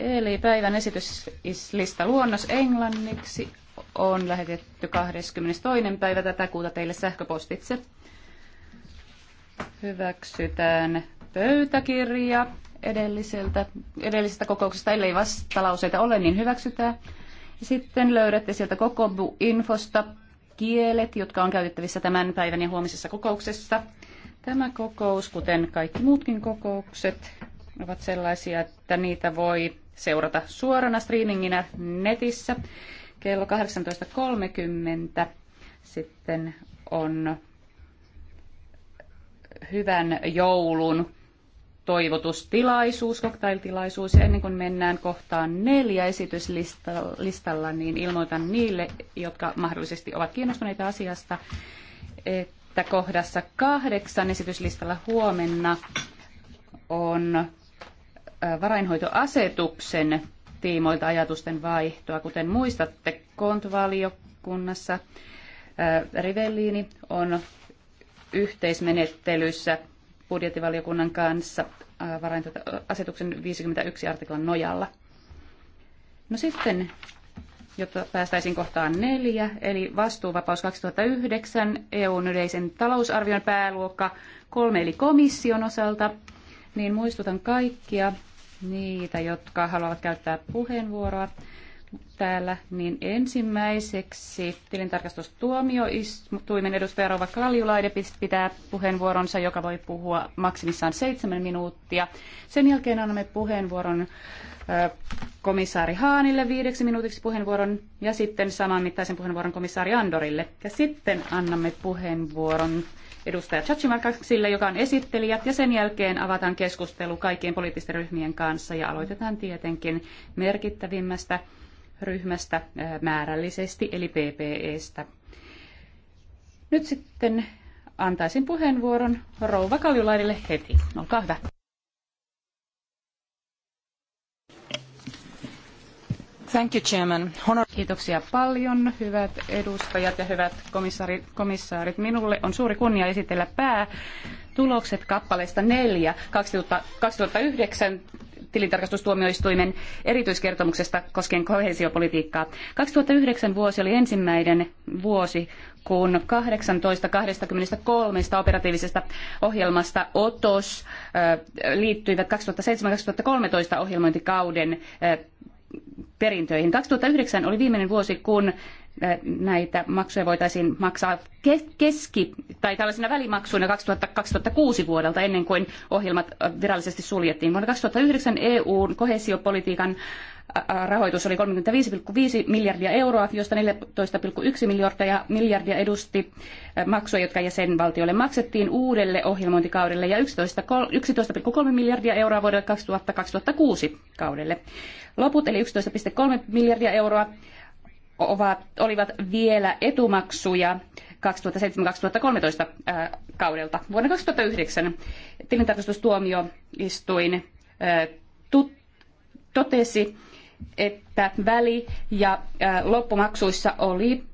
Eli päivän esityslista luonnos englanniksi on lähetetty 22. päivä tätä kuuta teille sähköpostitse. Hyväksytään pöytäkirja edelliseltä, edellisestä kokouksesta, ellei vastalauseita ole, niin hyväksytään. Sitten löydätte sieltä koko infosta kielet, jotka on käytettävissä tämän päivän ja huomisessa kokouksessa. Tämä kokous, kuten kaikki muutkin kokoukset, ovat sellaisia, että niitä voi seurata suorana streaminginä netissä kello 18.30. Sitten on hyvän joulun toivotustilaisuus, koktailtilaisuus. Ja ennen kuin mennään kohtaan neljä esityslistalla, niin ilmoitan niille, jotka mahdollisesti ovat kiinnostuneita asiasta, että kohdassa kahdeksan esityslistalla huomenna on varainhoitoasetuksen tiimoilta ajatusten vaihtoa. Kuten muistatte, kontvaliokunnassa Rivelliini on yhteismenettelyssä budjettivaliokunnan kanssa varainhoitoasetuksen 51 artiklan nojalla. No sitten, jotta päästäisiin kohtaan neljä, eli vastuuvapaus 2009, EUn yleisen talousarvion pääluokka kolme eli komission osalta, niin muistutan kaikkia, niitä, jotka haluavat käyttää puheenvuoroa täällä, niin ensimmäiseksi tilintarkastustuomioistuimen edustaja Rova Kaljulaide pitää puheenvuoronsa, joka voi puhua maksimissaan seitsemän minuuttia. Sen jälkeen annamme puheenvuoron komissaari Haanille viideksi minuutiksi puheenvuoron ja sitten saman mittaisen puheenvuoron komissaari Andorille. Ja sitten annamme puheenvuoron edustaja Chachimarkaksille, joka on esittelijät, ja sen jälkeen avataan keskustelu kaikkien poliittisten ryhmien kanssa ja aloitetaan tietenkin merkittävimmästä ryhmästä äh, määrällisesti, eli PPEstä. Nyt sitten antaisin puheenvuoron Rouva Kaljulaidille heti. Olkaa hyvä. Thank you, Chairman. Honor... Kiitoksia paljon, hyvät edustajat ja hyvät komissaarit, komissaarit. Minulle on suuri kunnia esitellä päätulokset kappaleesta 4 2009 tilintarkastustuomioistuimen erityiskertomuksesta koskien koheesiopolitiikkaa. 2009 vuosi oli ensimmäinen vuosi, kun 18-23 operatiivisesta ohjelmasta OTOS liittyivät 2007-2013 ohjelmointikauden perintöihin. 2009 oli viimeinen vuosi, kun eh, näitä maksuja voitaisiin maksaa keski- tai tällaisina välimaksuina 2000, 2006 vuodelta ennen kuin ohjelmat eh, virallisesti suljettiin. Vuonna 2009 EUn kohesiopolitiikan rahoitus oli 35,5 miljardia euroa, josta 14,1 miljardia, miljardia edusti maksuja, jotka jäsenvaltioille maksettiin uudelle ohjelmointikaudelle ja 11,3 miljardia euroa vuodelle 2000-2006 kaudelle. Loput eli 11,3 miljardia euroa ovat, olivat vielä etumaksuja 2007-2013 kaudelta. Vuonna 2009 tilintarkastustuomioistuin tut, totesi, että väli- ja loppumaksuissa oli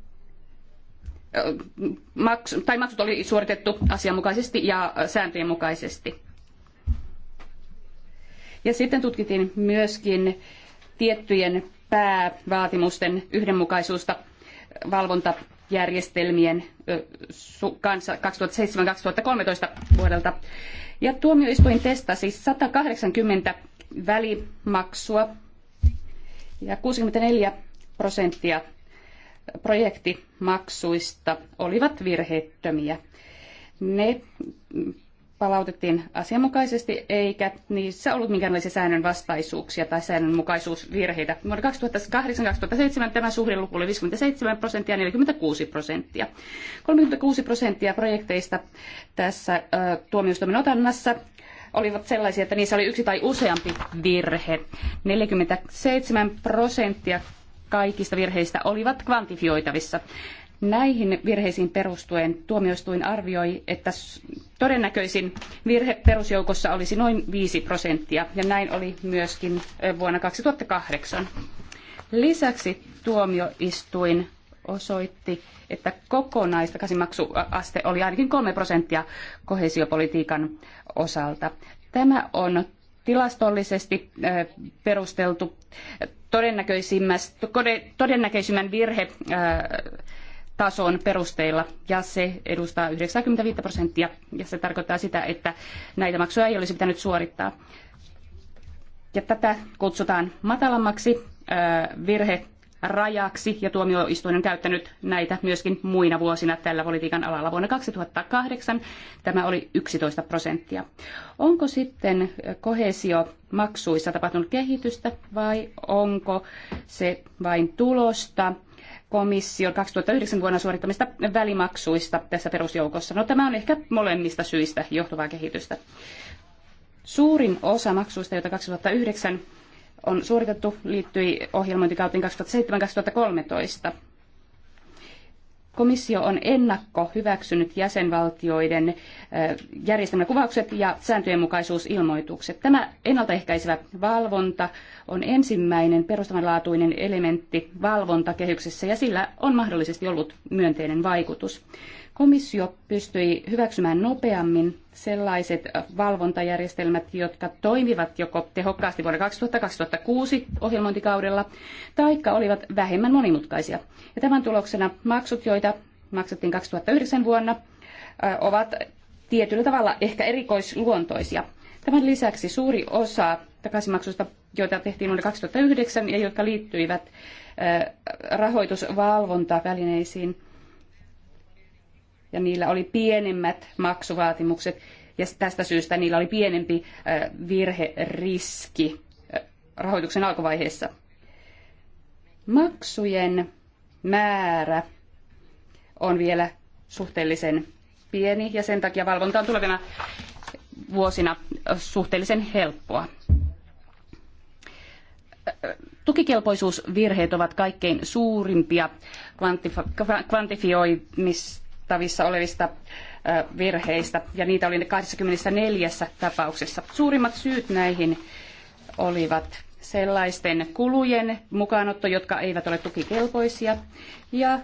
maksu, tai maksut oli suoritettu asianmukaisesti ja sääntöjen mukaisesti. Ja sitten tutkittiin myöskin tiettyjen päävaatimusten yhdenmukaisuutta valvontajärjestelmien kanssa 2007-2013 vuodelta. Ja tuomioistuin testasi 180 välimaksua ja 64 prosenttia projektimaksuista olivat virheettömiä. Ne palautettiin asianmukaisesti, eikä niissä ollut minkäänlaisia säännönvastaisuuksia tai säännönmukaisuusvirheitä. Vuonna 2008-2007 tämä suhdeluku oli 57 prosenttia ja 46 prosenttia. 36 prosenttia projekteista tässä tuomioistuimen otannassa olivat sellaisia, että niissä oli yksi tai useampi virhe. 47 prosenttia kaikista virheistä olivat kvantifioitavissa. Näihin virheisiin perustuen tuomioistuin arvioi, että todennäköisin virhe perusjoukossa olisi noin 5 prosenttia, ja näin oli myöskin vuonna 2008. Lisäksi tuomioistuin osoitti, että kokonaistakäsimaksuaste oli ainakin 3 prosenttia koheesiopolitiikan osalta. Tämä on tilastollisesti perusteltu todennäköisimmän virhetason perusteilla ja se edustaa 95 prosenttia ja se tarkoittaa sitä, että näitä maksuja ei olisi pitänyt suorittaa. Ja tätä kutsutaan matalammaksi virhe rajaksi ja tuomioistuin on käyttänyt näitä myöskin muina vuosina tällä politiikan alalla. Vuonna 2008 tämä oli 11 prosenttia. Onko sitten kohesio maksuissa tapahtunut kehitystä vai onko se vain tulosta? komission 2009 vuonna suorittamista välimaksuista tässä perusjoukossa. No tämä on ehkä molemmista syistä johtuvaa kehitystä. Suurin osa maksuista, joita 2009 on suoritettu liittyi ohjelmointikauteen 2007-2013. Komissio on ennakko hyväksynyt jäsenvaltioiden järjestelmäkuvaukset ja sääntöjenmukaisuusilmoitukset. Tämä ennaltaehkäisevä valvonta on ensimmäinen perustavanlaatuinen elementti valvontakehyksessä ja sillä on mahdollisesti ollut myönteinen vaikutus. Komissio pystyi hyväksymään nopeammin sellaiset valvontajärjestelmät, jotka toimivat joko tehokkaasti vuonna 2000-2006 ohjelmointikaudella, taikka olivat vähemmän monimutkaisia. Ja tämän tuloksena maksut, joita maksettiin 2009 vuonna, ovat tietyllä tavalla ehkä erikoisluontoisia. Tämän lisäksi suuri osa takaisinmaksuista, joita tehtiin vuonna 2009 ja jotka liittyivät rahoitusvalvontavälineisiin, ja niillä oli pienemmät maksuvaatimukset ja tästä syystä niillä oli pienempi virheriski rahoituksen alkuvaiheessa. Maksujen määrä on vielä suhteellisen pieni ja sen takia valvonta on tulevina vuosina suhteellisen helppoa. Tukikelpoisuusvirheet ovat kaikkein suurimpia kvantifioimis havaittavissa olevista virheistä, ja niitä oli 24 tapauksessa. Suurimmat syyt näihin olivat sellaisten kulujen mukaanotto, jotka eivät ole tukikelpoisia, ja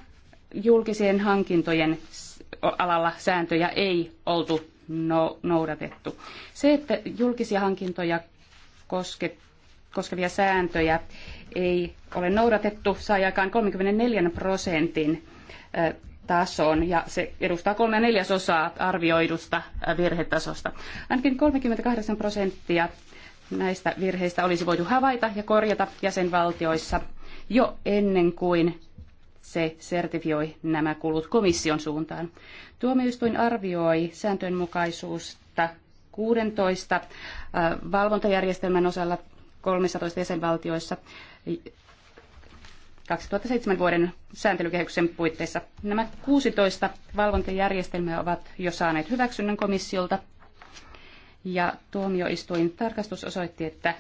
julkisien hankintojen alalla sääntöjä ei oltu no-, noudatettu. Se, että julkisia hankintoja koske, koskevia sääntöjä ei ole noudatettu, sai aikaan 34 prosentin tason ja se edustaa kolme neljäsosaa arvioidusta äh, virhetasosta. Ainakin 38 prosenttia näistä virheistä olisi voitu havaita ja korjata jäsenvaltioissa jo ennen kuin se sertifioi nämä kulut komission suuntaan. Tuomioistuin arvioi sääntöjenmukaisuutta 16 äh, valvontajärjestelmän osalla 13 jäsenvaltioissa 2007 vuoden sääntelykehyksen puitteissa. Nämä 16 valvontajärjestelmää ovat jo saaneet hyväksynnän komissiolta ja tuomioistuin tarkastus osoitti, että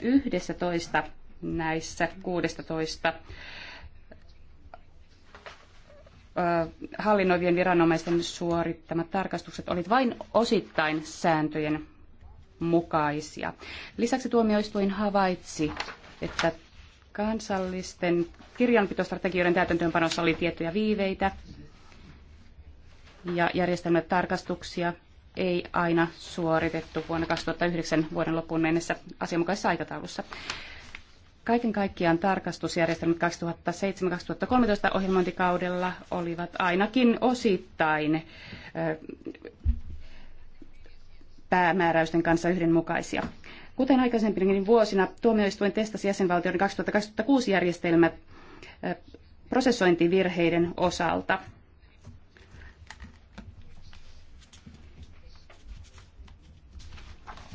11 näissä 16 hallinnoivien viranomaisten suorittamat tarkastukset olivat vain osittain sääntöjen mukaisia. Lisäksi tuomioistuin havaitsi, että Kansallisten kirjanpitostrategioiden täytäntöönpanossa oli tiettyjä viiveitä ja järjestelmätarkastuksia ei aina suoritettu vuonna 2009 vuoden loppuun mennessä asianmukaisessa aikataulussa. Kaiken kaikkiaan tarkastusjärjestelmät 2007-2013 ohjelmointikaudella olivat ainakin osittain päämääräysten kanssa yhdenmukaisia. Kuten aikaisempinakin vuosina, tuomioistuin testasi jäsenvaltioiden 2026 järjestelmät prosessointivirheiden osalta.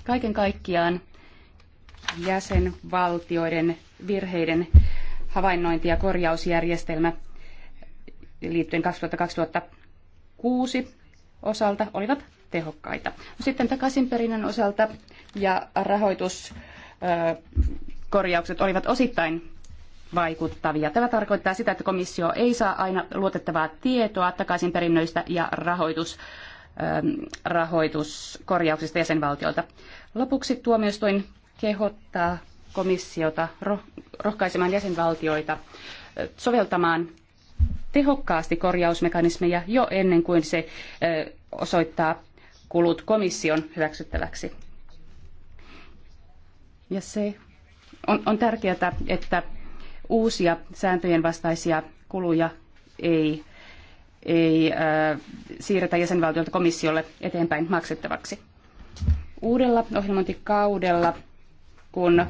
Kaiken kaikkiaan jäsenvaltioiden virheiden havainnointi- ja korjausjärjestelmä liittyen 2006 osalta olivat tehokkaita. No sitten takaisinperinnän osalta ja rahoituskorjaukset olivat osittain vaikuttavia. Tämä tarkoittaa sitä, että komissio ei saa aina luotettavaa tietoa takaisinperinnöistä ja rahoitus, rahoituskorjauksista jäsenvaltioilta. Lopuksi tuomioistuin kehottaa komissiota rohkaisemaan jäsenvaltioita soveltamaan tehokkaasti korjausmekanismeja jo ennen kuin se osoittaa kulut komission hyväksyttäväksi. Ja se on, on tärkeää, että uusia sääntöjen vastaisia kuluja ei, ei äh, siirretä jäsenvaltiolta komissiolle eteenpäin maksettavaksi. Uudella ohjelmointikaudella, kun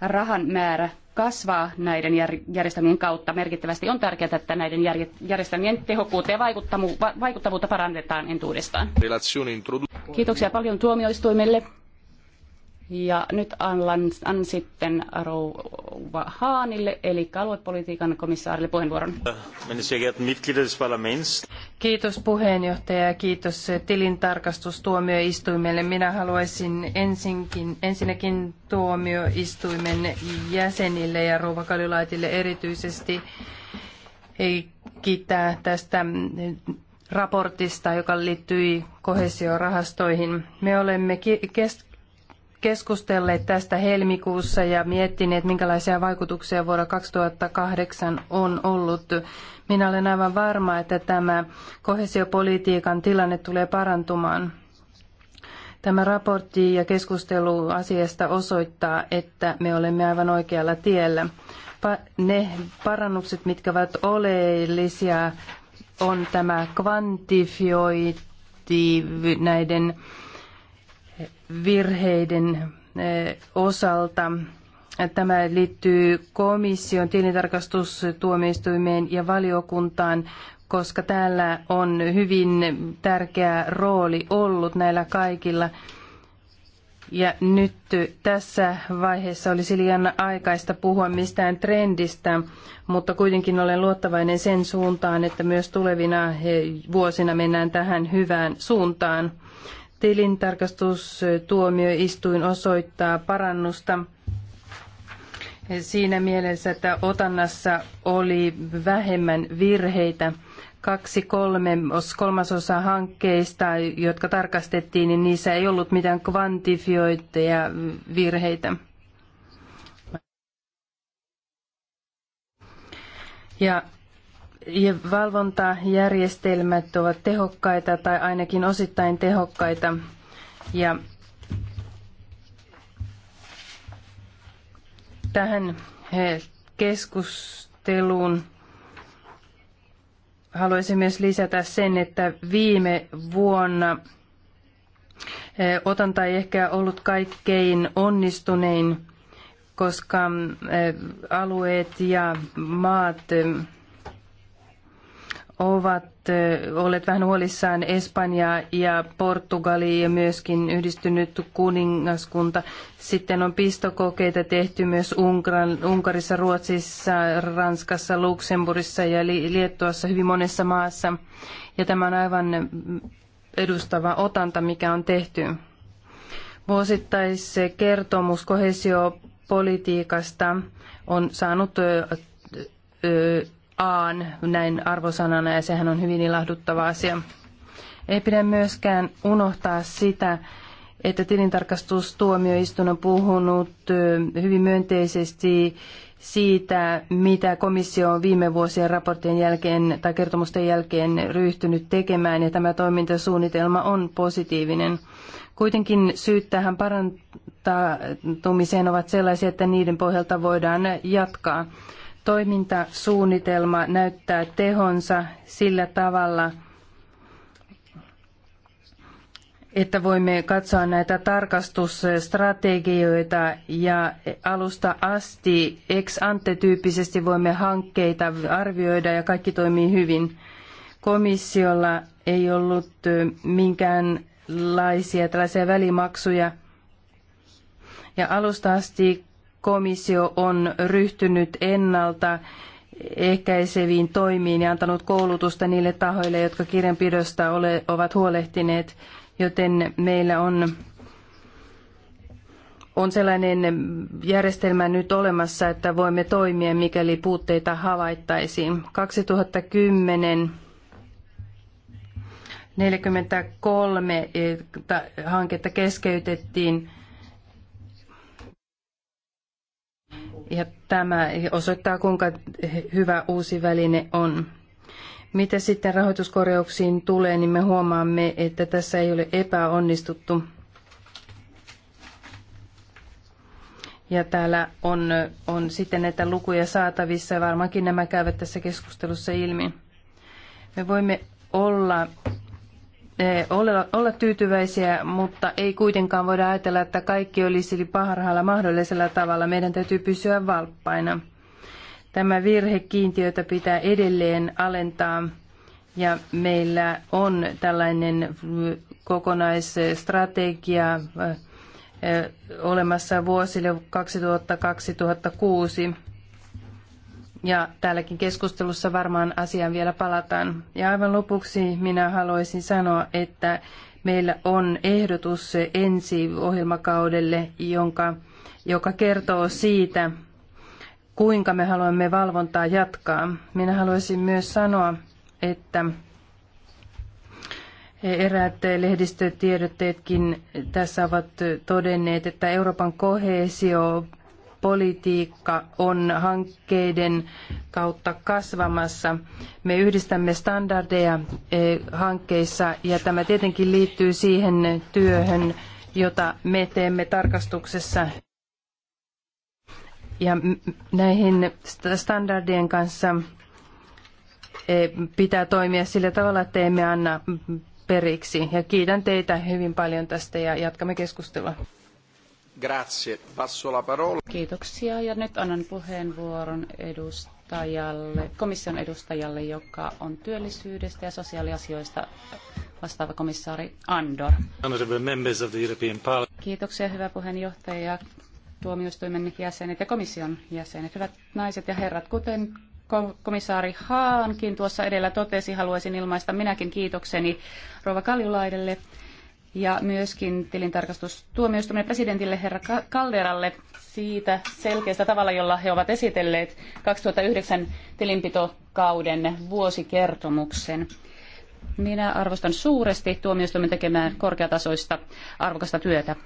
rahan määrä kasvaa näiden järjestelmien kautta merkittävästi. On tärkeää, että näiden järjestelmien tehokkuutta ja vaikuttavuutta parannetaan entuudestaan. Kiitoksia paljon tuomioistuimelle ja nyt annan, annan sitten Rouva Haanille, eli aluepolitiikan komissaarille puheenvuoron. Kiitos puheenjohtaja ja kiitos tilintarkastustuomioistuimelle. Minä haluaisin ensinkin, ensinnäkin tuomioistuimen jäsenille ja Rouva Kaljulaitille erityisesti eh, kiittää tästä raportista, joka liittyi kohesiorahastoihin. Me olemme kes- keskustelleet tästä helmikuussa ja miettineet, minkälaisia vaikutuksia vuonna 2008 on ollut. Minä olen aivan varma, että tämä kohesiopolitiikan tilanne tulee parantumaan. Tämä raportti ja keskustelu asiasta osoittaa, että me olemme aivan oikealla tiellä. ne parannukset, mitkä ovat oleellisia, on tämä kvantifiointi näiden virheiden eh, osalta. Tämä liittyy komission, tilintarkastustuomioistuimeen ja valiokuntaan, koska täällä on hyvin tärkeä rooli ollut näillä kaikilla. Ja nyt tässä vaiheessa olisi liian aikaista puhua mistään trendistä, mutta kuitenkin olen luottavainen sen suuntaan, että myös tulevina eh, vuosina mennään tähän hyvään suuntaan tilintarkastustuomioistuin osoittaa parannusta siinä mielessä, että otannassa oli vähemmän virheitä. Kaksi kolme, kolmasosa hankkeista, jotka tarkastettiin, niin niissä ei ollut mitään kvantifioituja virheitä. Ja valvontajärjestelmät ovat tehokkaita tai ainakin osittain tehokkaita. Ja tähän keskusteluun haluaisin myös lisätä sen, että viime vuonna otanta ei ehkä ollut kaikkein onnistunein, koska alueet ja maat ovat olleet vähän huolissaan Espanja ja Portugali ja myöskin yhdistynyt kuningaskunta. Sitten on pistokokeita tehty myös Unkarissa, Ruotsissa, Ranskassa, Luxemburgissa ja Liettuassa hyvin monessa maassa. Ja tämä on aivan edustava otanta, mikä on tehty. Vuosittaiskertomus kohesiopolitiikasta on saanut aan näin arvosanana ja sehän on hyvin ilahduttava asia. Ei pidä myöskään unohtaa sitä, että tilintarkastustuomioistuin on puhunut hyvin myönteisesti siitä, mitä komissio on viime vuosien raporttien jälkeen tai kertomusten jälkeen ryhtynyt tekemään, ja tämä toimintasuunnitelma on positiivinen. Kuitenkin syyt tähän parantumiseen ovat sellaisia, että niiden pohjalta voidaan jatkaa toimintasuunnitelma näyttää tehonsa sillä tavalla, että voimme katsoa näitä tarkastusstrategioita ja alusta asti ex ante tyyppisesti voimme hankkeita arvioida ja kaikki toimii hyvin. Komissiolla ei ollut minkäänlaisia tällaisia välimaksuja ja alusta asti komissio on ryhtynyt ennalta ehkäiseviin toimiin ja antanut koulutusta niille tahoille, jotka kirjanpidosta ole, ovat huolehtineet, joten meillä on, on sellainen järjestelmä nyt olemassa, että voimme toimia, mikäli puutteita havaittaisiin. 2010 43 eh, hanketta keskeytettiin Ja tämä osoittaa, kuinka hyvä uusi väline on. Mitä sitten rahoituskorjauksiin tulee, niin me huomaamme, että tässä ei ole epäonnistuttu. Ja täällä on, on sitten näitä lukuja saatavissa ja varmaankin nämä käyvät tässä keskustelussa ilmi. Me voimme olla olla, olla tyytyväisiä, mutta ei kuitenkaan voida ajatella, että kaikki olisi parhaalla mahdollisella tavalla. Meidän täytyy pysyä valppaina. Tämä virhekiintiötä pitää edelleen alentaa ja meillä on tällainen mm, kokonaisstrategia mm, olemassa vuosille 2002 2006 ja täälläkin keskustelussa varmaan asiaan vielä palataan. Ja aivan lopuksi minä haluaisin sanoa, että meillä on ehdotus ensi ohjelmakaudelle, jonka, joka kertoo siitä, kuinka me haluamme valvontaa jatkaa. Minä haluaisin myös sanoa, että Eräät lehdistötiedotteetkin tässä ovat todenneet, että Euroopan kohesio politiikka on hankkeiden kautta kasvamassa. Me yhdistämme standardeja eh, hankkeissa ja tämä tietenkin liittyy siihen työhön, jota me teemme tarkastuksessa ja näihin standardien kanssa eh, pitää toimia sillä tavalla, että emme anna periksi. Ja kiitän teitä hyvin paljon tästä ja jatkamme keskustelua. Grazie. Passo la parola. Kiitoksia ja nyt annan puheenvuoron edustajalle, komission edustajalle, joka on työllisyydestä ja sosiaaliasioista vastaava komissaari Andor. Kiitoksia hyvä puheenjohtaja ja tuomioistuimen jäsenet ja komission jäsenet. Hyvät naiset ja herrat, kuten komissaari Haankin tuossa edellä totesi, haluaisin ilmaista minäkin kiitokseni rouva Kaljulaidelle ja myöskin tilintarkastustuomioistuimen presidentille herra Calderalle siitä selkeästä tavalla, jolla he ovat esitelleet 2009 tilinpitokauden vuosikertomuksen. Minä arvostan suuresti tuomioistuimen tekemään korkeatasoista arvokasta työtä.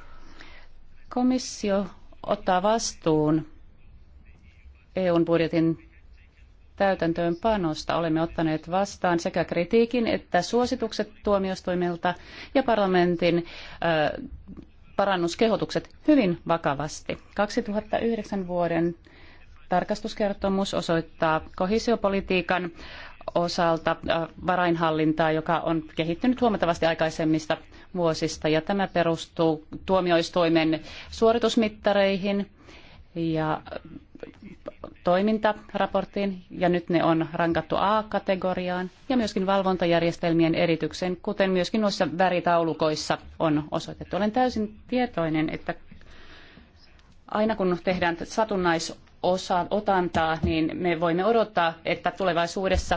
Komissio ottaa vastuun EUn budjetin täytäntöönpanosta. Olemme ottaneet vastaan sekä kritiikin että suositukset tuomioistuimelta ja parlamentin parannuskehotukset hyvin vakavasti. 2009 vuoden tarkastuskertomus osoittaa kohesiopolitiikan osalta varainhallintaa, joka on kehittynyt huomattavasti aikaisemmista vuosista. Ja tämä perustuu tuomioistuimen suoritusmittareihin ja toimintaraporttiin ja nyt ne on rankattu A-kategoriaan ja myöskin valvontajärjestelmien eritykseen, kuten myöskin noissa väritaulukoissa on osoitettu. Olen täysin tietoinen, että aina kun tehdään satunnais osa, otantaa, niin me voimme odottaa, että tulevaisuudessa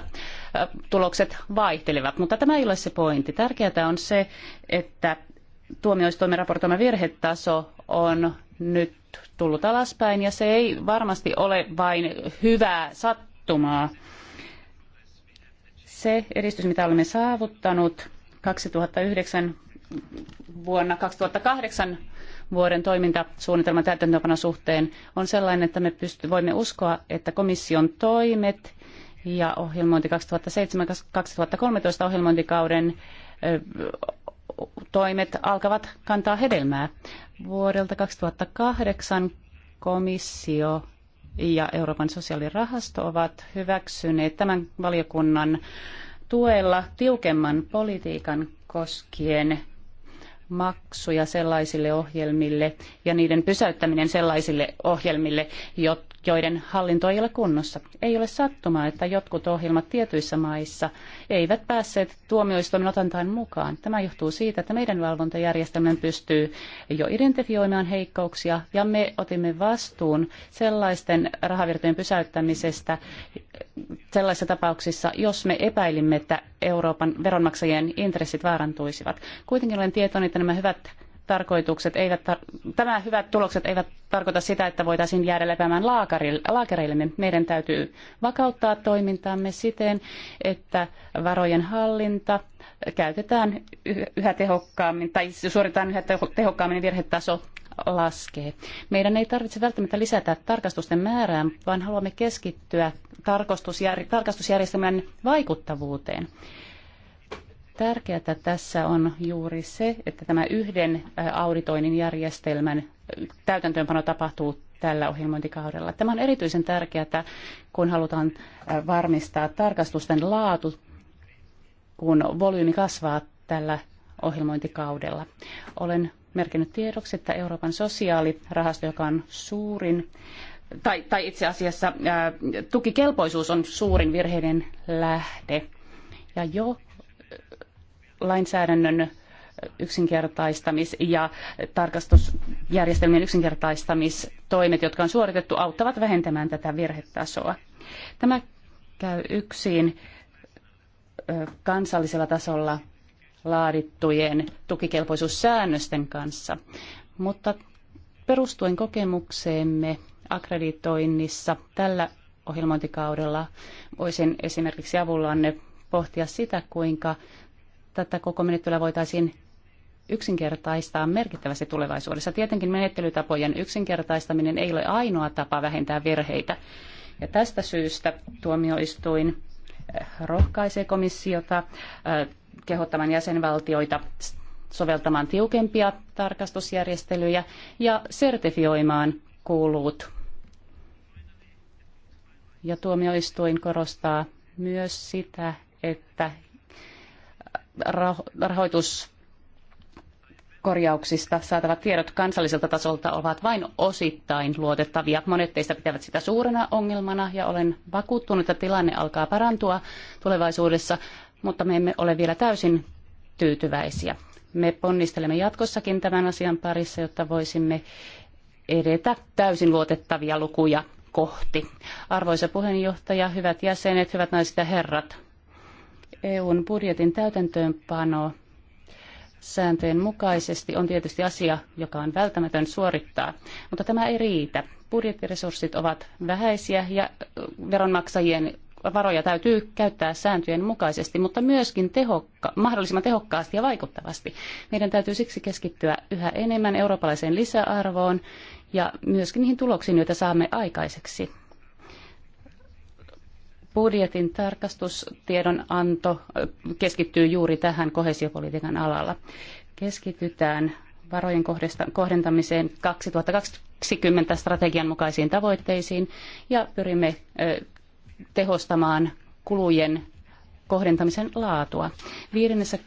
äh, tulokset vaihtelevat. Mutta tämä ei ole se pointti. Tärkeää on se, että tuomioistuimen raportoima virhetaso on nyt tullut alaspäin ja se ei varmasti ole vain hyvää sattumaa. Se edistys, mitä olemme saavuttanut 2009 vuonna 2008 vuoden toimintasuunnitelman täytäntöönpanon suhteen on sellainen, että me pysty, voimme uskoa, että komission toimet ja ohjelmointi 2007-2013 ohjelmointikauden toimet alkavat kantaa hedelmää. Vuodelta 2008 komissio ja Euroopan sosiaalirahasto ovat hyväksyneet tämän valiokunnan tuella tiukemman politiikan koskien maksuja sellaisille ohjelmille ja niiden pysäyttäminen sellaisille ohjelmille, joiden hallinto ei ole kunnossa. Ei ole sattumaa, että jotkut ohjelmat tietyissä maissa eivät päässeet tuomioistuimen otantaan mukaan. Tämä johtuu siitä, että meidän valvontajärjestelmän pystyy jo identifioimaan heikkouksia ja me otimme vastuun sellaisten rahavirtojen pysäyttämisestä sellaisissa tapauksissa, jos me epäilimme, että Euroopan veronmaksajien intressit vaarantuisivat. Kuitenkin olen tietoinen, että nämä hyvät tarkoitukset eivät tar- tämä hyvät tulokset eivät tarkoita sitä, että voitaisiin jäädä lepäämään laakereillemme. Meidän täytyy vakauttaa toimintaamme siten, että varojen hallinta käytetään yhä tehokkaammin tai suoritetaan yhä tehokkaammin ja virhetaso laskee. Meidän ei tarvitse välttämättä lisätä tarkastusten määrää, vaan haluamme keskittyä tarkastusjär- tarkastusjärjestelmän vaikuttavuuteen. Tärkeää tässä on juuri se, että tämä yhden auditoinnin järjestelmän täytäntöönpano tapahtuu tällä ohjelmointikaudella. Tämä on erityisen tärkeää, kun halutaan varmistaa tarkastusten laatu, kun volyymi kasvaa tällä ohjelmointikaudella. Olen merkinnyt tiedoksi, että Euroopan sosiaalirahasto, joka on suurin, tai, tai itse asiassa ää, tukikelpoisuus on suurin virheiden lähde. Ja jo lainsäädännön yksinkertaistamis- ja tarkastusjärjestelmien yksinkertaistamistoimet, jotka on suoritettu, auttavat vähentämään tätä virhetasoa. Tämä käy yksin kansallisella tasolla laadittujen tukikelpoisuussäännösten kanssa, mutta perustuen kokemukseemme akkreditoinnissa tällä ohjelmointikaudella voisin esimerkiksi avullanne pohtia sitä, kuinka tätä koko menettelyä voitaisiin yksinkertaistaa merkittävästi tulevaisuudessa. Tietenkin menettelytapojen yksinkertaistaminen ei ole ainoa tapa vähentää virheitä. Ja tästä syystä tuomioistuin eh, rohkaisee komissiota eh, kehottamaan jäsenvaltioita soveltamaan tiukempia tarkastusjärjestelyjä ja sertifioimaan kulut. Ja tuomioistuin korostaa myös sitä, että Rahoituskorjauksista saatavat tiedot kansalliselta tasolta ovat vain osittain luotettavia. Monet teistä pitävät sitä suurena ongelmana ja olen vakuuttunut, että tilanne alkaa parantua tulevaisuudessa, mutta me emme ole vielä täysin tyytyväisiä. Me ponnistelemme jatkossakin tämän asian parissa, jotta voisimme edetä täysin luotettavia lukuja kohti. Arvoisa puheenjohtaja, hyvät jäsenet, hyvät naiset ja herrat, EUn budjetin täytäntöönpano sääntöjen mukaisesti on tietysti asia, joka on välttämätön suorittaa, mutta tämä ei riitä. Budjettiresurssit ovat vähäisiä ja veronmaksajien varoja täytyy käyttää sääntöjen mukaisesti, mutta myöskin tehokka, mahdollisimman tehokkaasti ja vaikuttavasti. Meidän täytyy siksi keskittyä yhä enemmän eurooppalaiseen lisäarvoon ja myöskin niihin tuloksiin, joita saamme aikaiseksi budjetin tarkastustiedonanto keskittyy juuri tähän kohesiopolitiikan alalla. Keskitytään varojen kohdentamiseen 2020 strategian mukaisiin tavoitteisiin ja pyrimme tehostamaan kulujen kohdentamisen laatua. Viidennessä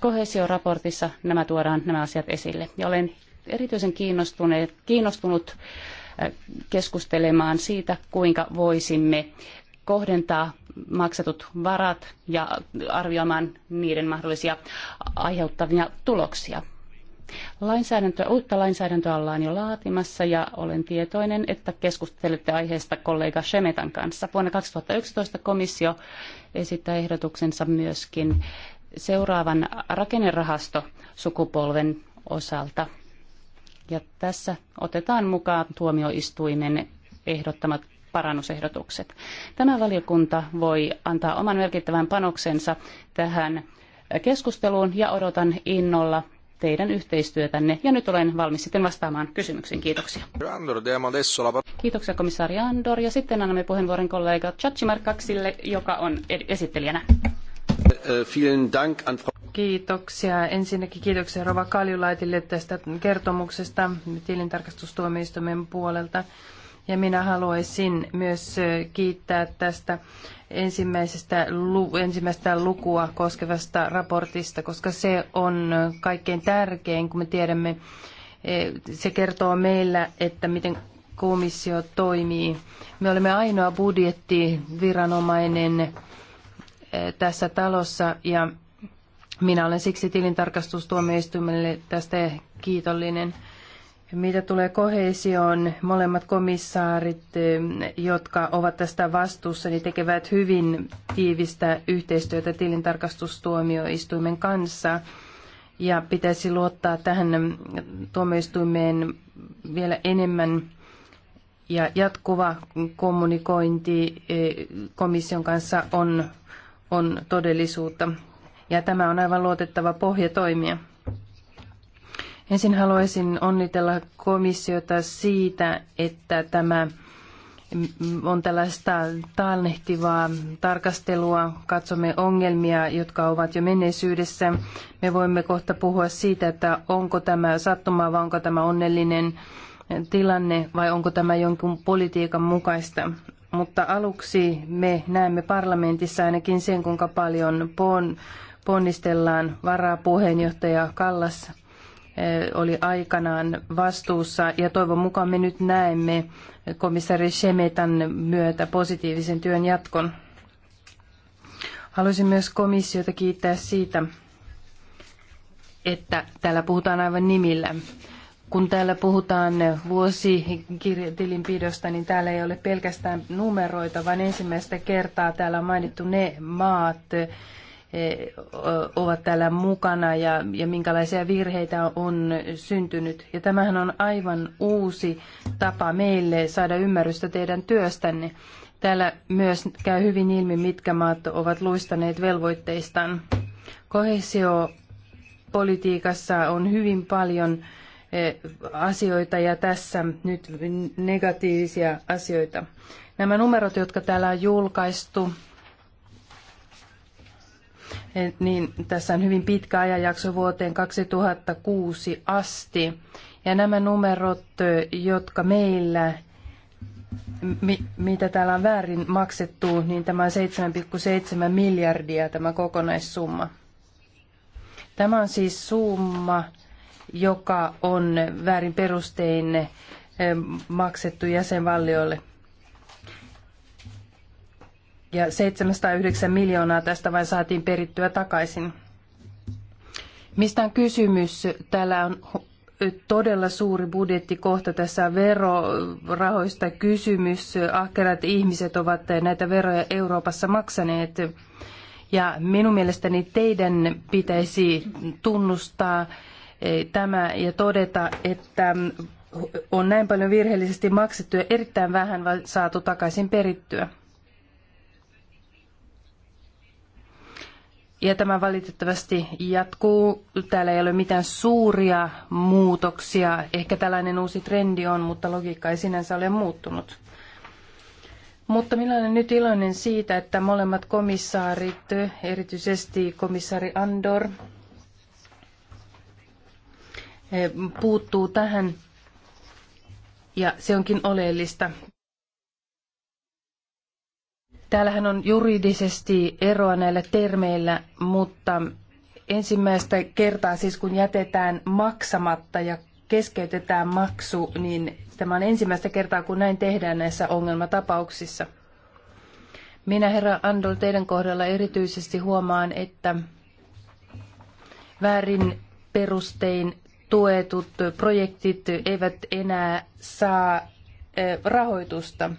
kohesioraportissa nämä tuodaan nämä asiat esille. Ja olen erityisen kiinnostunut keskustelemaan siitä, kuinka voisimme kohdentaa maksatut varat ja arvioimaan niiden mahdollisia aiheuttavia tuloksia. Lainsäädäntöä, uutta lainsäädäntöä ollaan jo laatimassa ja olen tietoinen, että keskustelette aiheesta kollega Shemetan kanssa. Vuonna 2011 komissio esittää ehdotuksensa myöskin seuraavan sukupolven osalta. Ja tässä otetaan mukaan tuomioistuimen ehdottamat parannusehdotukset. Tämä valiokunta voi antaa oman merkittävän panoksensa tähän keskusteluun ja odotan innolla teidän yhteistyötänne ja nyt olen valmis sitten vastaamaan kysymyksiin. Kiitoksia. Kiitoksia komissaari Andor ja sitten annamme puheenvuoron kollega Chachimarkaksille, joka on esittelijänä. Kiitoksia. Ensinnäkin kiitoksia Rova Kaljulaitille tästä kertomuksesta tilintarkastustuomioistuimen puolelta. Ja minä haluaisin myös kiittää tästä ensimmäisestä, ensimmäistä lukua koskevasta raportista, koska se on kaikkein tärkein, kun me tiedämme, se kertoo meillä, että miten komissio toimii. Me olemme ainoa budjettiviranomainen tässä talossa ja minä olen siksi tilintarkastustuomioistuimelle tästä kiitollinen. Mitä tulee kohesioon, molemmat komissaarit, eh, jotka ovat tästä vastuussa, niin tekevät hyvin tiivistä yhteistyötä tilintarkastustuomioistuimen kanssa. Ja pitäisi luottaa tähän tuomioistuimeen vielä enemmän. Ja jatkuva kommunikointi eh, komission kanssa on, on todellisuutta. Ja tämä on aivan luotettava pohja toimia. Ensin haluaisin onnitella komissiota siitä, että tämä on tällaista taannehtivaa tarkastelua, katsomme ongelmia, jotka ovat jo menneisyydessä. Me voimme kohta puhua siitä, että onko tämä sattuma vai onko tämä onnellinen tilanne vai onko tämä jonkun politiikan mukaista. Mutta aluksi me näemme parlamentissa ainakin sen, kuinka paljon pon, ponnistellaan varapuheenjohtaja Kallas Eh, oli aikanaan vastuussa ja toivon mukaan me nyt näemme komissaari Shemetan myötä positiivisen työn jatkon. Haluaisin myös komissiota kiittää siitä, että täällä puhutaan aivan nimillä. Kun täällä puhutaan vuositilinpidosta, niin täällä ei ole pelkästään numeroita, vaan ensimmäistä kertaa täällä on mainittu ne maat, ovat täällä mukana ja, ja minkälaisia virheitä on syntynyt. Ja tämähän on aivan uusi tapa meille saada ymmärrystä teidän työstänne. Täällä myös käy hyvin ilmi, mitkä maat ovat luistaneet velvoitteistaan. Kohesiopolitiikassa on hyvin paljon e, asioita ja tässä nyt negatiivisia asioita. Nämä numerot, jotka täällä on julkaistu, Eh, niin tässä on hyvin pitkä ajanjakso vuoteen 2006 asti. Ja nämä numerot, jotka meillä, mitä täällä on väärin maksettu, niin tämä on 7,7 miljardia tämä kokonaissumma. Tämä on siis summa, joka on väärin perustein maksettu jäsenvallioille ja 709 miljoonaa tästä vain saatiin perittyä takaisin. Mistä on kysymys? Täällä on todella suuri budjettikohta. Tässä on verorahoista kysymys. Ahkerat ihmiset ovat näitä veroja Euroopassa maksaneet. Ja minun mielestäni teidän pitäisi tunnustaa eh, tämä ja todeta, että on näin paljon virheellisesti maksettu ja erittäin vähän saatu takaisin perittyä. Ja tämä valitettavasti jatkuu. Täällä ei ole mitään suuria muutoksia. Ehkä tällainen uusi trendi on, mutta logiikka ei sinänsä ole muuttunut. Mutta minä olen nyt iloinen siitä, että molemmat komissaarit, erityisesti komissaari Andor, eh, puuttuu tähän. Ja se onkin oleellista. Täällähän on juridisesti eroa näillä termeillä, mutta ensimmäistä kertaa siis kun jätetään maksamatta ja keskeytetään maksu, niin tämä on ensimmäistä kertaa kun näin tehdään näissä ongelmatapauksissa. Minä herra Andol teidän kohdalla erityisesti huomaan, että väärin perustein tuetut projektit eivät enää saa eh, rahoitusta.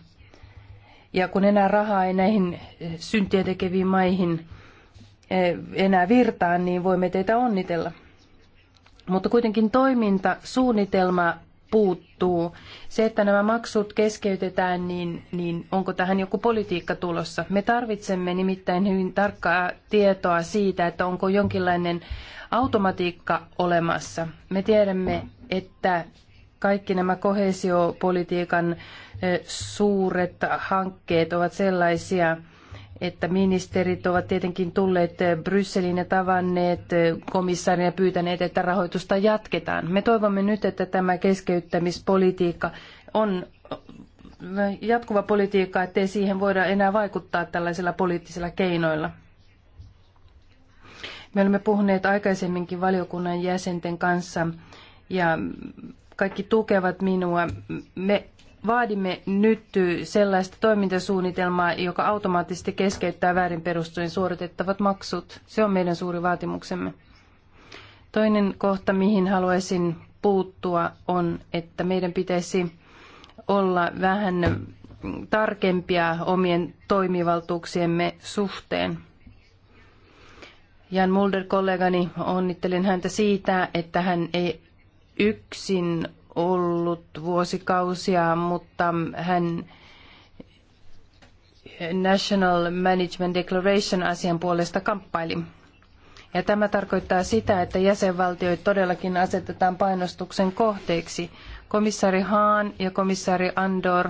Ja kun enää rahaa ei näihin syntiä tekeviin maihin eh, enää virtaa, niin voimme teitä onnitella. Mutta kuitenkin toimintasuunnitelma puuttuu. Se, että nämä maksut keskeytetään, niin, niin onko tähän joku politiikka tulossa? Me tarvitsemme nimittäin hyvin tarkkaa tietoa siitä, että onko jonkinlainen automatiikka olemassa. Me tiedämme, että kaikki nämä kohesiopolitiikan suuret hankkeet ovat sellaisia, että ministerit ovat tietenkin tulleet Brysseliin ja tavanneet komissaarin ja pyytäneet, että rahoitusta jatketaan. Me toivomme nyt, että tämä keskeyttämispolitiikka on jatkuva politiikka, ettei siihen voida enää vaikuttaa tällaisilla poliittisilla keinoilla. Me olemme puhuneet aikaisemminkin valiokunnan jäsenten kanssa ja kaikki tukevat minua. Me vaadimme nyt sellaista toimintasuunnitelmaa, joka automaattisesti keskeyttää väärin perustuen suoritettavat maksut. Se on meidän suuri vaatimuksemme. Toinen kohta, mihin haluaisin puuttua, on, että meidän pitäisi olla vähän tarkempia omien toimivaltuuksiemme suhteen. Jan Mulder kollegani onnittelen häntä siitä, että hän ei yksin ollut vuosikausia, mutta hän National Management Declaration asian puolesta kamppaili. Ja tämä tarkoittaa sitä, että jäsenvaltioit todellakin asetetaan painostuksen kohteeksi. Komissaari Hahn ja komissaari Andor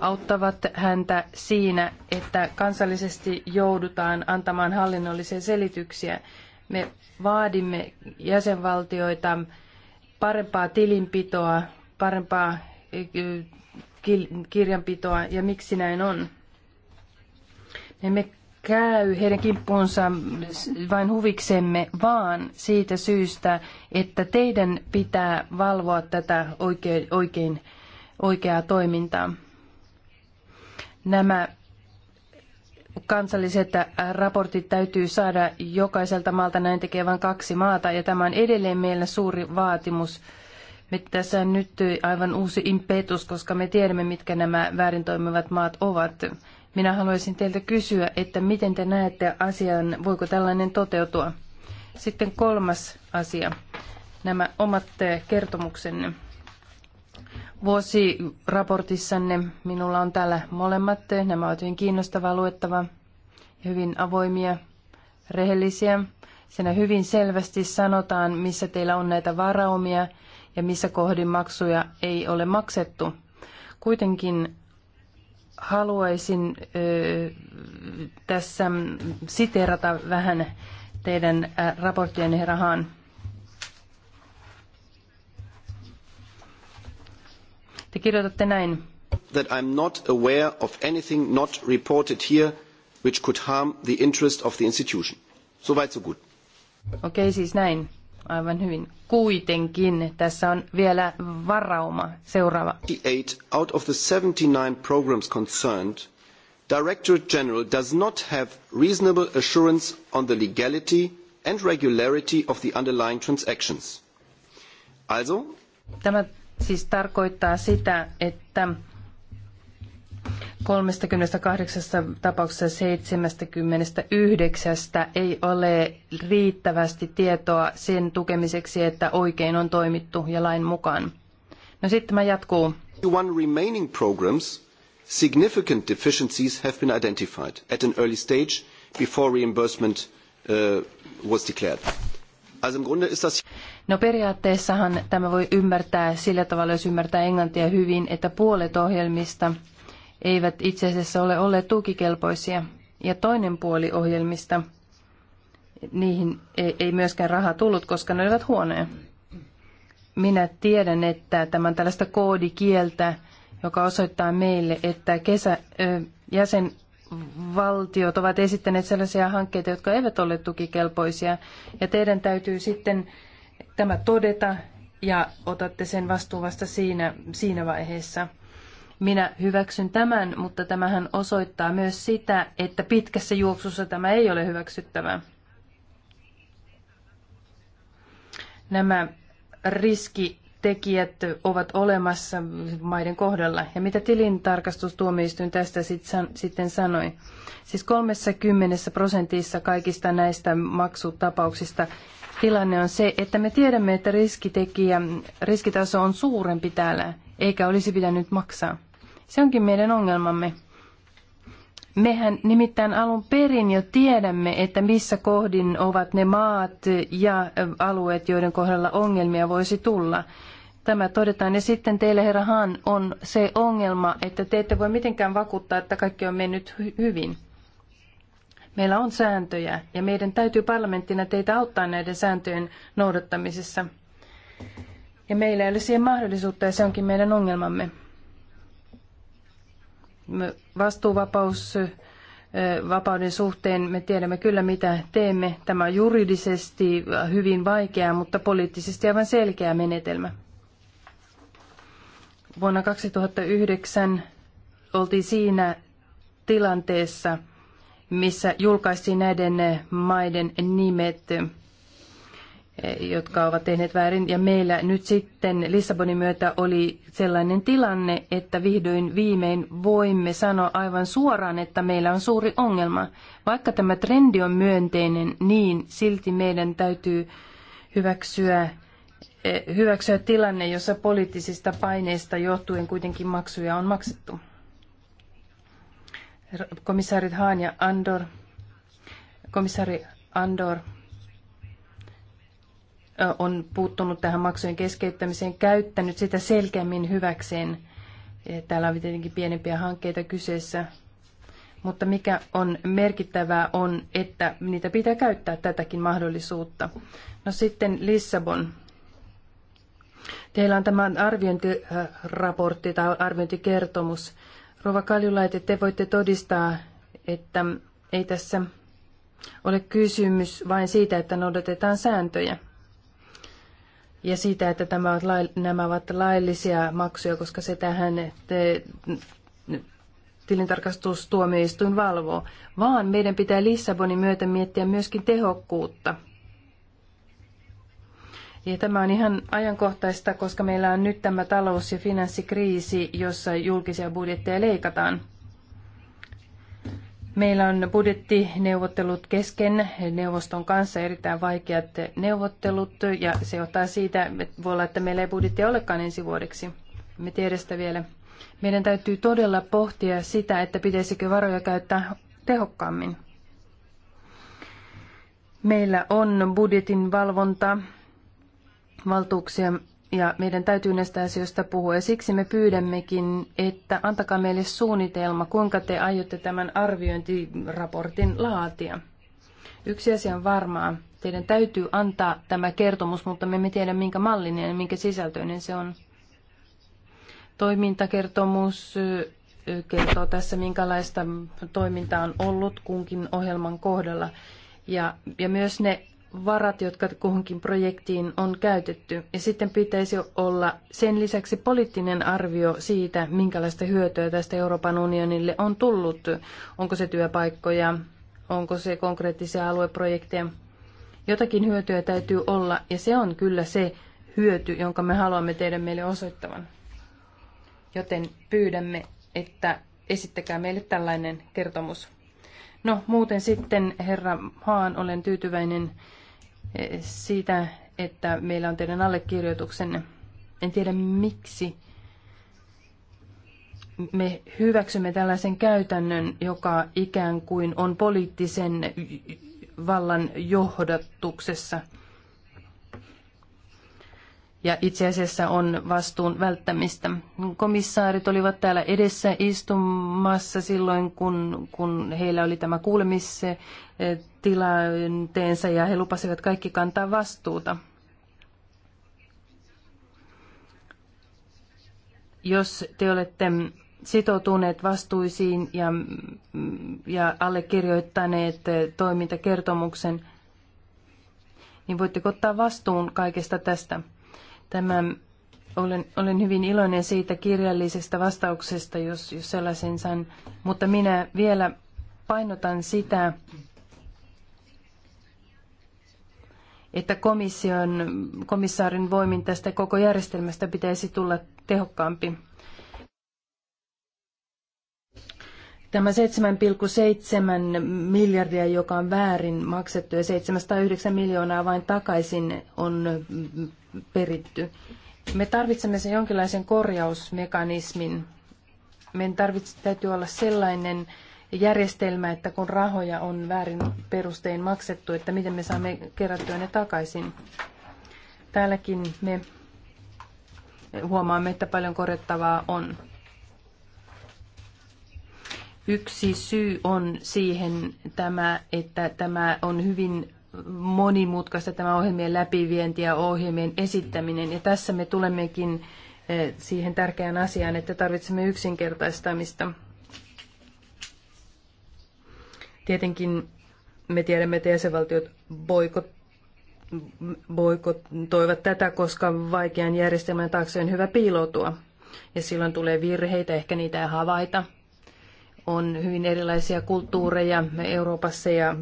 auttavat häntä siinä, että kansallisesti joudutaan antamaan hallinnollisia selityksiä. Me vaadimme jäsenvaltioita parempaa tilinpitoa, parempaa eh, kirjanpitoa ja miksi näin on. Me emme käy heidän kimppuunsa vain huviksemme, vaan siitä syystä, että teidän pitää valvoa tätä oikein, oikein, oikeaa toimintaa. Nämä kansalliset äh, raportit täytyy saada jokaiselta maalta, näin tekee vain kaksi maata, ja tämä on edelleen meillä suuri vaatimus. Me tässä on nyt aivan uusi impetus, koska me tiedämme, mitkä nämä väärin toimivat maat ovat. Minä haluaisin teiltä kysyä, että miten te näette asian, voiko tällainen toteutua? Sitten kolmas asia, nämä omat äh, kertomuksenne. Vuosiraportissanne minulla on täällä molemmat. Nämä ovat hyvin kiinnostavaa luettavaa ja hyvin avoimia, rehellisiä. Siinä hyvin selvästi sanotaan, missä teillä on näitä varaumia ja missä kohdin maksuja ei ole maksettu. Kuitenkin haluaisin ö, tässä siteerata vähän teidän raporttienne rahaan. Te kirjoitatte näin. That I'm not aware of anything not reported here which could harm the interest of the institution. So Soweit so gut. Okei, okay, siis näin. Aivan hyvin. Kuitenkin tässä on vielä varauma. Seuraava. 8 out of the 79 programs concerned, Directorate General does not have reasonable assurance on the legality and regularity of the underlying transactions. Also, Tämä siis tarkoittaa sitä, että 38 tapauksessa 79 ei ole riittävästi tietoa sen tukemiseksi, että oikein on toimittu ja lain mukaan. No sitten tämä jatkuu. One remaining programs, significant deficiencies have been identified at an early stage before reimbursement uh, was declared. Also im Grunde ist das No periaatteessahan tämä voi ymmärtää sillä tavalla, jos ymmärtää englantia hyvin, että puolet ohjelmista eivät itse asiassa ole olleet tukikelpoisia. Ja toinen puoli ohjelmista, niihin ei myöskään raha tullut, koska ne olivat huonoja. Minä tiedän, että tämä on tällaista koodikieltä, joka osoittaa meille, että kesä, jäsen, valtiot ovat esittäneet sellaisia hankkeita, jotka eivät ole tukikelpoisia. Ja teidän täytyy sitten tämä todeta ja otatte sen vastuun vasta siinä, siinä vaiheessa. Minä hyväksyn tämän, mutta tämähän osoittaa myös sitä, että pitkässä juoksussa tämä ei ole hyväksyttävää. Nämä riskitekijät ovat olemassa maiden kohdalla. Ja mitä tilintarkastustuomioistuin tästä sit san, sitten sanoi? Siis 30 prosentissa kaikista näistä maksutapauksista tilanne on se, että me tiedämme, että riskitekijä, riskitaso on suurempi täällä, eikä olisi pitänyt maksaa. Se onkin meidän ongelmamme. Mehän nimittäin alun perin jo tiedämme, että missä kohdin ovat ne maat ja alueet, joiden kohdalla ongelmia voisi tulla. Tämä todetaan. Ja sitten teille, herra Han, on se ongelma, että te ette voi mitenkään vakuuttaa, että kaikki on mennyt hyvin. Meillä on sääntöjä ja meidän täytyy parlamenttina teitä auttaa näiden sääntöjen noudattamisessa. Ja meillä ei ole siihen mahdollisuutta ja se onkin meidän ongelmamme. Vastuuvapaus vapauden suhteen me tiedämme kyllä mitä teemme. Tämä on juridisesti hyvin vaikea, mutta poliittisesti aivan selkeä menetelmä. Vuonna 2009 oltiin siinä tilanteessa, missä julkaistiin näiden maiden nimet, eh, jotka ovat tehneet väärin. Ja meillä nyt sitten Lissabonin myötä oli sellainen tilanne, että vihdoin viimein voimme sanoa aivan suoraan, että meillä on suuri ongelma. Vaikka tämä trendi on myönteinen, niin silti meidän täytyy hyväksyä eh, hyväksyä tilanne, jossa poliittisista paineista johtuen kuitenkin maksuja on maksettu. Komissaarit Haan ja Andor, komissaari Andor on puuttunut tähän maksujen keskeyttämiseen, käyttänyt sitä selkeämmin hyväkseen. E, täällä on tietenkin pienempiä hankkeita kyseessä, mutta mikä on merkittävää on, että niitä pitää käyttää tätäkin mahdollisuutta. No sitten Lissabon. Teillä on tämä arviointiraportti tai arviointikertomus. Rova Kaljulaite, te voitte todistaa, että ei tässä ole kysymys vain siitä, että noudatetaan sääntöjä ja siitä, että tämä ovat lai, nämä ovat laillisia maksuja, koska se tähän te, tilintarkastustuomioistuin valvoo, vaan meidän pitää Lissabonin myötä miettiä myöskin tehokkuutta – ja tämä on ihan ajankohtaista, koska meillä on nyt tämä talous- ja finanssikriisi, jossa julkisia budjetteja leikataan. Meillä on budjettineuvottelut kesken neuvoston kanssa, erittäin vaikeat neuvottelut, ja se johtaa siitä, että voi olla, että meillä ei budjettia olekaan ensi vuodeksi. Me tiedä sitä vielä. Meidän täytyy todella pohtia sitä, että pitäisikö varoja käyttää tehokkaammin. Meillä on budjetin valvonta valtuuksia ja meidän täytyy näistä asioista puhua. Ja siksi me pyydämmekin, että antakaa meille suunnitelma, kuinka te aiotte tämän arviointiraportin laatia. Yksi asia on varmaa. Teidän täytyy antaa tämä kertomus, mutta me emme tiedä, minkä mallinen ja minkä sisältöinen se on. Toimintakertomus kertoo tässä, minkälaista toimintaa on ollut kunkin ohjelman kohdalla. Ja, ja myös ne varat, jotka kuhunkin projektiin on käytetty. Ja sitten pitäisi olla sen lisäksi poliittinen arvio siitä, minkälaista hyötyä tästä Euroopan unionille on tullut. Onko se työpaikkoja, onko se konkreettisia alueprojekteja. Jotakin hyötyä täytyy olla, ja se on kyllä se hyöty, jonka me haluamme teidän meille osoittavan. Joten pyydämme, että esittäkää meille tällainen kertomus. No muuten sitten, herra Haan, olen tyytyväinen siitä, että meillä on teidän allekirjoituksenne. En tiedä miksi me hyväksymme tällaisen käytännön, joka ikään kuin on poliittisen vallan johdatuksessa. Ja itse asiassa on vastuun välttämistä. Komissaarit olivat täällä edessä istumassa silloin, kun, kun heillä oli tämä kuulemis tilanteensa ja he lupasivat kaikki kantaa vastuuta. Jos te olette sitoutuneet vastuisiin ja, ja allekirjoittaneet toimintakertomuksen, niin voitte ottaa vastuun kaikesta tästä? Tämä, olen, olen hyvin iloinen siitä kirjallisesta vastauksesta, jos, jos sellaisen saan, mutta minä vielä painotan sitä, että komission, komissaarin voimin tästä koko järjestelmästä pitäisi tulla tehokkaampi. Tämä 7,7 miljardia, joka on väärin maksettu ja 709 miljoonaa vain takaisin on peritty. Me tarvitsemme sen jonkinlaisen korjausmekanismin. Meidän tarvitsee, täytyy olla sellainen järjestelmä, että kun rahoja on väärin perustein maksettu, että miten me saamme kerättyä ne takaisin. Täälläkin me huomaamme, että paljon korjattavaa on. Yksi syy on siihen tämä, että tämä on hyvin monimutkaista tämä ohjelmien läpivienti ja ohjelmien esittäminen. Ja tässä me tulemmekin eh, siihen tärkeään asiaan, että tarvitsemme yksinkertaistamista. Tietenkin me tiedämme, että jäsenvaltiot boikot, boikotoivat tätä, koska vaikean järjestelmän taakse on hyvä piiloutua. Ja silloin tulee virheitä, ehkä niitä ei havaita. On hyvin erilaisia kulttuureja Euroopassa ja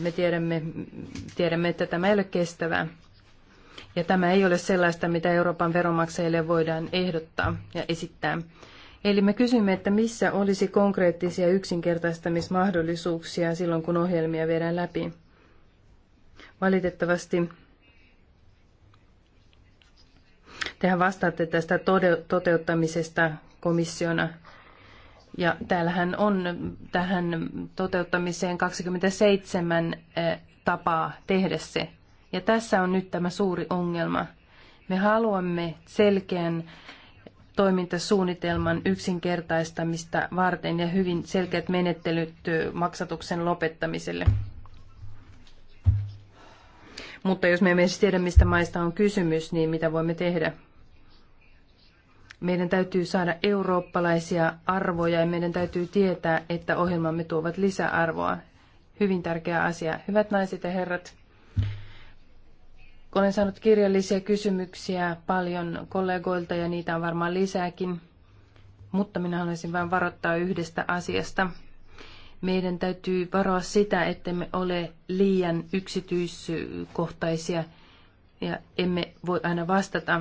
me tiedämme, tiedämme että tämä ei ole kestävää. Ja tämä ei ole sellaista, mitä Euroopan veronmaksajille voidaan ehdottaa ja esittää. Eli me kysymme, että missä olisi konkreettisia yksinkertaistamismahdollisuuksia silloin, kun ohjelmia viedään läpi. Valitettavasti tehän vastaatte tästä toteuttamisesta komissiona. Ja täällähän on tähän toteuttamiseen 27 eh, tapaa tehdä se. Ja tässä on nyt tämä suuri ongelma. Me haluamme selkeän toimintasuunnitelman yksinkertaistamista varten ja hyvin selkeät menettelyt maksatuksen lopettamiselle. Mutta jos me emme edes tiedä, mistä maista on kysymys, niin mitä voimme tehdä? Meidän täytyy saada eurooppalaisia arvoja ja meidän täytyy tietää, että ohjelmamme tuovat lisäarvoa. Hyvin tärkeä asia. Hyvät naiset ja herrat, olen saanut kirjallisia kysymyksiä paljon kollegoilta ja niitä on varmaan lisääkin, mutta minä haluaisin vain varoittaa yhdestä asiasta. Meidän täytyy varoa sitä, ettemme ole liian yksityiskohtaisia ja emme voi aina vastata.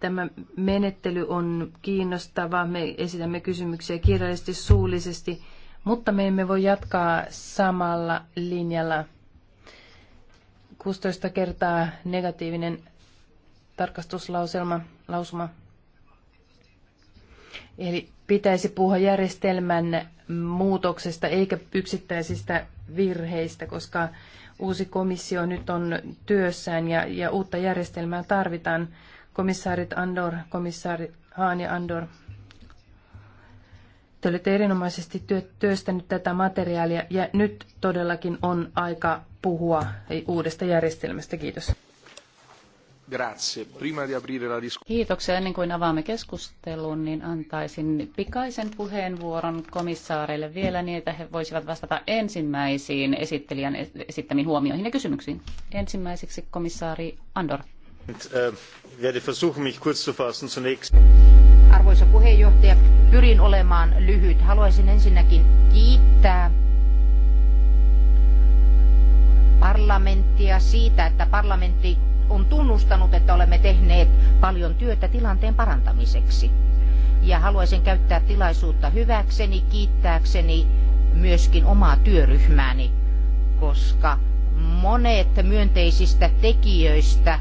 Tämä menettely on kiinnostava. Me esitämme kysymyksiä kirjallisesti, suullisesti, mutta me emme voi jatkaa samalla linjalla 16 kertaa negatiivinen tarkastuslauselma, lausuma. Eli pitäisi puhua järjestelmän muutoksesta eikä yksittäisistä virheistä, koska uusi komissio nyt on työssään ja, ja uutta järjestelmää tarvitaan. Komissaarit Andor, komissaari Haan ja Andor te olette erinomaisesti työstänyt tätä materiaalia ja nyt todellakin on aika puhua uudesta järjestelmästä. Kiitos. Kiitoksia. Ennen kuin avaamme keskustelun, niin antaisin pikaisen puheenvuoron komissaareille vielä niin, että he voisivat vastata ensimmäisiin esittelijän esittämiin huomioihin ja kysymyksiin. Ensimmäiseksi komissaari Andor. Und, äh, werde versuchen, mich kurz zu fassen zunächst. Arvoisa puheenjohtaja, pyrin olemaan lyhyt. Haluaisin ensinnäkin kiittää parlamenttia siitä, että parlamentti on tunnustanut, että olemme tehneet paljon työtä tilanteen parantamiseksi. Ja haluaisin käyttää tilaisuutta hyväkseni, kiittääkseni myöskin omaa työryhmääni, koska monet myönteisistä tekijöistä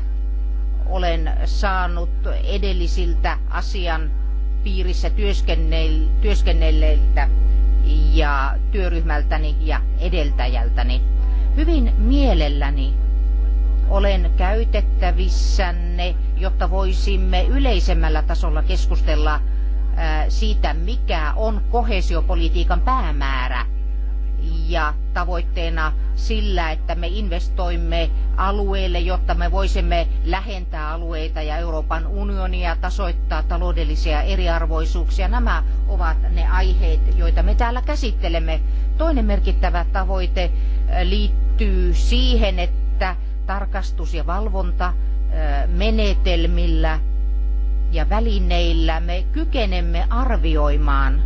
olen saanut edellisiltä asian piirissä työskennelleiltä ja työryhmältäni ja edeltäjältäni. Hyvin mielelläni olen käytettävissänne, jotta voisimme yleisemmällä tasolla keskustella siitä, mikä on kohesiopolitiikan päämäärä ja tavoitteena sillä, että me investoimme alueelle, jotta me voisimme lähentää alueita ja Euroopan unionia, tasoittaa taloudellisia eriarvoisuuksia. Nämä ovat ne aiheet, joita me täällä käsittelemme. Toinen merkittävä tavoite liittyy siihen, että tarkastus- ja valvonta menetelmillä ja välineillä me kykenemme arvioimaan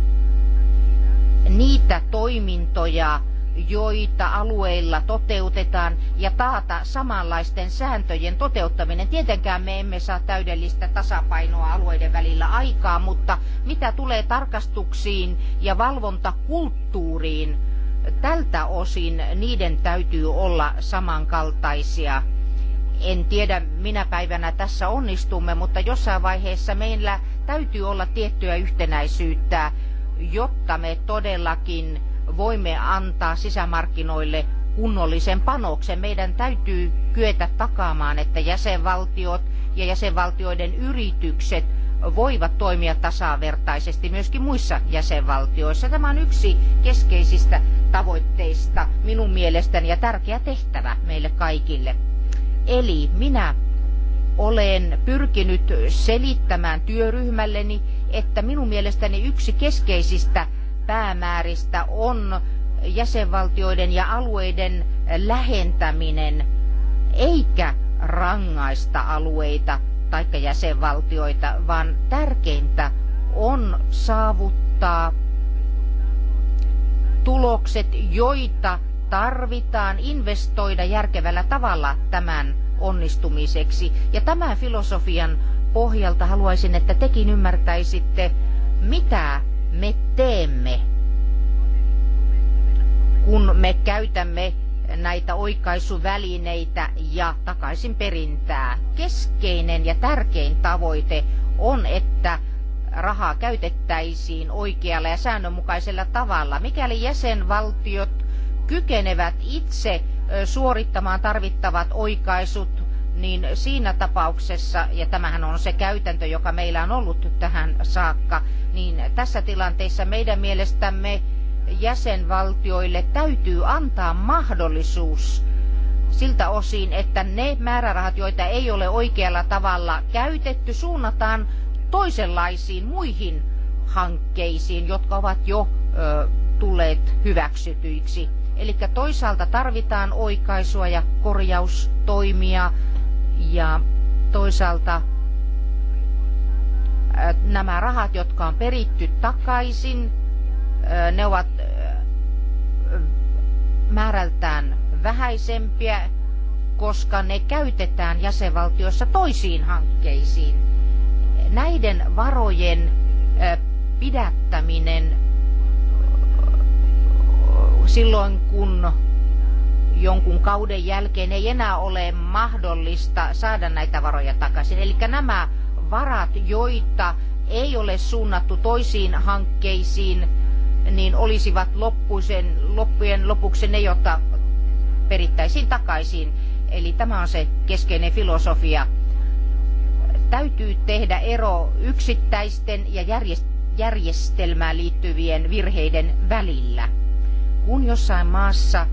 niitä toimintoja, joita alueilla toteutetaan ja taata samanlaisten sääntöjen toteuttaminen. Tietenkään me emme saa täydellistä tasapainoa alueiden välillä aikaa, mutta mitä tulee tarkastuksiin ja valvontakulttuuriin, tältä osin niiden täytyy olla samankaltaisia. En tiedä, minä päivänä tässä onnistumme, mutta jossain vaiheessa meillä täytyy olla tiettyä yhtenäisyyttä jotta me todellakin voimme antaa sisämarkkinoille kunnollisen panoksen. Meidän täytyy kyetä takaamaan, että jäsenvaltiot ja jäsenvaltioiden yritykset voivat toimia tasavertaisesti myöskin muissa jäsenvaltioissa. Tämä on yksi keskeisistä tavoitteista minun mielestäni ja tärkeä tehtävä meille kaikille. Eli minä olen pyrkinyt selittämään työryhmälleni, että minun mielestäni yksi keskeisistä päämääristä on jäsenvaltioiden ja alueiden lähentäminen, eikä rangaista alueita tai jäsenvaltioita, vaan tärkeintä on saavuttaa tulokset, joita tarvitaan investoida järkevällä tavalla tämän onnistumiseksi. Ja tämän filosofian pohjalta haluaisin, että tekin ymmärtäisitte, mitä me teemme, kun me käytämme näitä oikaisuvälineitä ja takaisin perintää. Keskeinen ja tärkein tavoite on, että rahaa käytettäisiin oikealla ja säännönmukaisella tavalla. Mikäli jäsenvaltiot kykenevät itse suorittamaan tarvittavat oikaisut niin siinä tapauksessa, ja tämähän on se käytäntö, joka meillä on ollut tähän saakka, niin tässä tilanteessa meidän mielestämme jäsenvaltioille täytyy antaa mahdollisuus siltä osin, että ne määrärahat, joita ei ole oikealla tavalla käytetty, suunnataan toisenlaisiin muihin hankkeisiin, jotka ovat jo ö, tulleet hyväksytyiksi. Eli toisaalta tarvitaan oikaisua ja korjaustoimia ja toisaalta nämä rahat, jotka on peritty takaisin, ne ovat määrältään vähäisempiä, koska ne käytetään jäsenvaltiossa toisiin hankkeisiin. Näiden varojen pidättäminen silloin, kun jonkun kauden jälkeen ei enää ole mahdollista saada näitä varoja takaisin. Eli nämä varat, joita ei ole suunnattu toisiin hankkeisiin, niin olisivat loppuisen, loppujen lopuksi ne, joita perittäisiin takaisin. Eli tämä on se keskeinen filosofia. Täytyy tehdä ero yksittäisten ja järjestelmään liittyvien virheiden välillä. Kun jossain maassa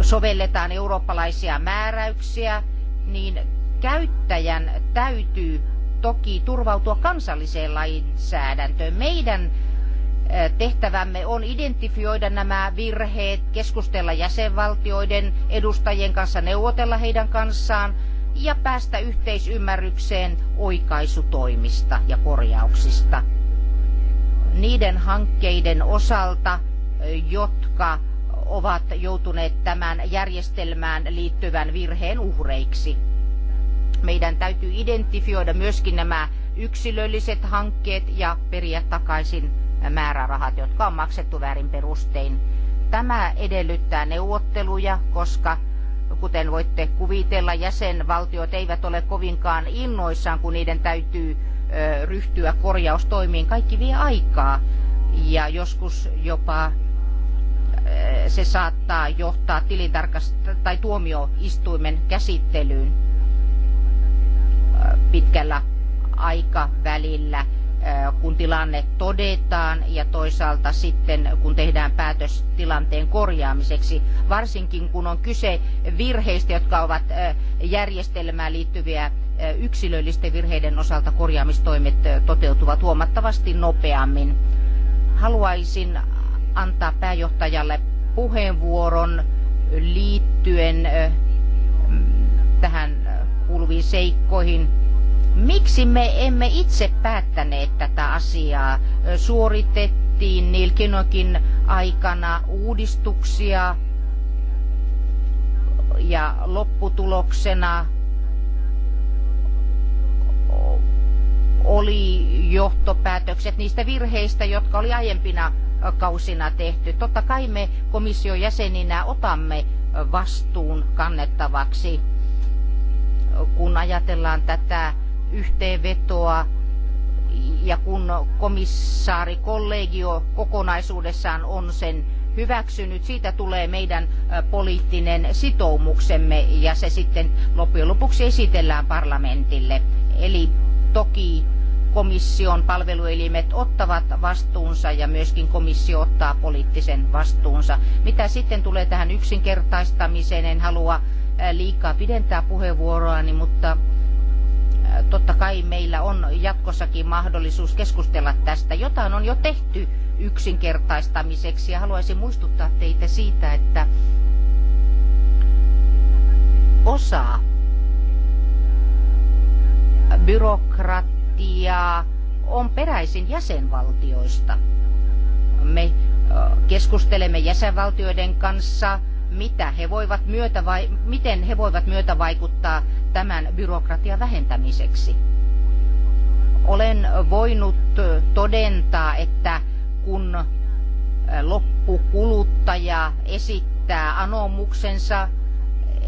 sovelletaan eurooppalaisia määräyksiä, niin käyttäjän täytyy toki turvautua kansalliseen lainsäädäntöön. Meidän tehtävämme on identifioida nämä virheet, keskustella jäsenvaltioiden edustajien kanssa, neuvotella heidän kanssaan ja päästä yhteisymmärrykseen oikaisutoimista ja korjauksista. Niiden hankkeiden osalta, jotka ovat joutuneet tämän järjestelmään liittyvän virheen uhreiksi. Meidän täytyy identifioida myöskin nämä yksilölliset hankkeet ja periä takaisin määrärahat, jotka on maksettu väärin perustein. Tämä edellyttää neuvotteluja, koska kuten voitte kuvitella, jäsenvaltiot eivät ole kovinkaan innoissaan, kun niiden täytyy ryhtyä korjaustoimiin. Kaikki vie aikaa ja joskus jopa Eh, se saattaa johtaa tilintarkast- tai tuomioistuimen käsittelyyn eh, pitkällä aikavälillä, eh, kun tilanne todetaan ja toisaalta sitten kun tehdään päätös tilanteen korjaamiseksi, varsinkin kun on kyse virheistä, jotka ovat järjestelmään liittyviä yksilöllisten virheiden osalta korjaamistoimet toteutuvat huomattavasti nopeammin. Haluaisin antaa pääjohtajalle puheenvuoron liittyen tähän kuuluviin seikkoihin. Miksi me emme itse päättäneet tätä asiaa? Suoritettiin Nilkinokin aikana uudistuksia ja lopputuloksena oli johtopäätökset niistä virheistä, jotka oli aiempina kausina tehty. Totta kai me komission jäseninä otamme vastuun kannettavaksi, kun ajatellaan tätä yhteenvetoa ja kun komissari-kollegio kokonaisuudessaan on sen hyväksynyt, siitä tulee meidän poliittinen sitoumuksemme ja se sitten loppujen lopuksi esitellään parlamentille. Eli toki komission palveluelimet ottavat vastuunsa ja myöskin komissio ottaa poliittisen vastuunsa. Mitä sitten tulee tähän yksinkertaistamiseen, en halua liikaa pidentää puheenvuoroani, mutta totta kai meillä on jatkossakin mahdollisuus keskustella tästä. Jotain on jo tehty yksinkertaistamiseksi ja haluaisin muistuttaa teitä siitä, että osa byrokrat prosenttia on peräisin jäsenvaltioista. Me keskustelemme jäsenvaltioiden kanssa, mitä he voivat myötä vai, miten he voivat myötävaikuttaa tämän byrokratian vähentämiseksi. Olen voinut todentaa, että kun loppukuluttaja esittää anomuksensa,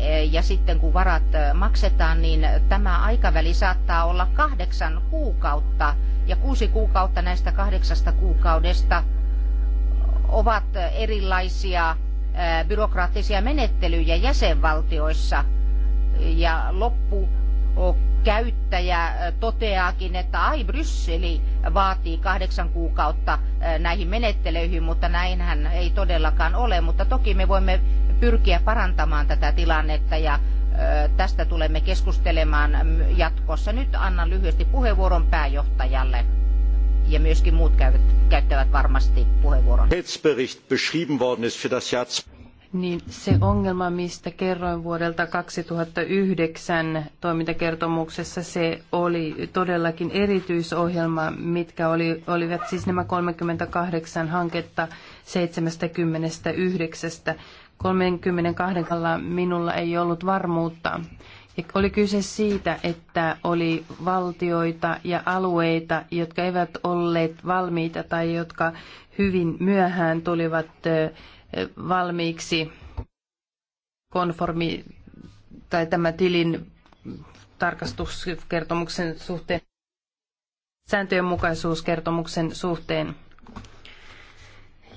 Eh, ja sitten kun varat eh, maksetaan, niin tämä aikaväli saattaa olla kahdeksan kuukautta ja kuusi kuukautta näistä kahdeksasta kuukaudesta ovat eh, erilaisia byrokraattisia menettelyjä jäsenvaltioissa ja loppu käyttäjä toteaakin, että ai Brysseli vaatii kahdeksan kuukautta näihin menettelyihin, mutta näinhän ei todellakaan ole. Mutta toki me voimme pyrkiä parantamaan tätä tilannetta ja tästä tulemme keskustelemaan jatkossa. Nyt annan lyhyesti puheenvuoron pääjohtajalle ja myöskin muut käyttävät varmasti puheenvuoron. beschrieben worden ist für das Jahr niin se ongelma, mistä kerroin vuodelta 2009 toimintakertomuksessa, se oli todellakin erityisohjelma, mitkä oli, olivat siis nämä 38 hanketta 79. 32 minulla ei ollut varmuutta. Ja oli kyse siitä, että oli valtioita ja alueita, jotka eivät olleet valmiita tai jotka hyvin myöhään tulivat valmiiksi konformi tai tämä tilin tarkastuskertomuksen suhteen, sääntöjen mukaisuuskertomuksen suhteen.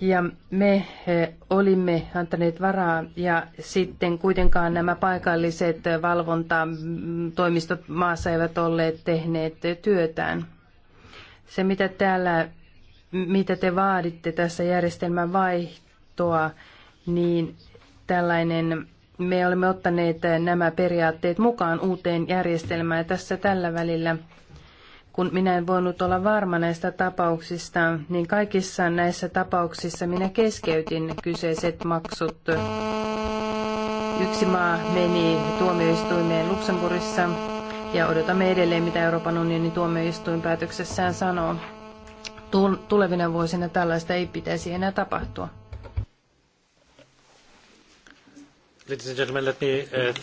Ja me eh, olimme antaneet varaa ja sitten kuitenkaan nämä paikalliset valvontatoimistot maassa eivät olleet tehneet työtään. Se mitä täällä, mitä te vaaditte tässä järjestelmän vaihtoehtoja, johtoa, niin tällainen me olemme ottaneet nämä periaatteet mukaan uuteen järjestelmään tässä tällä välillä. Kun minä en voinut olla varma näistä tapauksista, niin kaikissa näissä tapauksissa minä keskeytin kyseiset maksut. Yksi maa meni tuomioistuimeen Luxemburgissa ja odotamme edelleen, mitä Euroopan unionin tuomioistuin päätöksessään sanoo. Tulevina vuosina tällaista ei pitäisi enää tapahtua. Uh,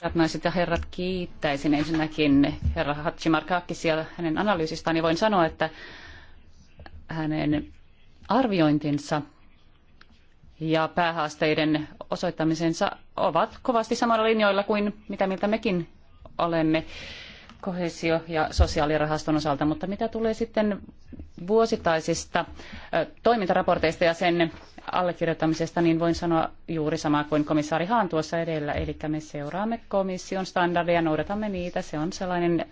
Hyvät naiset ja herrat, kiittäisin ensinnäkin herra Hatsimarkakisia hänen analyysistaan ja voin sanoa, että hänen arviointinsa ja päähaasteiden osoittamisensa ovat kovasti samalla linjoilla kuin mitä miltä mekin olemme kohesio- ja sosiaalirahaston osalta, mutta mitä tulee sitten vuosittaisista toimintaraporteista ja sen allekirjoittamisesta, niin voin sanoa juuri samaa kuin komissaari Haan tuossa edellä. Eli me seuraamme komission standardeja, noudatamme niitä. Se on sellainen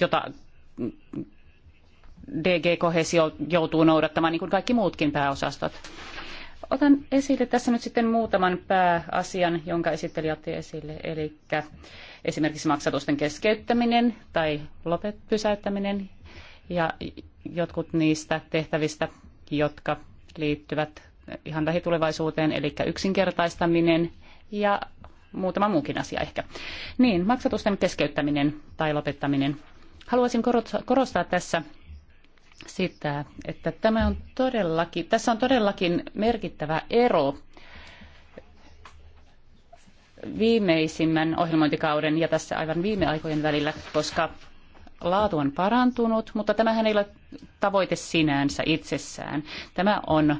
jota DG-kohesio joutuu noudattamaan, niin kuin kaikki muutkin pääosastot. Otan esille tässä nyt sitten muutaman pääasian, jonka esittelijä otti esille, eli esimerkiksi maksatusten keskeyttäminen tai lopet pysäyttäminen ja jotkut niistä tehtävistä, jotka liittyvät ihan lähitulevaisuuteen, eli yksinkertaistaminen ja muutama muukin asia ehkä. Niin, maksatusten keskeyttäminen tai lopettaminen. Haluaisin korostaa tässä sitä, että tämä on todellakin, tässä on todellakin merkittävä ero viimeisimmän ohjelmointikauden ja tässä aivan viime aikojen välillä, koska laatu on parantunut, mutta tämähän ei ole tavoite sinänsä itsessään. Tämä on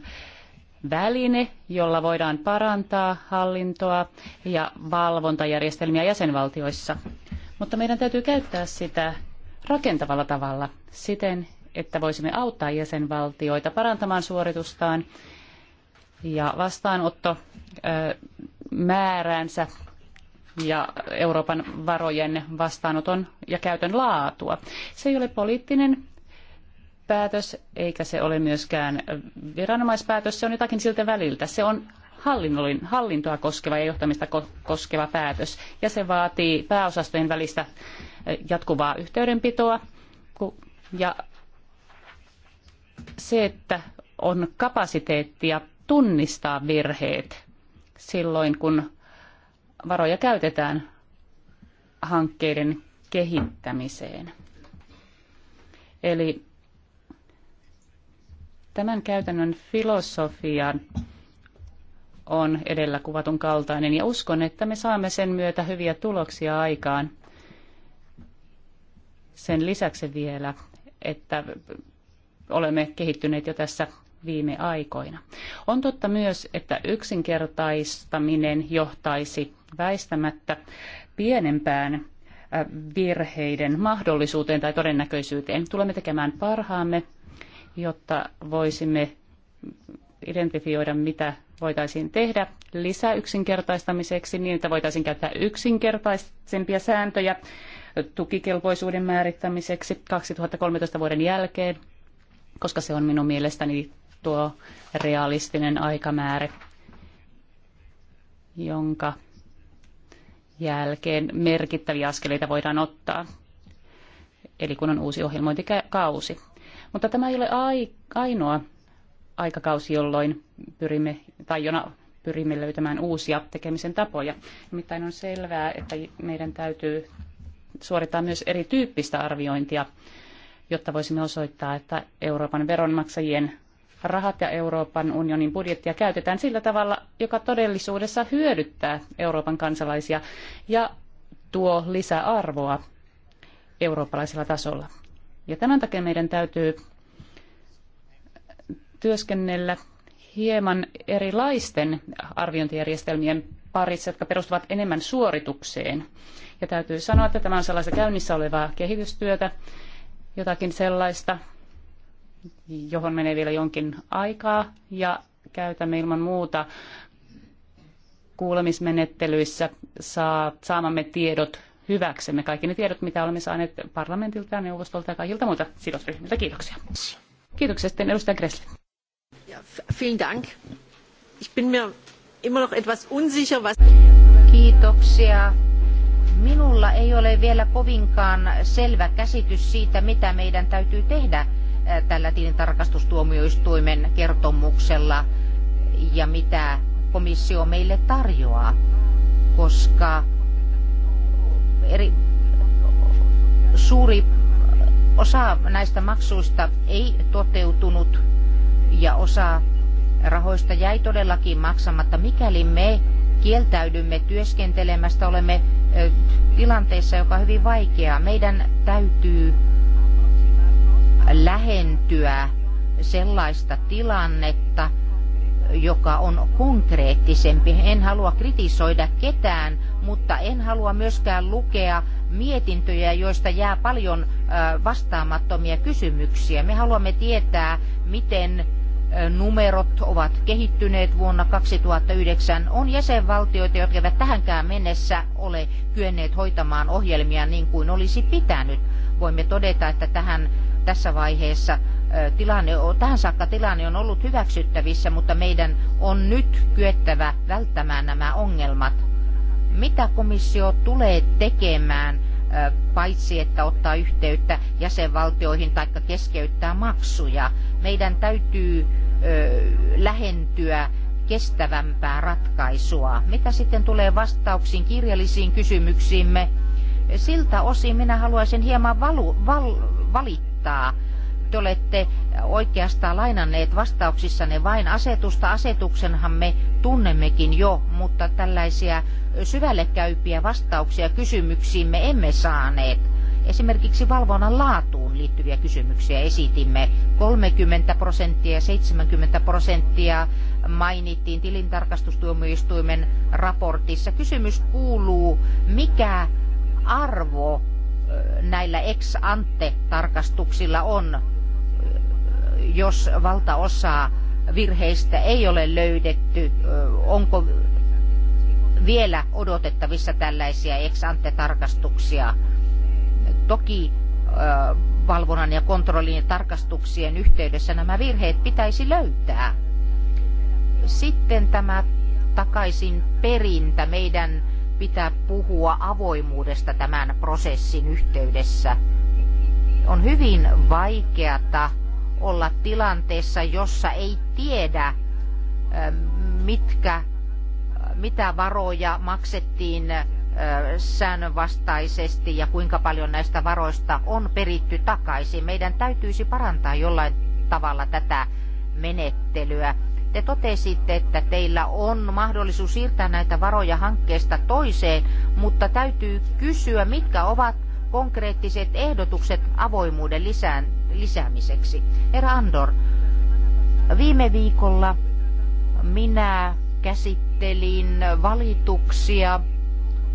väline, jolla voidaan parantaa hallintoa ja valvontajärjestelmiä jäsenvaltioissa. Mutta meidän täytyy käyttää sitä rakentavalla tavalla siten, että voisimme auttaa jäsenvaltioita parantamaan suoritustaan ja vastaanotto määräänsä ja Euroopan varojen vastaanoton ja käytön laatua. Se ei ole poliittinen päätös, eikä se ole myöskään viranomaispäätös, se on jotakin siltä väliltä. Se on hallintoa koskeva ja johtamista koskeva päätös, ja se vaatii pääosastojen välistä jatkuvaa yhteydenpitoa ja se, että on kapasiteettia tunnistaa virheet silloin, kun varoja käytetään hankkeiden kehittämiseen. Eli tämän käytännön filosofian on edellä kuvatun kaltainen ja uskon, että me saamme sen myötä hyviä tuloksia aikaan. Sen lisäksi vielä, että olemme kehittyneet jo tässä viime aikoina. On totta myös, että yksinkertaistaminen johtaisi väistämättä pienempään äh, virheiden mahdollisuuteen tai todennäköisyyteen. Tulemme tekemään parhaamme, jotta voisimme identifioida, mitä voitaisiin tehdä lisää yksinkertaistamiseksi, niin että voitaisiin käyttää yksinkertaisempia sääntöjä tukikelpoisuuden määrittämiseksi 2013 vuoden jälkeen koska se on minun mielestäni tuo realistinen aikamäärä, jonka jälkeen merkittäviä askeleita voidaan ottaa, eli kun on uusi ohjelmointikausi. Mutta tämä ei ole ainoa aikakausi, jolloin pyrimme, tai jona pyrimme löytämään uusia tekemisen tapoja. Nimittäin on selvää, että meidän täytyy suorittaa myös erityyppistä arviointia jotta voisimme osoittaa, että Euroopan veronmaksajien rahat ja Euroopan unionin budjettia käytetään sillä tavalla, joka todellisuudessa hyödyttää Euroopan kansalaisia ja tuo lisäarvoa eurooppalaisella tasolla. Ja tämän takia meidän täytyy työskennellä hieman erilaisten arviointijärjestelmien parissa, jotka perustuvat enemmän suoritukseen. Ja täytyy sanoa, että tämä on sellaista käynnissä olevaa kehitystyötä, jotakin sellaista, johon menee vielä jonkin aikaa ja käytämme ilman muuta kuulemismenettelyissä saa, saamamme tiedot hyväksemme. Kaikki ne tiedot, mitä olemme saaneet parlamentilta ja neuvostolta ja kaikilta muilta sidosryhmiltä. Kiitoksia. Kiitoksia sitten edustaja Gressli. Ja, vielen Dank. Ich bin mir immer noch etwas unsicher, was... Kiitoksia Minulla ei ole vielä kovinkaan selvä käsitys siitä, mitä meidän täytyy tehdä tällä tilintarkastustuomioistuimen kertomuksella ja mitä komissio meille tarjoaa, koska eri, suuri osa näistä maksuista ei toteutunut ja osa rahoista jäi todellakin maksamatta, mikäli me kieltäydymme työskentelemästä, olemme tilanteessa, joka on hyvin vaikea. Meidän täytyy lähentyä sellaista tilannetta, joka on konkreettisempi. En halua kritisoida ketään, mutta en halua myöskään lukea mietintöjä, joista jää paljon vastaamattomia kysymyksiä. Me haluamme tietää, miten numerot ovat kehittyneet vuonna 2009, on jäsenvaltioita, jotka eivät tähänkään mennessä ole kyenneet hoitamaan ohjelmia niin kuin olisi pitänyt. Voimme todeta, että tähän tässä vaiheessa tilanne, tähän saakka tilanne on ollut hyväksyttävissä, mutta meidän on nyt kyettävä välttämään nämä ongelmat. Mitä komissio tulee tekemään paitsi että ottaa yhteyttä jäsenvaltioihin tai keskeyttää maksuja. Meidän täytyy lähentyä kestävämpää ratkaisua. Mitä sitten tulee vastauksiin kirjallisiin kysymyksiimme? Siltä osin minä haluaisin hieman valu, val, valittaa te olette oikeastaan lainanneet vastauksissanne vain asetusta. Asetuksenhan me tunnemmekin jo, mutta tällaisia syvälle käypiä vastauksia kysymyksiin me emme saaneet. Esimerkiksi valvonnan laatuun liittyviä kysymyksiä esitimme. 30 prosenttia ja 70 prosenttia mainittiin tilintarkastustuomioistuimen raportissa. Kysymys kuuluu, mikä arvo näillä ex-ante-tarkastuksilla on jos valtaosaa virheistä ei ole löydetty, onko vielä odotettavissa tällaisia ex-ante-tarkastuksia. Toki valvonnan ja kontrollin ja tarkastuksien yhteydessä nämä virheet pitäisi löytää. Sitten tämä takaisin perintä. Meidän pitää puhua avoimuudesta tämän prosessin yhteydessä. On hyvin vaikeata olla tilanteessa, jossa ei tiedä, mitkä, mitä varoja maksettiin säännönvastaisesti ja kuinka paljon näistä varoista on peritty takaisin. Meidän täytyisi parantaa jollain tavalla tätä menettelyä. Te totesitte, että teillä on mahdollisuus siirtää näitä varoja hankkeesta toiseen, mutta täytyy kysyä, mitkä ovat konkreettiset ehdotukset avoimuuden lisään, lisäämiseksi. Herra Andor, viime viikolla minä käsittelin valituksia,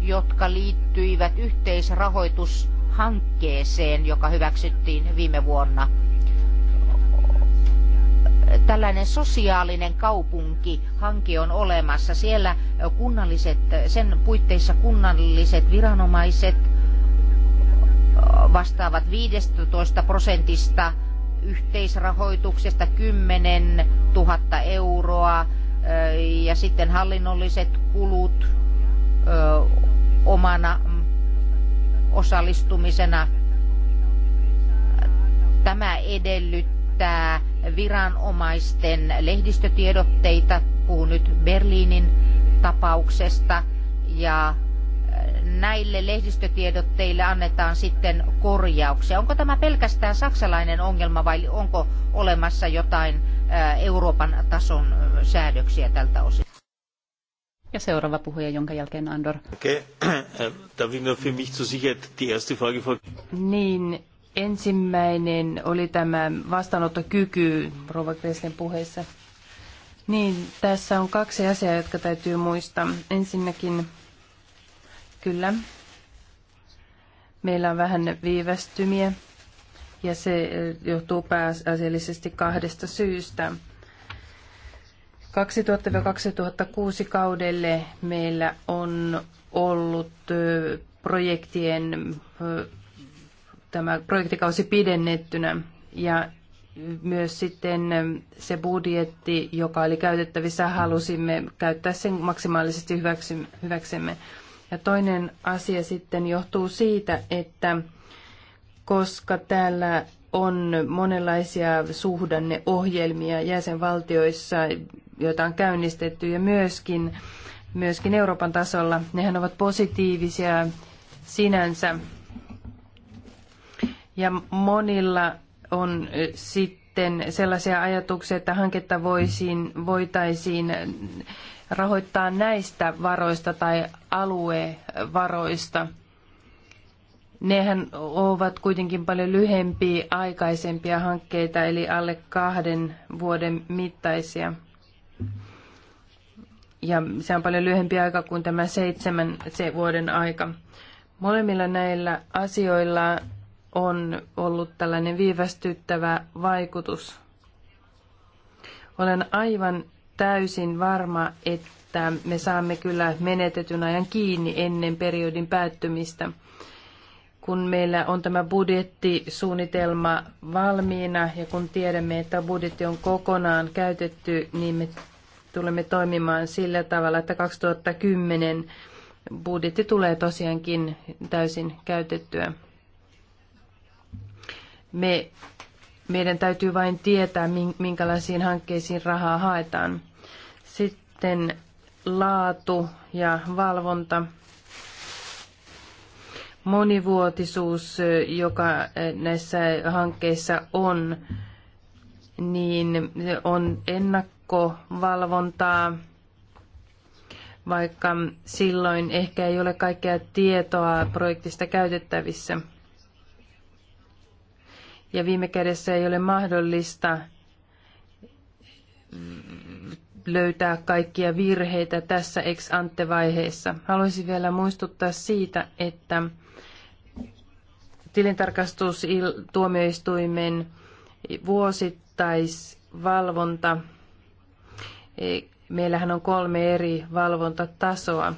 jotka liittyivät yhteisrahoitushankkeeseen, joka hyväksyttiin viime vuonna. Tällainen sosiaalinen kaupunki-hanke on olemassa. Siellä kunnalliset, sen puitteissa kunnalliset viranomaiset vastaavat 15 prosentista yhteisrahoituksesta 10 000 euroa ja sitten hallinnolliset kulut omana osallistumisena. Tämä edellyttää viranomaisten lehdistötiedotteita, puhun nyt Berliinin tapauksesta, ja näille lehdistötiedotteille annetaan sitten korjauksia? Onko tämä pelkästään saksalainen ongelma vai onko olemassa jotain Euroopan tason säädöksiä tältä osin? Ja seuraava puhuja, jonka jälkeen Andor. Äh, niin, ensimmäinen oli tämä vastaanottokyky Rova Kreslin puheessa. Niin, tässä on kaksi asiaa, jotka täytyy muistaa. Ensinnäkin Kyllä. Meillä on vähän viivästymiä ja se eh, johtuu pääasiallisesti kahdesta syystä. 2000-2006 kaudelle meillä on ollut eh, projektien eh, tämä projektikausi pidennettynä ja myös sitten se budjetti, joka oli käytettävissä, halusimme käyttää sen maksimaalisesti hyväksemme. Ja toinen asia sitten johtuu siitä, että koska täällä on monenlaisia suhdanneohjelmia jäsenvaltioissa, joita on käynnistetty ja myöskin, myöskin Euroopan tasolla. Nehän ovat positiivisia sinänsä. Ja monilla on sitten sellaisia ajatuksia, että hanketta voisiin, voitaisiin rahoittaa näistä varoista tai aluevaroista. Nehän ovat kuitenkin paljon lyhempiä aikaisempia hankkeita, eli alle kahden vuoden mittaisia. Ja se on paljon lyhempi aika kuin tämä seitsemän se vuoden aika. Molemmilla näillä asioilla on ollut tällainen viivästyttävä vaikutus. Olen aivan täysin varma, että me saamme kyllä menetetyn ajan kiinni ennen periodin päättymistä. Kun meillä on tämä budjettisuunnitelma valmiina ja kun tiedämme, että budjetti on kokonaan käytetty, niin me tulemme toimimaan sillä tavalla, että 2010 budjetti tulee tosiaankin täysin käytettyä. Me meidän täytyy vain tietää, minkälaisiin hankkeisiin rahaa haetaan. Sitten laatu ja valvonta. Monivuotisuus, joka eh, näissä hankkeissa on, niin on ennakkovalvontaa, vaikka silloin ehkä ei ole kaikkea tietoa projektista käytettävissä – ja viime kädessä ei ole mahdollista löytää kaikkia virheitä tässä ex ante vaiheessa. Haluaisin vielä muistuttaa siitä, että tuomioistuimen vuosittaisvalvonta, meillähän on kolme eri valvontatasoa.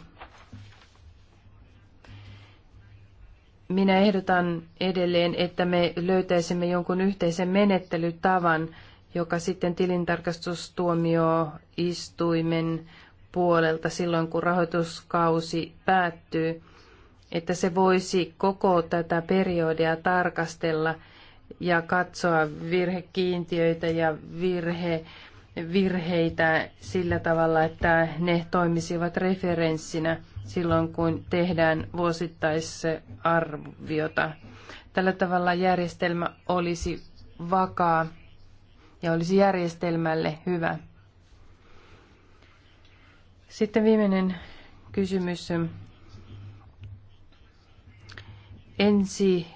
Minä ehdotan edelleen, että me löytäisimme jonkun yhteisen menettelytavan, joka sitten tilintarkastustuomioistuimen puolelta silloin, kun rahoituskausi päättyy, että se voisi koko tätä periodia tarkastella ja katsoa virhekiintiöitä ja virhe, virheitä sillä tavalla, että ne toimisivat referenssinä – silloin, kun tehdään arviota, Tällä tavalla järjestelmä olisi vakaa ja olisi järjestelmälle hyvä. Sitten viimeinen kysymys. Ensi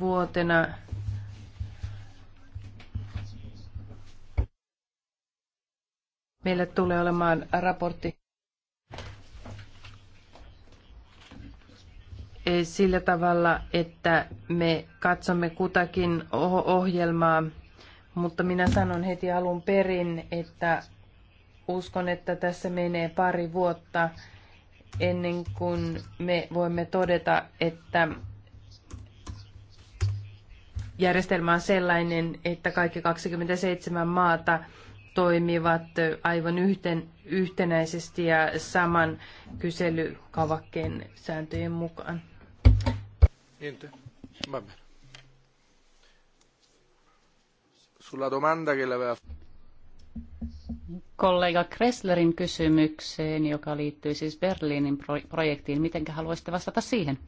vuotena meillä tulee olemaan raportti sillä tavalla, että me katsomme kutakin ohjelmaa, mutta minä sanon heti alun perin, että uskon, että tässä menee pari vuotta ennen kuin me voimme todeta, että järjestelmä on sellainen, että kaikki 27 maata toimivat aivan yhten, yhtenäisesti ja saman kyselykavakkeen sääntöjen mukaan. Niente? Va bene. Sulla domanda che l'aveva... Kollega Kresslerin kysymykseen, joka liittyy siis Berliinin projektiin. Miten haluaisitte vastata siihen?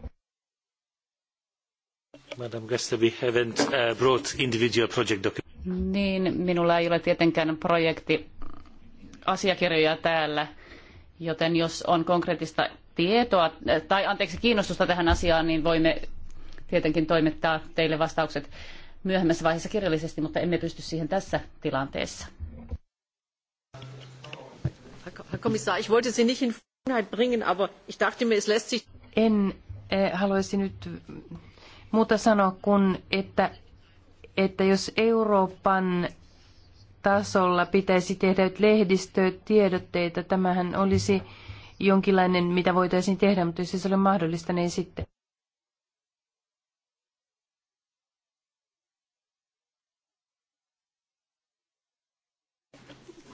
Madam Gressler, we haven't uh, brought individual project documents. Niin, minulla ei ole tietenkään projekti asiakirjoja täällä, joten jos on konkreettista tietoa tai anteeksi kiinnostusta tähän asiaan, niin voimme tietenkin toimittaa teille vastaukset myöhemmässä vaiheessa kirjallisesti, mutta emme pysty siihen tässä tilanteessa. Herr Kommissar, ich wollte Sie nicht in bringen, aber ich dachte mir, es lässt sich... En eh, haluaisi nyt muuta sanoa kuin, että, että jos Euroopan tasolla pitäisi tehdä lehdistötiedotteita, tämähän olisi jonkinlainen, mitä voitaisiin tehdä, mutta jos ei se ole mahdollista, niin sitten.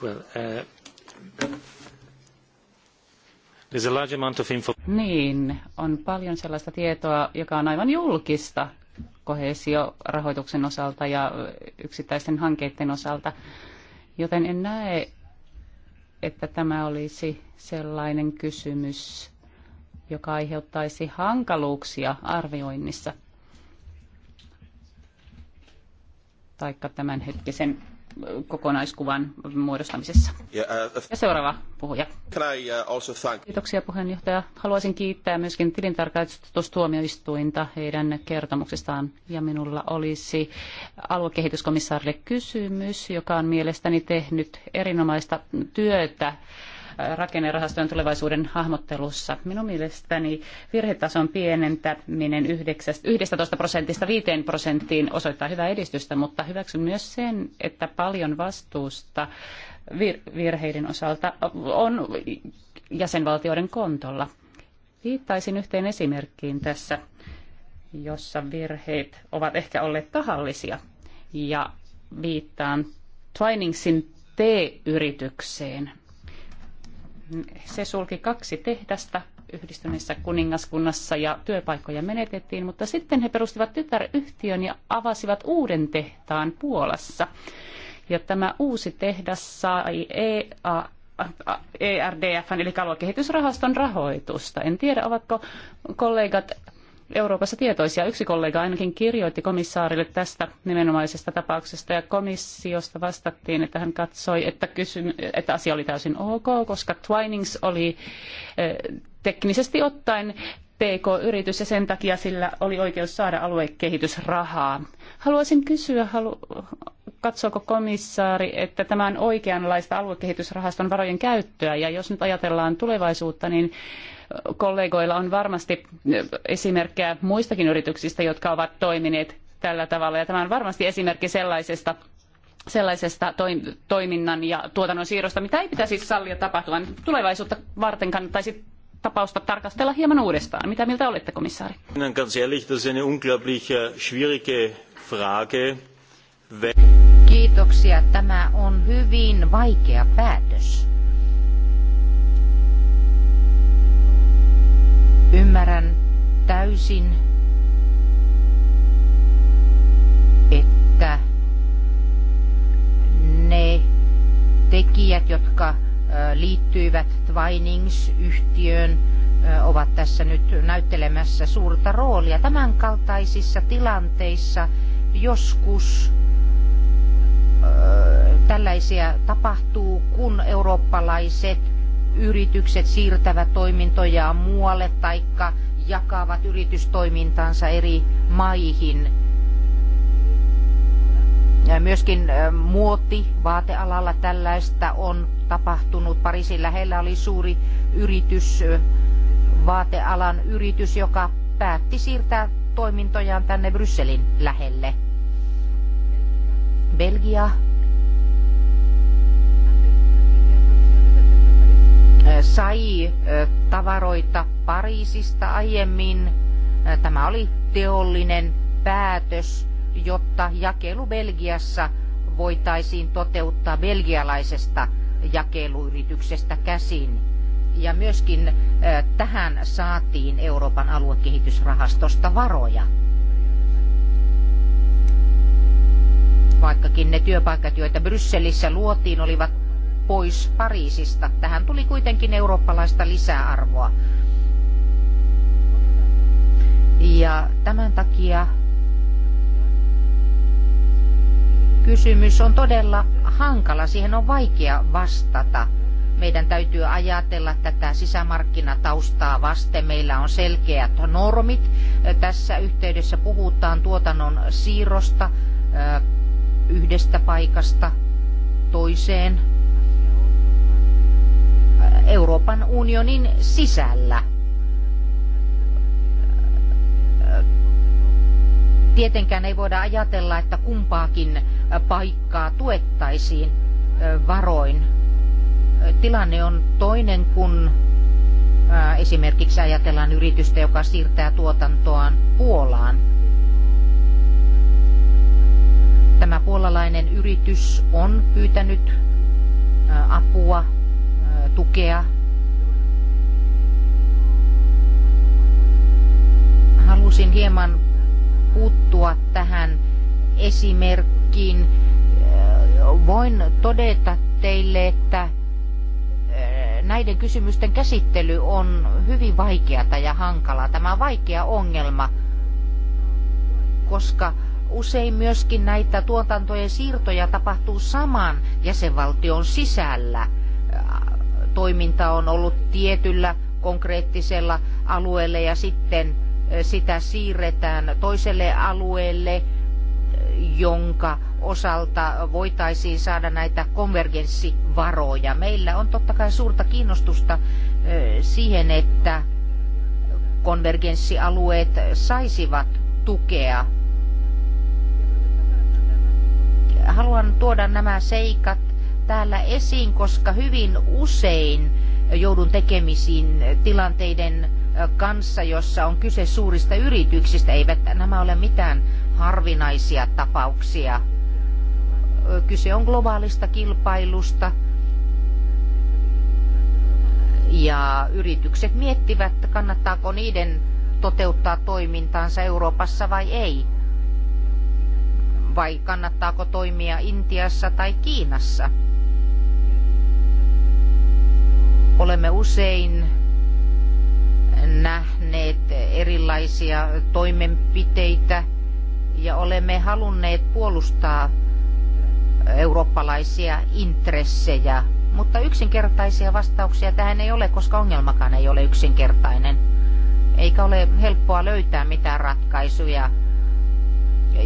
Uh, niin, on paljon sellaista tietoa, joka on aivan julkista kohesiorahoituksen osalta ja yksittäisten hankkeiden osalta, joten en näe, että tämä olisi sellainen kysymys, joka aiheuttaisi hankaluuksia arvioinnissa taikka tämänhetkisen kokonaiskuvan muodostamisessa. Uh, uh, ja seuraava puhuja. Uh, Kiitoksia puheenjohtaja. Haluaisin kiittää myöskin tilintarkastustuomioistuinta heidän kertomuksestaan. Ja minulla olisi aluekehityskomissaarille kysymys, joka on mielestäni tehnyt erinomaista työtä rakennerahastojen tulevaisuuden hahmottelussa. Minun mielestäni virhetason pienentäminen 11 prosentista 5 prosenttiin osoittaa hyvää edistystä, mutta hyväksyn myös sen, että paljon vastuusta virheiden osalta on jäsenvaltioiden kontolla. Viittaisin yhteen esimerkkiin tässä, jossa virheet ovat ehkä olleet tahallisia ja viittaan Twiningsin T-yritykseen, se sulki kaksi tehdasta yhdistyneessä kuningaskunnassa ja työpaikkoja menetettiin, mutta sitten he perustivat tytäryhtiön ja avasivat uuden tehtaan Puolassa. Ja tämä uusi tehdas sai EA, ERDFn eli aluekehitysrahaston rahoitusta. En tiedä, ovatko kollegat Euroopassa tietoisia. Yksi kollega ainakin kirjoitti komissaarille tästä nimenomaisesta tapauksesta ja komissiosta vastattiin, että hän katsoi, että, kysy, että asia oli täysin ok, koska Twinings oli eh, teknisesti ottaen PK-yritys ja sen takia sillä oli oikeus saada aluekehitysrahaa. Haluaisin kysyä, halu, katsooko komissaari, että tämä on oikeanlaista aluekehitysrahaston varojen käyttöä ja jos nyt ajatellaan tulevaisuutta, niin kollegoilla on varmasti esimerkkejä muistakin yrityksistä, jotka ovat toimineet tällä tavalla ja tämä on varmasti esimerkki sellaisesta sellaisesta toiminnan ja tuotannon siirrosta, mitä ei pitäisi sallia tapahtua. Tulevaisuutta varten kannattaisi tapausta tarkastella hieman uudestaan. Mitä mieltä olette, komissaari? Kiitoksia. Tämä on hyvin vaikea päätös. Ymmärrän täysin, että ne tekijät, jotka liittyivät Twinings-yhtiöön, ovat tässä nyt näyttelemässä suurta roolia. Tämänkaltaisissa tilanteissa joskus tällaisia tapahtuu, kun eurooppalaiset yritykset siirtävät toimintojaan muualle taikka jakavat yritystoimintansa eri maihin. Myöskin muoti vaatealalla tällaista on tapahtunut. Pariisin lähellä oli suuri yritys, vaatealan yritys, joka päätti siirtää toimintojaan tänne Brysselin lähelle. Belgia sai tavaroita Pariisista aiemmin. Tämä oli teollinen päätös, jotta jakelu Belgiassa voitaisiin toteuttaa belgialaisesta jakeluyrityksestä käsin. Ja myöskin tähän saatiin Euroopan aluekehitysrahastosta varoja. Vaikkakin ne työpaikat, joita Brysselissä luotiin, olivat pois Pariisista. Tähän tuli kuitenkin eurooppalaista lisäarvoa. Ja tämän takia kysymys on todella hankala, siihen on vaikea vastata. Meidän täytyy ajatella tätä sisämarkkinataustaa vasten. Meillä on selkeät normit. Tässä yhteydessä puhutaan tuotannon siirrosta yhdestä paikasta toiseen Euroopan unionin sisällä Tietenkään ei voida ajatella, että kumpaakin paikkaa tuettaisiin varoin. Tilanne on toinen, kun esimerkiksi ajatellaan yritystä, joka siirtää tuotantoaan Puolaan. Tämä puolalainen yritys on pyytänyt apua, tukea. Halusin hieman puuttua tähän esimerkkiin. Voin todeta teille, että näiden kysymysten käsittely on hyvin vaikeata ja hankalaa. Tämä on vaikea ongelma, koska usein myöskin näitä tuotantojen siirtoja tapahtuu saman jäsenvaltion sisällä. Toiminta on ollut tietyllä konkreettisella alueella ja sitten sitä siirretään toiselle alueelle, jonka osalta voitaisiin saada näitä konvergenssivaroja. Meillä on totta kai suurta kiinnostusta siihen, että konvergenssialueet saisivat tukea. Haluan tuoda nämä seikat täällä esiin, koska hyvin usein joudun tekemisiin tilanteiden kanssa, jossa on kyse suurista yrityksistä. Eivät nämä ole mitään harvinaisia tapauksia. Kyse on globaalista kilpailusta. Ja yritykset miettivät, kannattaako niiden toteuttaa toimintaansa Euroopassa vai ei. Vai kannattaako toimia Intiassa tai Kiinassa. Olemme usein nähneet erilaisia toimenpiteitä ja olemme halunneet puolustaa eurooppalaisia intressejä, mutta yksinkertaisia vastauksia tähän ei ole, koska ongelmakaan ei ole yksinkertainen. Eikä ole helppoa löytää mitään ratkaisuja.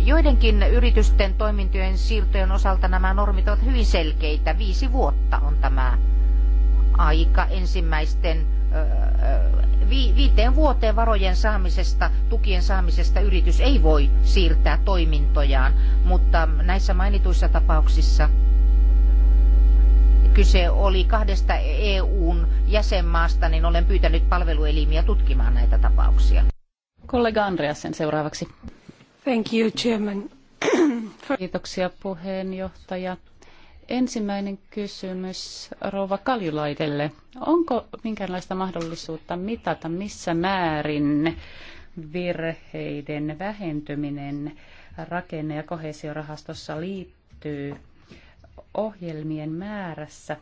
Joidenkin yritysten toimintojen siirtojen osalta nämä normit ovat hyvin selkeitä. Viisi vuotta on tämä aika ensimmäisten viiteen vuoteen varojen saamisesta, tukien saamisesta yritys ei voi siirtää toimintojaan, mutta näissä mainituissa tapauksissa kyse oli kahdesta EUn jäsenmaasta, niin olen pyytänyt palveluelimiä tutkimaan näitä tapauksia. Kollega Andreasen seuraavaksi. Thank you, Chairman. Kiitoksia puheenjohtaja. Ensimmäinen kysymys Rouva Kaljulaidelle. Onko minkäänlaista mahdollisuutta mitata, missä määrin virheiden vähentyminen rakenne- ja kohesiorahastossa liittyy ohjelmien määrässä,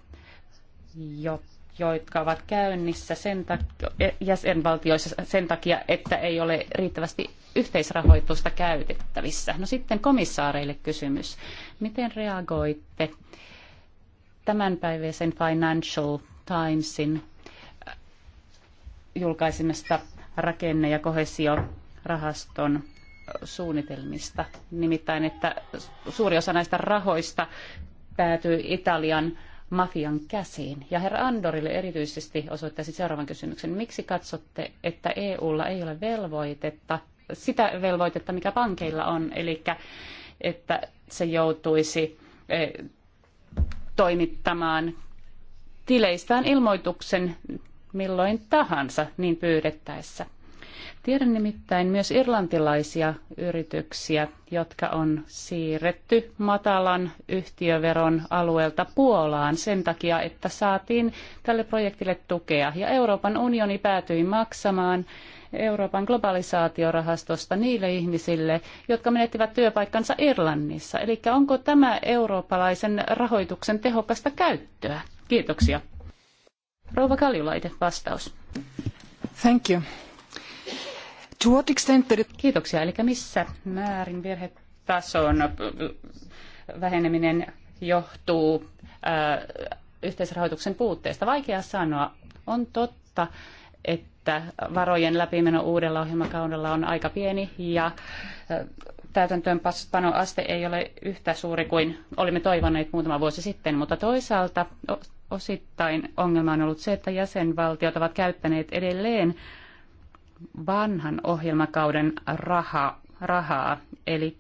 jotka ovat käynnissä sen tak- jäsenvaltioissa sen takia, että ei ole riittävästi yhteisrahoitusta käytettävissä. No sitten komissaareille kysymys. Miten reagoitte tämänpäiväisen Financial Timesin äh, julkaisemasta rakenne- ja kohesiorahaston äh, suunnitelmista. Nimittäin, että suuri osa näistä rahoista päätyy Italian mafian käsiin. Ja herra Andorille erityisesti osoittaisin seuraavan kysymyksen. Miksi katsotte, että EUlla ei ole velvoitetta, sitä velvoitetta, mikä pankeilla on, eli että se joutuisi e, toimittamaan tileistään ilmoituksen milloin tahansa niin pyydettäessä. Tiedän nimittäin myös irlantilaisia yrityksiä, jotka on siirretty matalan yhtiöveron alueelta Puolaan sen takia, että saatiin tälle projektille tukea. Ja Euroopan unioni päätyi maksamaan Euroopan globalisaatiorahastosta niille ihmisille, jotka menettivät työpaikkansa Irlannissa. Eli onko tämä eurooppalaisen rahoituksen tehokasta käyttöä? Kiitoksia. Rouva Kaljulaite, vastaus. Thank you. Kiitoksia. Eli missä määrin virhetason väheneminen johtuu äh, yhteisrahoituksen puutteesta? Vaikea sanoa. On totta, että varojen läpimeno uudella ohjelmakaudella on aika pieni ja äh, täytäntöönpanoaste ei ole yhtä suuri kuin olimme toivoneet muutama vuosi sitten, mutta toisaalta osittain ongelma on ollut se, että jäsenvaltiot ovat käyttäneet edelleen vanhan ohjelmakauden raha, rahaa. Eli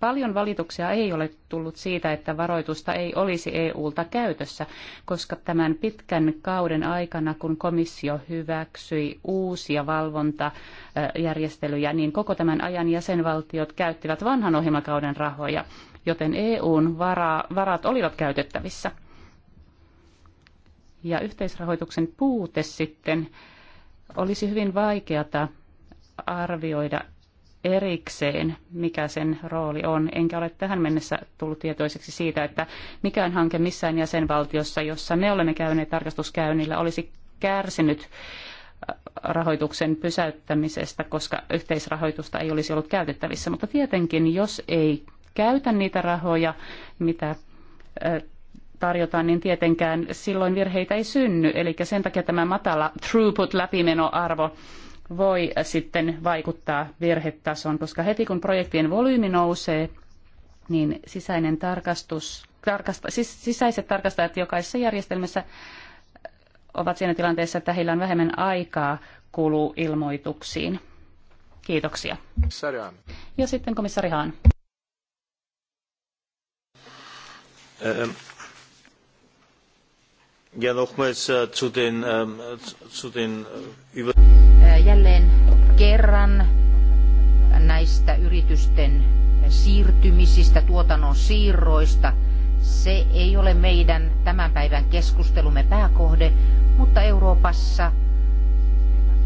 paljon valituksia ei ole tullut siitä, että varoitusta ei olisi EUlta käytössä, koska tämän pitkän kauden aikana, kun komissio hyväksyi uusia valvontajärjestelyjä, niin koko tämän ajan jäsenvaltiot käyttivät vanhan ohjelmakauden rahoja, joten EUn vara, varat olivat käytettävissä. Ja yhteisrahoituksen puute sitten olisi hyvin vaikeata arvioida erikseen, mikä sen rooli on. Enkä ole tähän mennessä tullut tietoiseksi siitä, että mikään hanke missään jäsenvaltiossa, jossa me olemme käyneet tarkastuskäynnillä, olisi kärsinyt rahoituksen pysäyttämisestä, koska yhteisrahoitusta ei olisi ollut käytettävissä. Mutta tietenkin, jos ei käytä niitä rahoja, mitä tarjotaan, niin tietenkään silloin virheitä ei synny. Eli sen takia tämä matala throughput läpimenoarvo voi sitten vaikuttaa virhetasoon, koska heti kun projektien volyymi nousee, niin sisäinen tarkastus, tarkasta, siis sisäiset tarkastajat jokaisessa järjestelmässä ovat siinä tilanteessa, että heillä on vähemmän aikaa kuluu ilmoituksiin. Kiitoksia. Sarjaan. Ja sitten komissari Haan. Ja nochmals äh, zu den, ähm, äh, zu den äh, über... Jälleen kerran näistä yritysten siirtymisistä, tuotannon siirroista. Se ei ole meidän tämän päivän keskustelumme pääkohde, mutta Euroopassa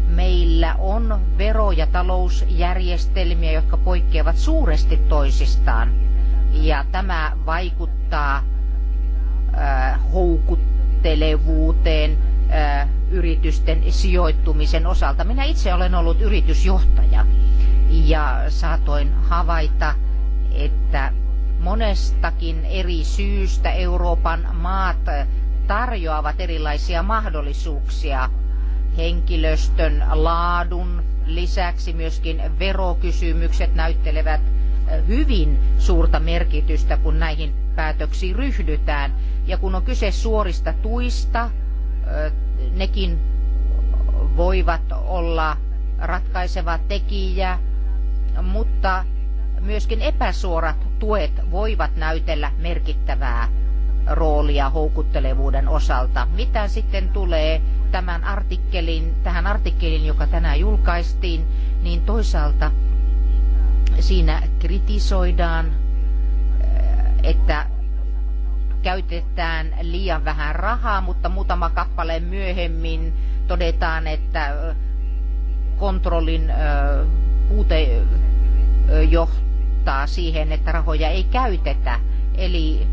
meillä on vero- ja talousjärjestelmiä, jotka poikkeavat suuresti toisistaan. Ja tämä vaikuttaa äh, houkuttelevuuteen yritysten sijoittumisen osalta. Minä itse olen ollut yritysjohtaja ja saatoin havaita, että monestakin eri syystä Euroopan maat tarjoavat erilaisia mahdollisuuksia henkilöstön laadun lisäksi myöskin verokysymykset näyttelevät hyvin suurta merkitystä, kun näihin päätöksiin ryhdytään. Ja kun on kyse suorista tuista, nekin voivat olla ratkaiseva tekijä, mutta myöskin epäsuorat tuet voivat näytellä merkittävää roolia houkuttelevuuden osalta. Mitä sitten tulee tämän artikkelin, tähän artikkelin, joka tänään julkaistiin, niin toisaalta Siinä kritisoidaan, eh, että käytetään liian vähän rahaa, mutta muutama kappale myöhemmin todetaan, että eh, kontrollin eh, puute johtaa siihen, että rahoja ei käytetä. Eli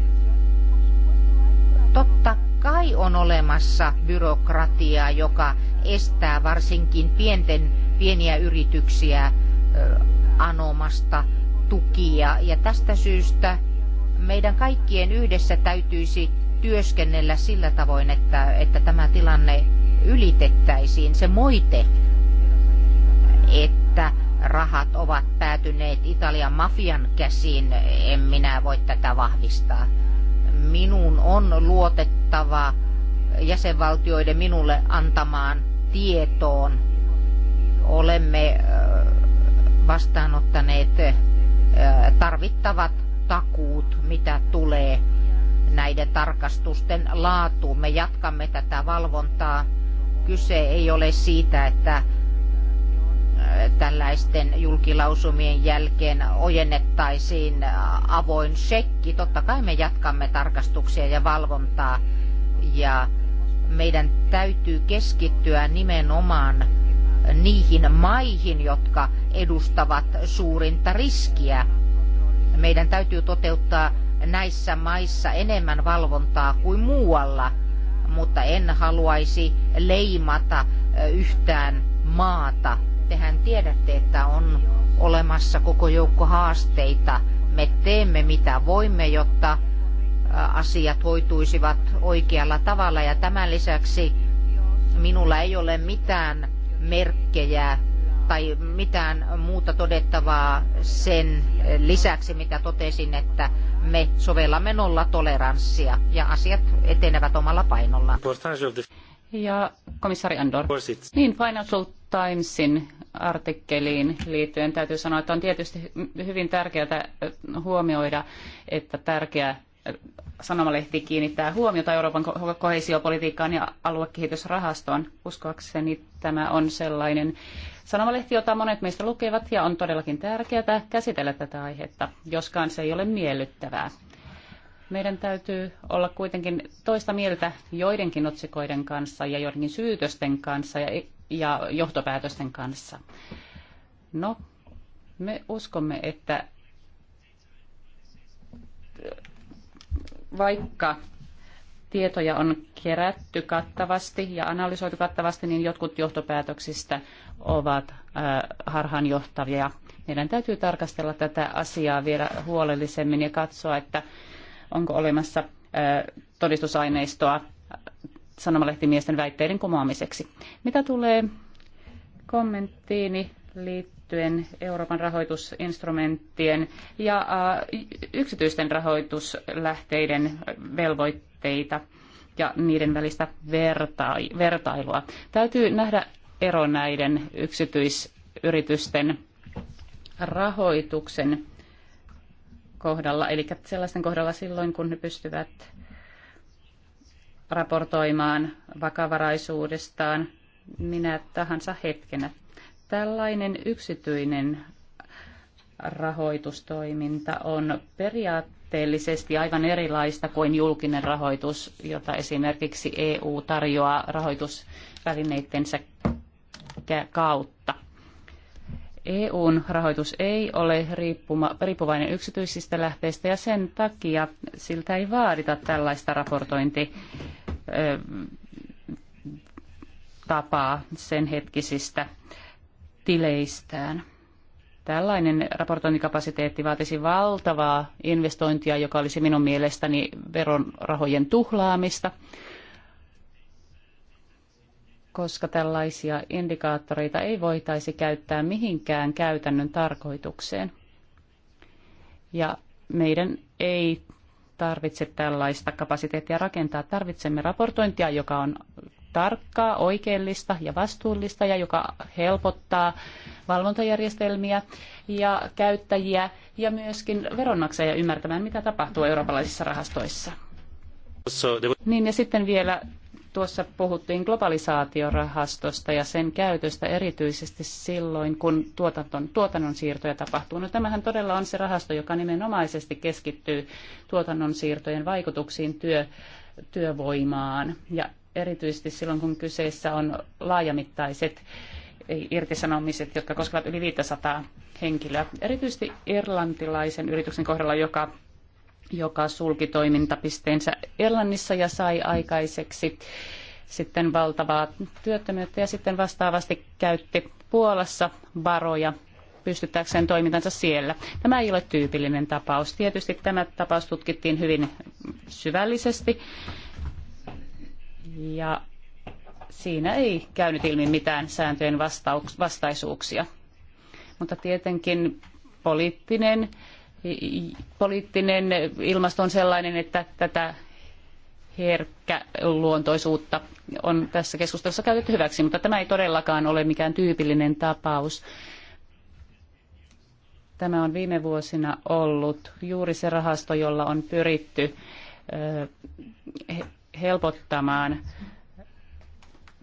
totta kai on olemassa byrokratiaa, joka estää varsinkin pienten, pieniä yrityksiä anomasta tukia. Ja tästä syystä meidän kaikkien yhdessä täytyisi työskennellä sillä tavoin, että, että tämä tilanne ylitettäisiin. Se moite, että rahat ovat päätyneet Italian mafian käsiin, en minä voi tätä vahvistaa. Minun on luotettava jäsenvaltioiden minulle antamaan tietoon. Olemme vastaanottaneet tarvittavat takuut, mitä tulee näiden tarkastusten laatuun. Me jatkamme tätä valvontaa. Kyse ei ole siitä, että tällaisten julkilausumien jälkeen ojennettaisiin avoin shekki. Totta kai me jatkamme tarkastuksia ja valvontaa ja meidän täytyy keskittyä nimenomaan niihin maihin, jotka edustavat suurinta riskiä. Meidän täytyy toteuttaa näissä maissa enemmän valvontaa kuin muualla, mutta en haluaisi leimata yhtään maata. Tehän tiedätte, että on olemassa koko joukko haasteita. Me teemme mitä voimme, jotta asiat hoituisivat oikealla tavalla ja tämän lisäksi minulla ei ole mitään merkkejä tai mitään muuta todettavaa sen lisäksi, mitä totesin, että me sovellamme nollatoleranssia ja asiat etenevät omalla painollaan. Ja komissaari Andor, niin Financial Timesin artikkeliin liittyen täytyy sanoa, että on tietysti hyvin tärkeää huomioida, että tärkeä sanomalehti kiinnittää huomiota Euroopan kohesiopolitiikkaan ja aluekehitysrahastoon. Uskoakseni tämä on sellainen sanomalehti, jota monet meistä lukevat, ja on todellakin tärkeää käsitellä tätä aihetta, joskaan se ei ole miellyttävää. Meidän täytyy olla kuitenkin toista mieltä joidenkin otsikoiden kanssa ja joidenkin syytösten kanssa ja, ja johtopäätösten kanssa. No, me uskomme, että vaikka tietoja on kerätty kattavasti ja analysoitu kattavasti, niin jotkut johtopäätöksistä ovat harhaanjohtavia. Meidän täytyy tarkastella tätä asiaa vielä huolellisemmin ja katsoa, että onko olemassa todistusaineistoa sanomalehtimiesten väitteiden kumoamiseksi. Mitä tulee kommenttiini liittyen liittyen Euroopan rahoitusinstrumenttien ja yksityisten rahoituslähteiden velvoitteita ja niiden välistä vertailua. Täytyy nähdä ero näiden yksityisyritysten rahoituksen kohdalla, eli sellaisten kohdalla silloin, kun ne pystyvät raportoimaan vakavaraisuudestaan minä tahansa hetkenä Tällainen yksityinen rahoitustoiminta on periaatteellisesti aivan erilaista kuin julkinen rahoitus, jota esimerkiksi EU tarjoaa rahoitusvälineittensä kautta. EUn rahoitus ei ole riippuvainen yksityisistä lähteistä ja sen takia siltä ei vaadita tällaista raportointitapaa sen hetkisistä tileistään. Tällainen raportointikapasiteetti vaatisi valtavaa investointia, joka olisi minun mielestäni veronrahojen tuhlaamista, koska tällaisia indikaattoreita ei voitaisi käyttää mihinkään käytännön tarkoitukseen. Ja meidän ei tarvitse tällaista kapasiteettia rakentaa. Tarvitsemme raportointia, joka on tarkkaa, oikeellista ja vastuullista ja joka helpottaa valvontajärjestelmiä ja käyttäjiä ja myöskin veronmaksajia ymmärtämään, mitä tapahtuu eurooppalaisissa rahastoissa. Niin ja sitten vielä tuossa puhuttiin globalisaatiorahastosta ja sen käytöstä erityisesti silloin, kun tuotanton, tuotannon siirtoja tapahtuu. No tämähän todella on se rahasto, joka nimenomaisesti keskittyy tuotannon siirtojen vaikutuksiin työ, työvoimaan ja erityisesti silloin, kun kyseessä on laajamittaiset irtisanomiset, jotka koskevat yli 500 henkilöä. Erityisesti irlantilaisen yrityksen kohdalla, joka, joka sulki toimintapisteensä Irlannissa ja sai aikaiseksi sitten valtavaa työttömyyttä ja sitten vastaavasti käytti Puolassa varoja pystyttääkseen toimintansa siellä. Tämä ei ole tyypillinen tapaus. Tietysti tämä tapaus tutkittiin hyvin syvällisesti ja siinä ei käynyt ilmi mitään sääntöjen vastaisuuksia. Mutta tietenkin poliittinen, poliittinen ilmasto on sellainen, että tätä herkkäluontoisuutta on tässä keskustelussa käytetty hyväksi, mutta tämä ei todellakaan ole mikään tyypillinen tapaus. Tämä on viime vuosina ollut juuri se rahasto, jolla on pyritty helpottamaan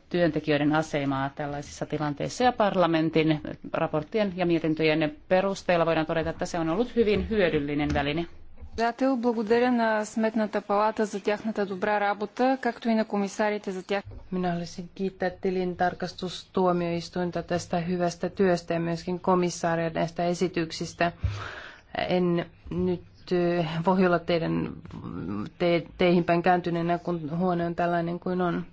työntekijöiden asemaa tällaisissa tilanteissa. Ja parlamentin raporttien ja mietintöjen perusteella voidaan todeta, että se on ollut hyvin hyödyllinen väline. Minä haluaisin kiittää tilintarkastustuomioistuinta tästä hyvästä työstä ja myöskin komissaaria näistä esityksistä. En nyt voi olla teidän te, teihin päin kääntyneenä, kun huone on tällainen kuin on.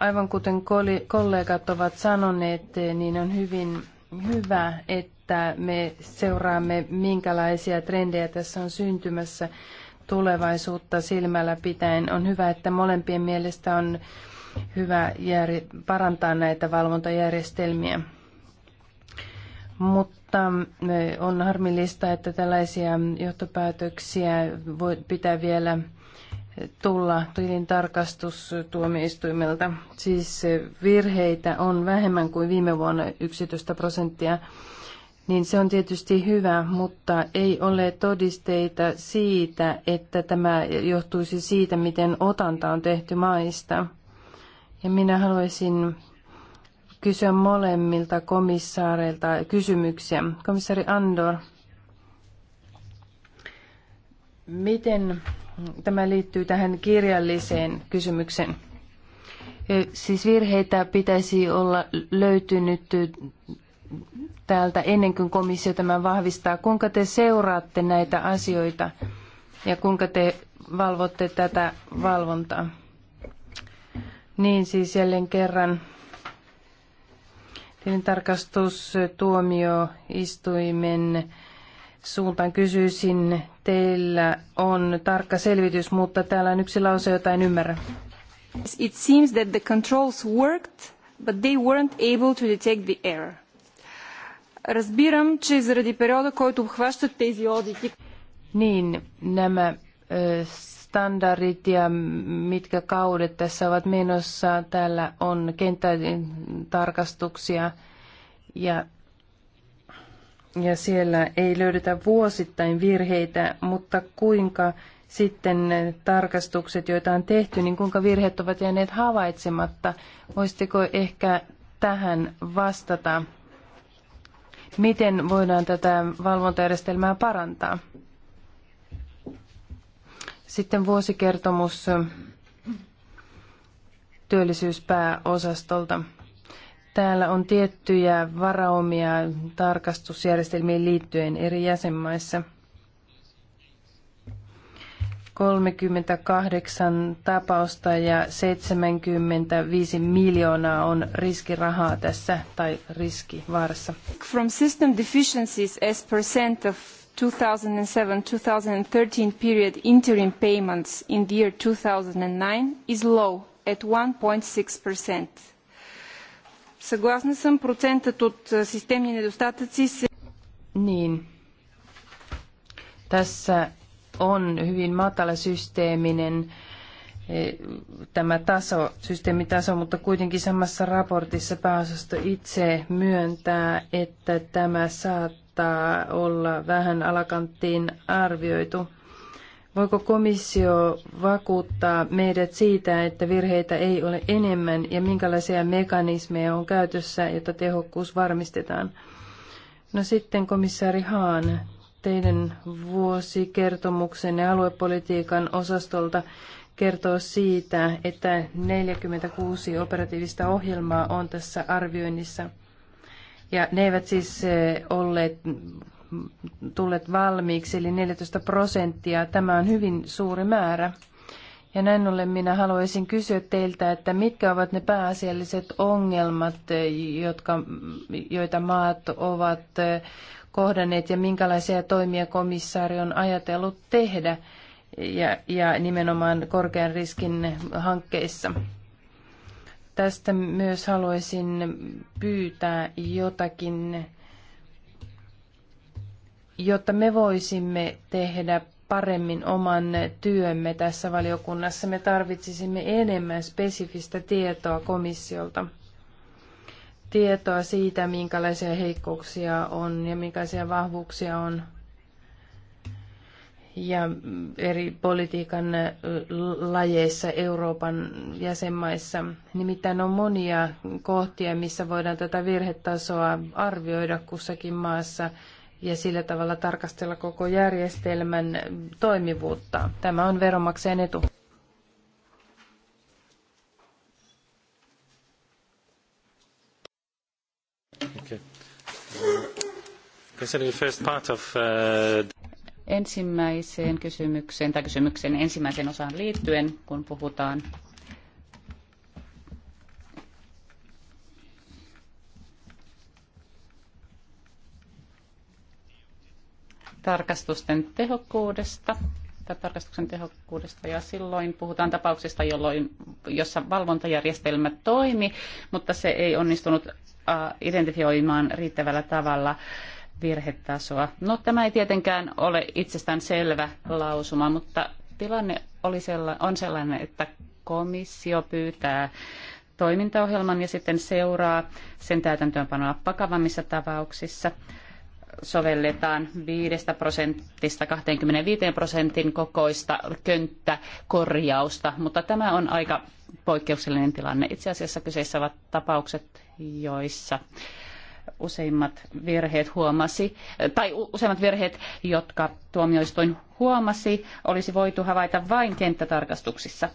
Aivan kuten kollegat ovat sanoneet, niin on hyvin hyvä, että me seuraamme, minkälaisia trendejä tässä on syntymässä tulevaisuutta silmällä pitäen. On hyvä, että molempien mielestä on hyvä parantaa näitä valvontajärjestelmiä. Mutta eh, on harmillista, että tällaisia johtopäätöksiä voi, pitää vielä eh, tulla tilintarkastustuomioistuimelta. Siis eh, virheitä on vähemmän kuin viime vuonna 11 prosenttia, niin se on tietysti hyvä, mutta ei ole todisteita siitä, että tämä johtuisi siitä, miten otanta on tehty maista. Ja minä haluaisin kysyä molemmilta komissaareilta kysymyksiä. Komissaari Andor, miten tämä liittyy tähän kirjalliseen kysymykseen? Siis virheitä pitäisi olla löytynyt täältä ennen kuin komissio tämän vahvistaa. Kuinka te seuraatte näitä asioita ja kuinka te valvotte tätä valvontaa? Niin siis jälleen kerran tilintarkastustuomioistuimen suuntaan kysyisin. Teillä on tarkka selvitys, mutta täällä on yksi lause, jota en ymmärrä. It seems that the controls worked, but they weren't able to detect the error. Разбирам, че заради периода, който обхващат тези одити... Niin, nämä ö, standardit ja mitkä kaudet tässä ovat menossa. Täällä on kenttätarkastuksia ja, ja siellä ei löydetä vuosittain virheitä, mutta kuinka sitten tarkastukset, joita on tehty, niin kuinka virheet ovat jääneet havaitsematta. Voisitteko ehkä tähän vastata? Miten voidaan tätä valvontajärjestelmää parantaa? Sitten vuosikertomus työllisyyspääosastolta. Täällä on tiettyjä varaumia tarkastusjärjestelmiin liittyen eri jäsenmaissa. 38 tapausta ja 75 miljoonaa on riskirahaa tässä tai riskivaarassa. From system deficiencies as percent of 2007-2013 period interim payments in the year 2009 is low at 1.6%. Съгласна съм, процентът от системни недостатъци се... Niin. Tässä on hyvin matala systeeminen Eh, tämä taso, systeemitaso, mutta kuitenkin samassa raportissa pääosasto itse myöntää, että tämä saattaa olla vähän alakanttiin arvioitu. Voiko komissio vakuuttaa meidät siitä, että virheitä ei ole enemmän ja minkälaisia mekanismeja on käytössä, jotta tehokkuus varmistetaan? No sitten komissaari Haan, teidän vuosikertomuksenne aluepolitiikan osastolta kertoo siitä, että 46 operatiivista ohjelmaa on tässä arvioinnissa. Ja ne eivät siis eh, olleet mm, tulleet valmiiksi, eli 14 prosenttia. Tämä on hyvin suuri määrä. Ja näin ollen minä haluaisin kysyä teiltä, että mitkä ovat ne pääasialliset ongelmat, eh, jotka, mm, joita maat ovat eh, kohdanneet ja minkälaisia toimia komissaari on ajatellut tehdä ja, ja nimenomaan korkean riskin hankkeissa. Tästä myös haluaisin pyytää jotakin, jotta me voisimme tehdä paremmin oman työmme tässä valiokunnassa. Me tarvitsisimme enemmän spesifistä tietoa komissiolta. Tietoa siitä, minkälaisia heikkouksia on ja minkälaisia vahvuuksia on ja eri politiikan lajeissa Euroopan jäsenmaissa. Nimittäin on monia kohtia, missä voidaan tätä virhetasoa arvioida kussakin maassa ja sillä tavalla tarkastella koko järjestelmän toimivuutta. Tämä on veronmaksajan etu. Okay. Considering the first part of uh, ensimmäiseen kysymykseen tai kysymyksen ensimmäiseen osaan liittyen, kun puhutaan tarkastusten tehokkuudesta tai tarkastuksen tehokkuudesta ja silloin puhutaan tapauksista, jolloin, jossa valvontajärjestelmä toimi, mutta se ei onnistunut identifioimaan riittävällä tavalla virhetasoa. No tämä ei tietenkään ole itsestään selvä lausuma, mutta tilanne oli sella- on sellainen, että komissio pyytää toimintaohjelman ja sitten seuraa sen täytäntöönpanoa pakavammissa tapauksissa sovelletaan 5 prosentista 25 prosentin kokoista könttäkorjausta, mutta tämä on aika poikkeuksellinen tilanne. Itse asiassa kyseessä ovat tapaukset, joissa useimmat virheet huomasi, tai useimmat virheet, jotka tuomioistuin huomasi, olisi voitu havaita vain kenttätarkastuksissa.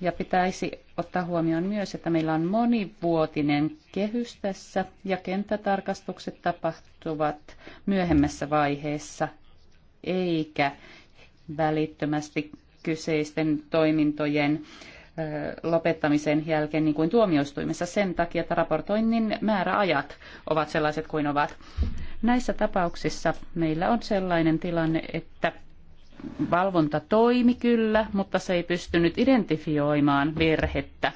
Ja pitäisi ottaa huomioon myös, että meillä on monivuotinen kehys tässä ja kenttätarkastukset tapahtuvat myöhemmässä vaiheessa, eikä välittömästi kyseisten toimintojen lopettamisen jälkeen niin kuin tuomioistuimessa sen takia, että raportoinnin määräajat ovat sellaiset kuin ovat. Näissä tapauksissa meillä on sellainen tilanne, että valvonta toimi kyllä, mutta se ei pystynyt identifioimaan virhettä.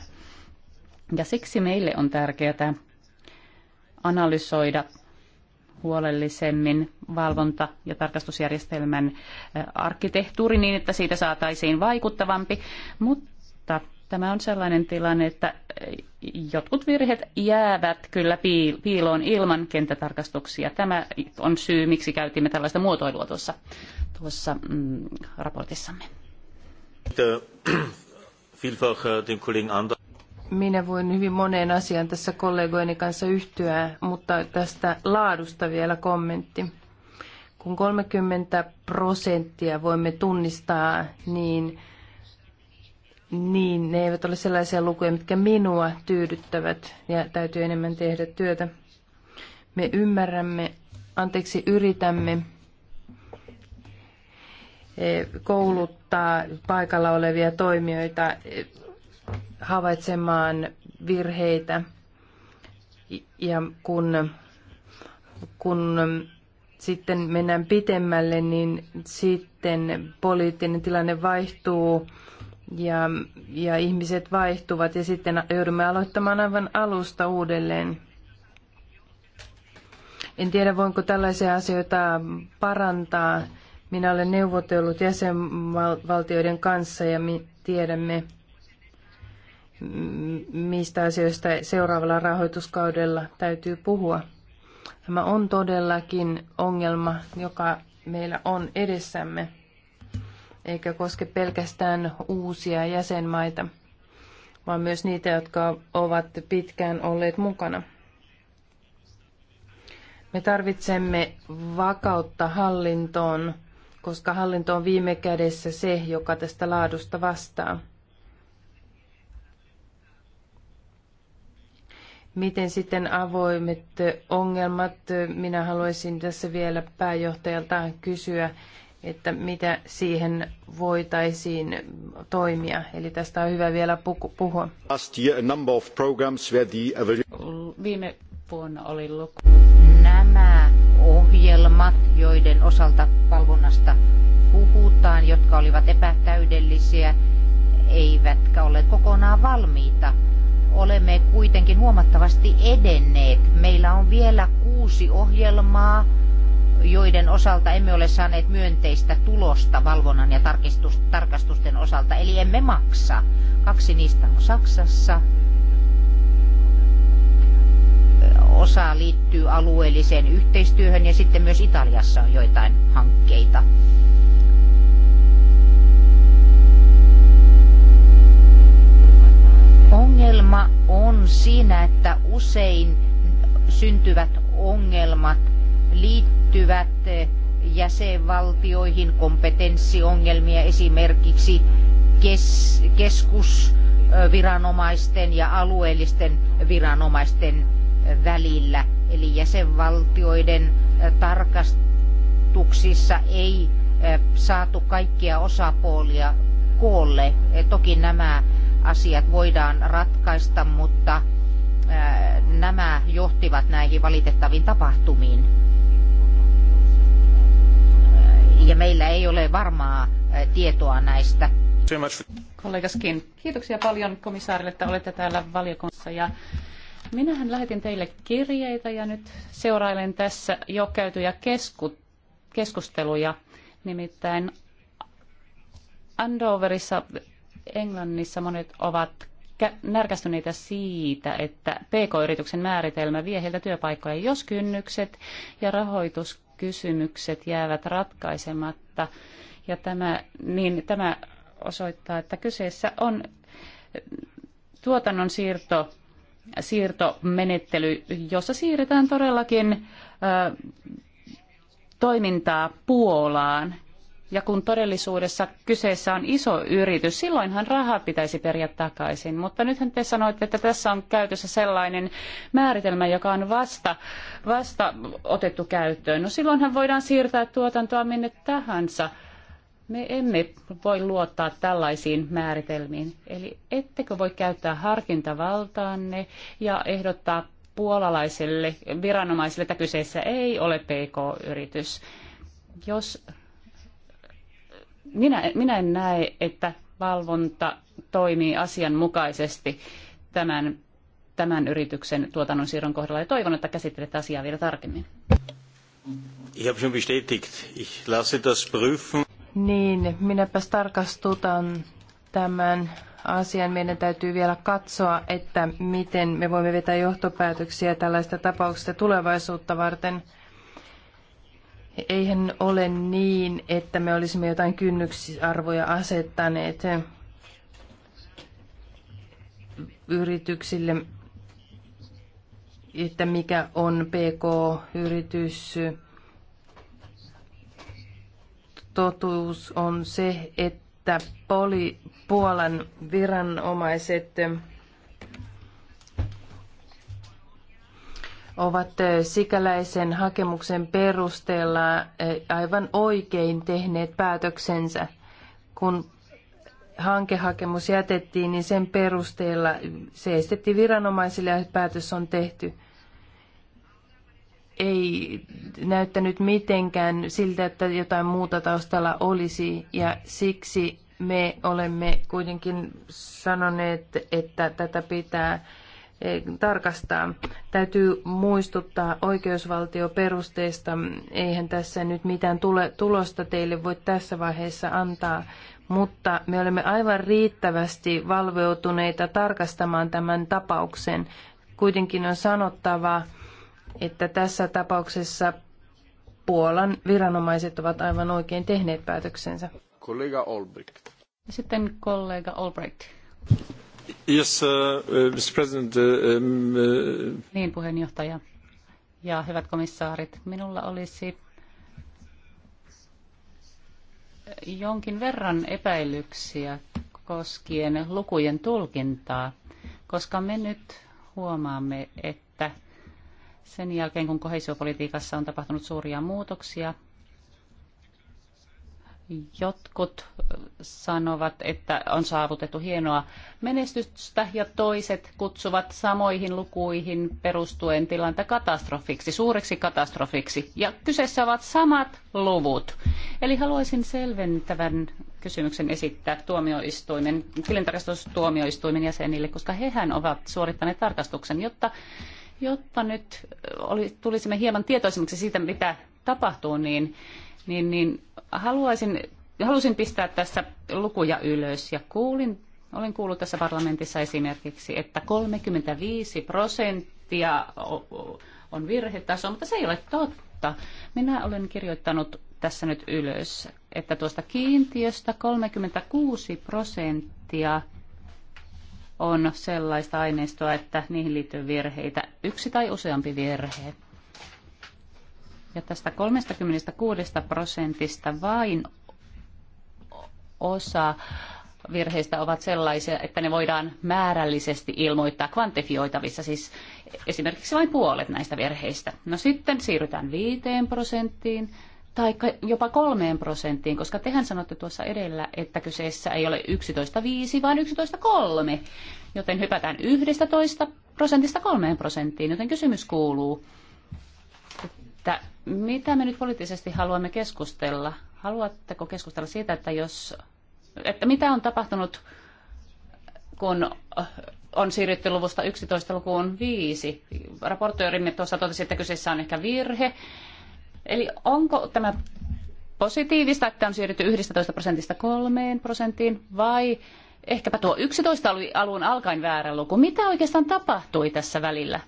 Ja siksi meille on tärkeää analysoida huolellisemmin valvonta- ja tarkastusjärjestelmän arkkitehtuuri niin, että siitä saataisiin vaikuttavampi, mutta mutta tämä on sellainen tilanne, että jotkut virheet jäävät kyllä piiloon ilman kenttätarkastuksia. Tämä on syy, miksi käytimme tällaista muotoilua tuossa, tuossa mm, raportissamme. Minä voin hyvin moneen asiaan tässä kollegoini kanssa yhtyä, mutta tästä laadusta vielä kommentti. Kun 30 prosenttia voimme tunnistaa, niin niin ne eivät ole sellaisia lukuja, mitkä minua tyydyttävät ja täytyy enemmän tehdä työtä. Me ymmärrämme, anteeksi, yritämme e, kouluttaa paikalla olevia toimijoita e, havaitsemaan virheitä ja kun, kun sitten mennään pitemmälle, niin sitten poliittinen tilanne vaihtuu ja, ja ihmiset vaihtuvat ja sitten joudumme aloittamaan aivan alusta uudelleen. En tiedä, voinko tällaisia asioita parantaa. Minä olen neuvotellut jäsenvaltioiden kanssa ja me tiedämme, mistä asioista seuraavalla rahoituskaudella täytyy puhua. Tämä on todellakin ongelma, joka meillä on edessämme eikä koske pelkästään uusia jäsenmaita, vaan myös niitä, jotka ovat pitkään olleet mukana. Me tarvitsemme vakautta hallintoon, koska hallinto on viime kädessä se, joka tästä laadusta vastaa. Miten sitten avoimet ongelmat? Minä haluaisin tässä vielä pääjohtajalta kysyä, että mitä siihen voitaisiin toimia. Eli tästä on hyvä vielä puhua. Viime vuonna oli luku. Nämä ohjelmat, joiden osalta valvonnasta puhutaan, jotka olivat epätäydellisiä, eivätkä ole kokonaan valmiita. Olemme kuitenkin huomattavasti edenneet. Meillä on vielä kuusi ohjelmaa, joiden osalta emme ole saaneet myönteistä tulosta valvonnan ja tarkastusten osalta, eli emme maksa. Kaksi niistä on Saksassa. Osa liittyy alueelliseen yhteistyöhön ja sitten myös Italiassa on joitain hankkeita. Ongelma on siinä, että usein syntyvät ongelmat liittyvät jäsenvaltioihin kompetenssiongelmia esimerkiksi kes, keskusviranomaisten ja alueellisten viranomaisten välillä. Eli jäsenvaltioiden tarkastuksissa ei saatu kaikkia osapuolia koolle. E, toki nämä asiat voidaan ratkaista, mutta nämä johtivat näihin valitettaviin tapahtumiin ja meillä ei ole varmaa tietoa näistä. Kollegaskin, kiitoksia paljon komissaarille, että olette täällä valiokunnassa. Ja minähän lähetin teille kirjeitä ja nyt seurailen tässä jo käytyjä kesku- keskusteluja. Nimittäin Andoverissa, Englannissa monet ovat närkästyneitä siitä, että PK-yrityksen määritelmä vie heiltä työpaikkoja, jos kynnykset ja rahoitus kysymykset jäävät ratkaisematta. Ja tämä, niin tämä osoittaa, että kyseessä on eh, tuotannon siirto, siirtomenettely, jossa siirretään todellakin ö, eh, toimintaa Puolaan ja kun todellisuudessa kyseessä on iso yritys, silloinhan rahaa pitäisi periä takaisin. Mutta nythän te sanoitte, että tässä on käytössä sellainen määritelmä, joka on vasta, vasta otettu käyttöön. No silloinhan voidaan siirtää tuotantoa minne tahansa. Me emme voi luottaa tällaisiin määritelmiin. Eli ettekö voi käyttää harkintavaltaanne ja ehdottaa puolalaisille viranomaisille, että kyseessä ei ole PK-yritys. Jos minä, minä en näe, että valvonta toimii asianmukaisesti tämän, tämän yrityksen tuotannon siirron kohdalla ja toivon, että käsittelet asiaa vielä tarkemmin. Ich habe schon bestätigt. Ich lasse das prüfen. Niin, minäpäs tarkastutan tämän asian. Meidän täytyy vielä katsoa, että miten me voimme vetää johtopäätöksiä tällaista tapauksesta tulevaisuutta varten – Eihän ole niin, että me olisimme jotain kynnyksarvoja asettaneet yrityksille, että mikä on PK-yritys. Totuus on se, että poli, Puolan viranomaiset ovat eh, sikäläisen hakemuksen perusteella eh, aivan oikein tehneet päätöksensä. Kun hankehakemus jätettiin, niin sen perusteella se estettiin viranomaisille ja päätös on tehty. Ei näyttänyt mitenkään siltä, että jotain muuta taustalla olisi ja siksi me olemme kuitenkin sanoneet, että tätä pitää tarkastaa. Täytyy muistuttaa oikeusvaltioperusteista. Eihän tässä nyt mitään tule, tulosta teille voi tässä vaiheessa antaa, mutta me olemme aivan riittävästi valveutuneita tarkastamaan tämän tapauksen. Kuitenkin on sanottava, että tässä tapauksessa Puolan viranomaiset ovat aivan oikein tehneet päätöksensä. Kollega Olbricht. Sitten kollega Olbricht. Yes, uh, uh, Mr. President. Uh, um, uh, Niin, puheenjohtaja ja hyvät komissaarit. Minulla olisi jonkin verran epäilyksiä koskien lukujen tulkintaa, koska me nyt huomaamme, että sen jälkeen kun kohesiopolitiikassa on tapahtunut suuria muutoksia, Jotkut sanovat, että on saavutettu hienoa menestystä ja toiset kutsuvat samoihin lukuihin perustuen tilanta katastrofiksi, suureksi katastrofiksi. Ja kyseessä ovat samat luvut. Eli haluaisin selventävän kysymyksen esittää tuomioistuimen, tilintarkastustuomioistuimen jäsenille, koska hehän ovat suorittaneet tarkastuksen, jotta, jotta nyt oli, tulisimme hieman tietoisemmiksi siitä, mitä tapahtuu, niin niin, niin haluaisin, halusin pistää tässä lukuja ylös ja kuulin, olen kuullut tässä parlamentissa esimerkiksi, että 35 prosenttia on virhetaso, mutta se ei ole totta. Minä olen kirjoittanut tässä nyt ylös, että tuosta kiintiöstä 36 prosenttia on sellaista aineistoa, että niihin liittyy virheitä, yksi tai useampi virhe. Ja tästä 36 prosentista vain osa virheistä ovat sellaisia, että ne voidaan määrällisesti ilmoittaa kvantifioitavissa, siis esimerkiksi vain puolet näistä virheistä. No sitten siirrytään viiteen prosenttiin tai jopa kolmeen prosenttiin, koska tehän sanotte tuossa edellä, että kyseessä ei ole 11,5, vaan 11,3, joten hypätään 11 prosentista kolmeen prosenttiin, joten kysymys kuuluu, että mitä me nyt poliittisesti haluamme keskustella. Haluatteko keskustella siitä, että, jos, että mitä on tapahtunut, kun on siirrytty luvusta 11 lukuun 5. Raportöörimme tuossa totesi, että kyseessä on ehkä virhe. Eli onko tämä positiivista, että on siirrytty 11 prosentista 3 prosenttiin vai ehkäpä tuo 11 alun alkaen väärä luku. Mitä oikeastaan tapahtui tässä välillä?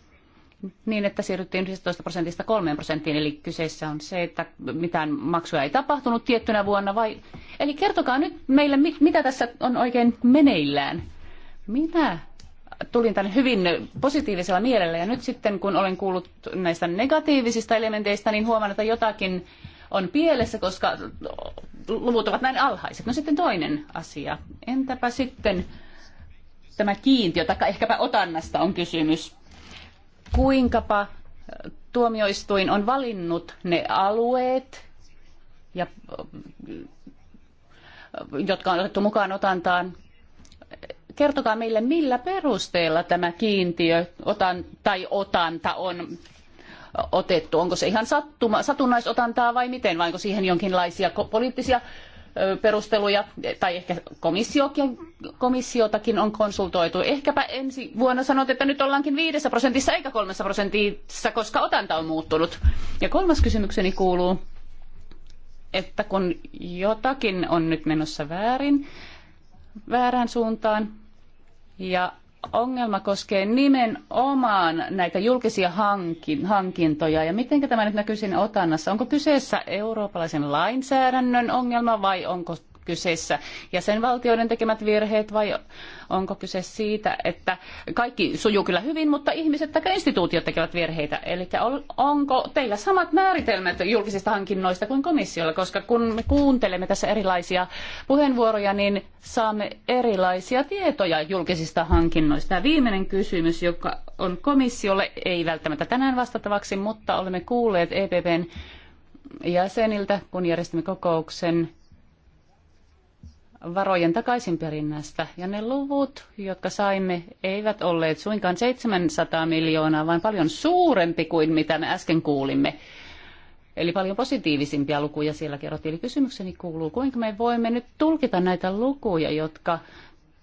niin, että siirryttiin 11 prosentista 3 prosenttiin, eli kyseessä on se, että mitään maksuja ei tapahtunut tiettynä vuonna. Vai... Eli kertokaa nyt meille, mitä tässä on oikein meneillään. Minä tulin tänne hyvin positiivisella mielellä ja nyt sitten kun olen kuullut näistä negatiivisista elementeistä, niin huomaan, että jotakin on pielessä, koska luvut ovat näin alhaiset. No sitten toinen asia. Entäpä sitten tämä kiintiö, tai ehkäpä otannasta on kysymys kuinkapa äh, tuomioistuin on valinnut ne alueet, ja, äh, jotka on otettu mukaan otantaan. Kertokaa meille, millä perusteella tämä kiintiö otan, tai otanta on äh, otettu? Onko se ihan sattuma, satunnaisotantaa vai miten, vai onko siihen jonkinlaisia poliittisia perusteluja, tai ehkä komissiokin, komissiotakin on konsultoitu. Ehkäpä ensi vuonna sanot, että nyt ollaankin viidessä prosentissa eikä kolmessa prosentissa, koska otanta on muuttunut. Ja kolmas kysymykseni kuuluu, että kun jotakin on nyt menossa väärin, väärään suuntaan, ja ongelma koskee nimenomaan näitä julkisia hankintoja. Ja miten tämä nyt näkyy siinä otannassa? Onko kyseessä eurooppalaisen lainsäädännön ongelma vai onko kyseessä jäsenvaltioiden tekemät virheet vai onko kyse siitä, että kaikki sujuu kyllä hyvin, mutta ihmiset tai instituutiot tekevät virheitä. Eli onko teillä samat määritelmät julkisista hankinnoista kuin komissiolla, koska kun me kuuntelemme tässä erilaisia puheenvuoroja, niin saamme erilaisia tietoja julkisista hankinnoista. Tämä viimeinen kysymys, joka on komissiolle, ei välttämättä tänään vastattavaksi, mutta olemme kuulleet EPPn jäseniltä, kun järjestimme kokouksen varojen takaisinperinnästä. Ja ne luvut, jotka saimme, eivät olleet suinkaan 700 miljoonaa, vaan paljon suurempi kuin mitä me äsken kuulimme. Eli paljon positiivisimpia lukuja siellä kerrottiin. Eli kysymykseni kuuluu, kuinka me voimme nyt tulkita näitä lukuja, jotka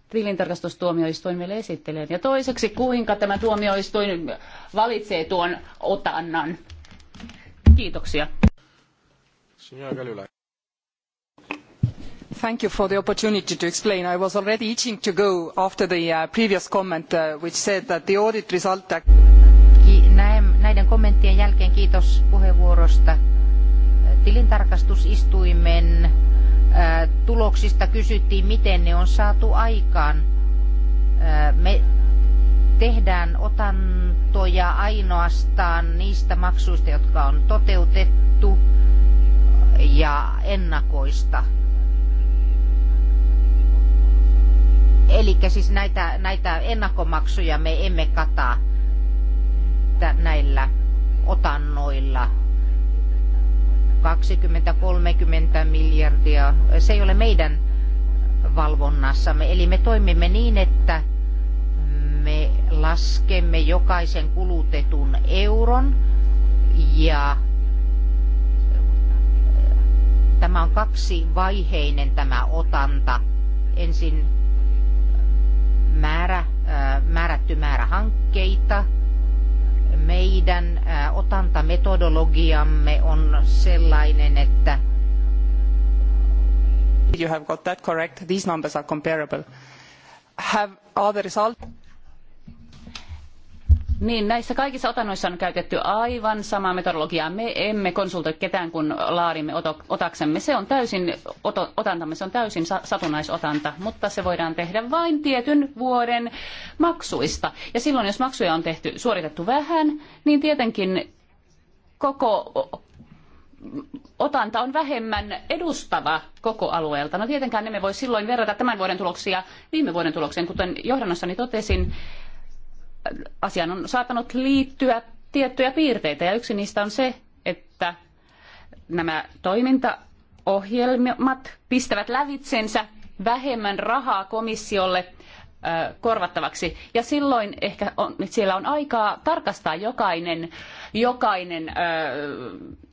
tilintarkastustuomioistuin meille esittelee. Ja toiseksi, kuinka tämä tuomioistuin valitsee tuon otannan. Kiitoksia. Signora Thank you for the opportunity to explain. I was already itching to go after the uh, previous comment uh, which said that the audit result... Näiden kommenttien jälkeen kiitos puheenvuorosta. Tilintarkastusistuimen äh, tuloksista kysyttiin, miten ne on saatu aikaan. Äh, me tehdään otantoja ainoastaan niistä maksuista, jotka on toteutettu ja ennakoista – Eli siis näitä, näitä ennakkomaksuja me emme kata näillä otannoilla. 20-30 miljardia, se ei ole meidän valvonnassamme. Eli me toimimme niin, että me laskemme jokaisen kulutetun euron ja tämä on kaksivaiheinen tämä otanta. Ensin määrä, määrätty määrä hankkeita. Meidän otantametodologiamme on sellainen, että you have got that correct. These numbers are comparable. Have, are the results... Niin, näissä kaikissa otannoissa on käytetty aivan samaa metodologiaa. Me emme konsultoi ketään, kun laadimme otaksemme. Se on täysin, oto, otantamme se on täysin satunnaisotanta, mutta se voidaan tehdä vain tietyn vuoden maksuista. Ja silloin, jos maksuja on tehty, suoritettu vähän, niin tietenkin koko otanta on vähemmän edustava koko alueelta. No tietenkään emme voi silloin verrata tämän vuoden tuloksia viime vuoden tulokseen, kuten johdannossani totesin asiaan on saattanut liittyä tiettyjä piirteitä ja yksi niistä on se, että nämä toimintaohjelmat pistävät lävitsensä vähemmän rahaa komissiolle korvattavaksi. Ja silloin ehkä on, siellä on aikaa tarkastaa jokainen, jokainen ö,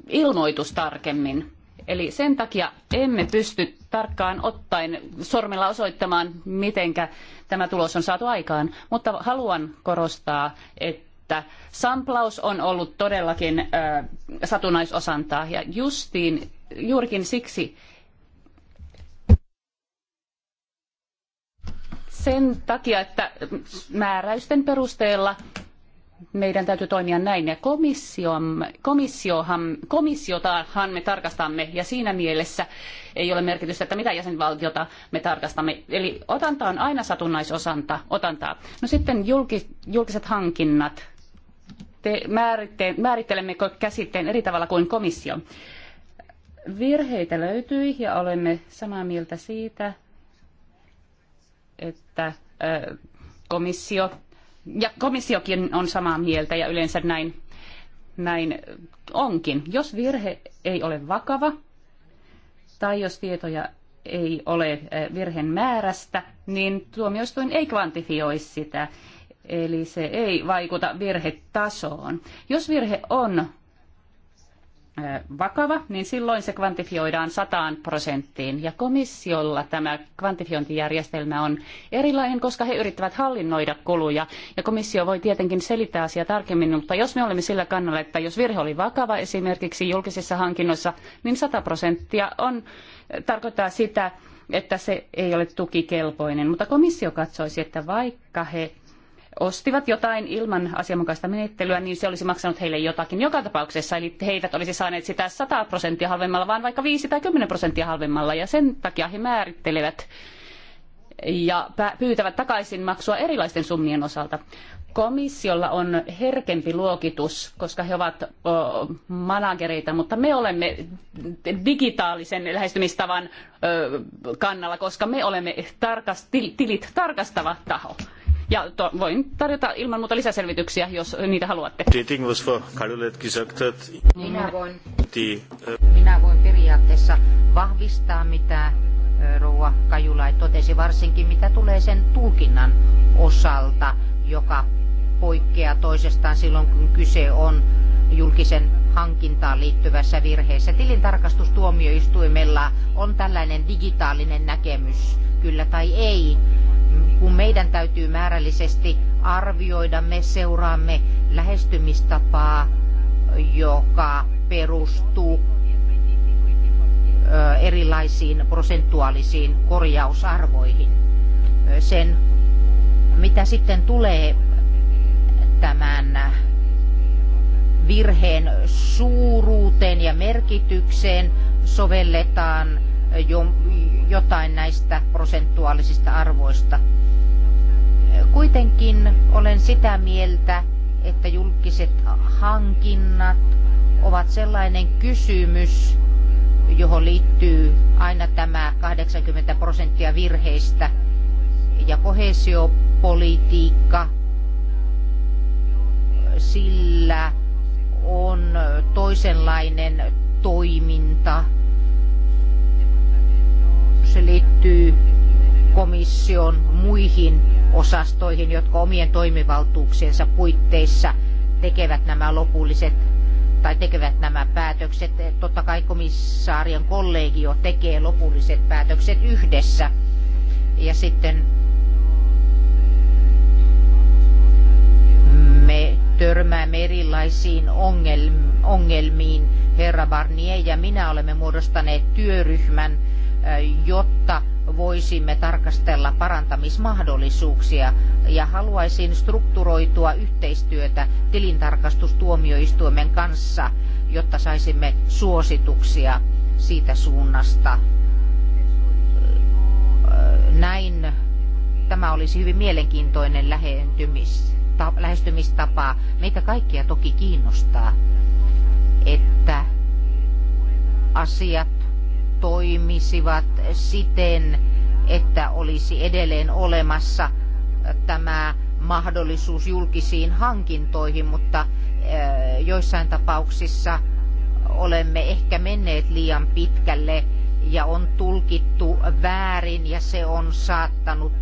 ilmoitus tarkemmin. Eli sen takia emme pysty tarkkaan ottaen sormella osoittamaan, mitenkä tämä tulos on saatu aikaan. Mutta haluan korostaa, että samplaus on ollut todellakin äh, satunnaisosantaa ja justiin, juurikin siksi sen takia, että määräysten perusteella meidän täytyy toimia näin. Ja komissiohan, komissiotahan me tarkastamme, ja siinä mielessä ei ole merkitystä, että mitä jäsenvaltiota me tarkastamme. Eli otanta on aina satunnaisosanta, otantaa. No sitten julki, julkiset hankinnat. Te määritte, määrittelemmekö käsitteen eri tavalla kuin komissio? Virheitä löytyi ja olemme samaa mieltä siitä, että komissio ja komissiokin on samaa mieltä ja yleensä näin, näin onkin. Jos virhe ei ole vakava tai jos tietoja ei ole eh, virheen määrästä, niin tuomioistuin ei kvantifioi sitä. Eli se ei vaikuta virhetasoon. Jos virhe on vakava, niin silloin se kvantifioidaan sataan prosenttiin. Ja komissiolla tämä kvantifiointijärjestelmä on erilainen, koska he yrittävät hallinnoida kuluja. Ja komissio voi tietenkin selittää asiaa tarkemmin, mutta jos me olemme sillä kannalla, että jos virhe oli vakava esimerkiksi julkisissa hankinnoissa, niin sata prosenttia on, tarkoittaa sitä, että se ei ole tukikelpoinen. Mutta komissio katsoisi, että vaikka he ostivat jotain ilman asianmukaista menettelyä, niin se olisi maksanut heille jotakin joka tapauksessa. Eli he eivät olisi saaneet sitä 100 prosenttia halvemmalla, vaan vaikka 5 tai 10 prosenttia halvemmalla. Ja sen takia he määrittelevät ja pyytävät takaisin maksua erilaisten summien osalta. Komissiolla on herkempi luokitus, koska he ovat managereita, mutta me olemme digitaalisen lähestymistavan kannalla, koska me olemme tarkas, tilit tarkastava taho. Ja to, voin tarjota ilman muuta lisäselvityksiä, jos niitä haluatte. Minä voin, minä voin periaatteessa vahvistaa, mitä Rouva Kajulai totesi, varsinkin mitä tulee sen tulkinnan osalta, joka poikkeaa toisestaan silloin, kun kyse on julkisen hankintaan liittyvässä virheessä. Tilintarkastustuomioistuimella on tällainen digitaalinen näkemys, kyllä tai ei. Kun meidän täytyy määrällisesti arvioida, me seuraamme lähestymistapaa, joka perustuu erilaisiin prosentuaalisiin korjausarvoihin. Sen, mitä sitten tulee tämän virheen suuruuteen ja merkitykseen sovelletaan jo, jotain näistä prosentuaalisista arvoista. Kuitenkin olen sitä mieltä, että julkiset hankinnat ovat sellainen kysymys, johon liittyy aina tämä 80 prosenttia virheistä ja kohesiopolitiikka sillä on toisenlainen toiminta. Se liittyy komission muihin osastoihin, jotka omien toimivaltuuksiensa puitteissa tekevät nämä lopulliset tai tekevät nämä päätökset. Totta kai komissaarien kollegio tekee lopulliset päätökset yhdessä. Ja sitten törmäämme erilaisiin ongelmiin. Herra Barnier ja minä olemme muodostaneet työryhmän, jotta voisimme tarkastella parantamismahdollisuuksia ja haluaisin strukturoitua yhteistyötä tilintarkastustuomioistuimen kanssa, jotta saisimme suosituksia siitä suunnasta. Näin tämä olisi hyvin mielenkiintoinen lähentymis ta- lähestymistapaa. Meitä kaikkia toki kiinnostaa, että asiat toimisivat siten, että olisi edelleen olemassa tämä mahdollisuus julkisiin hankintoihin, mutta eh, joissain tapauksissa olemme ehkä menneet liian pitkälle ja on tulkittu väärin ja se on saattanut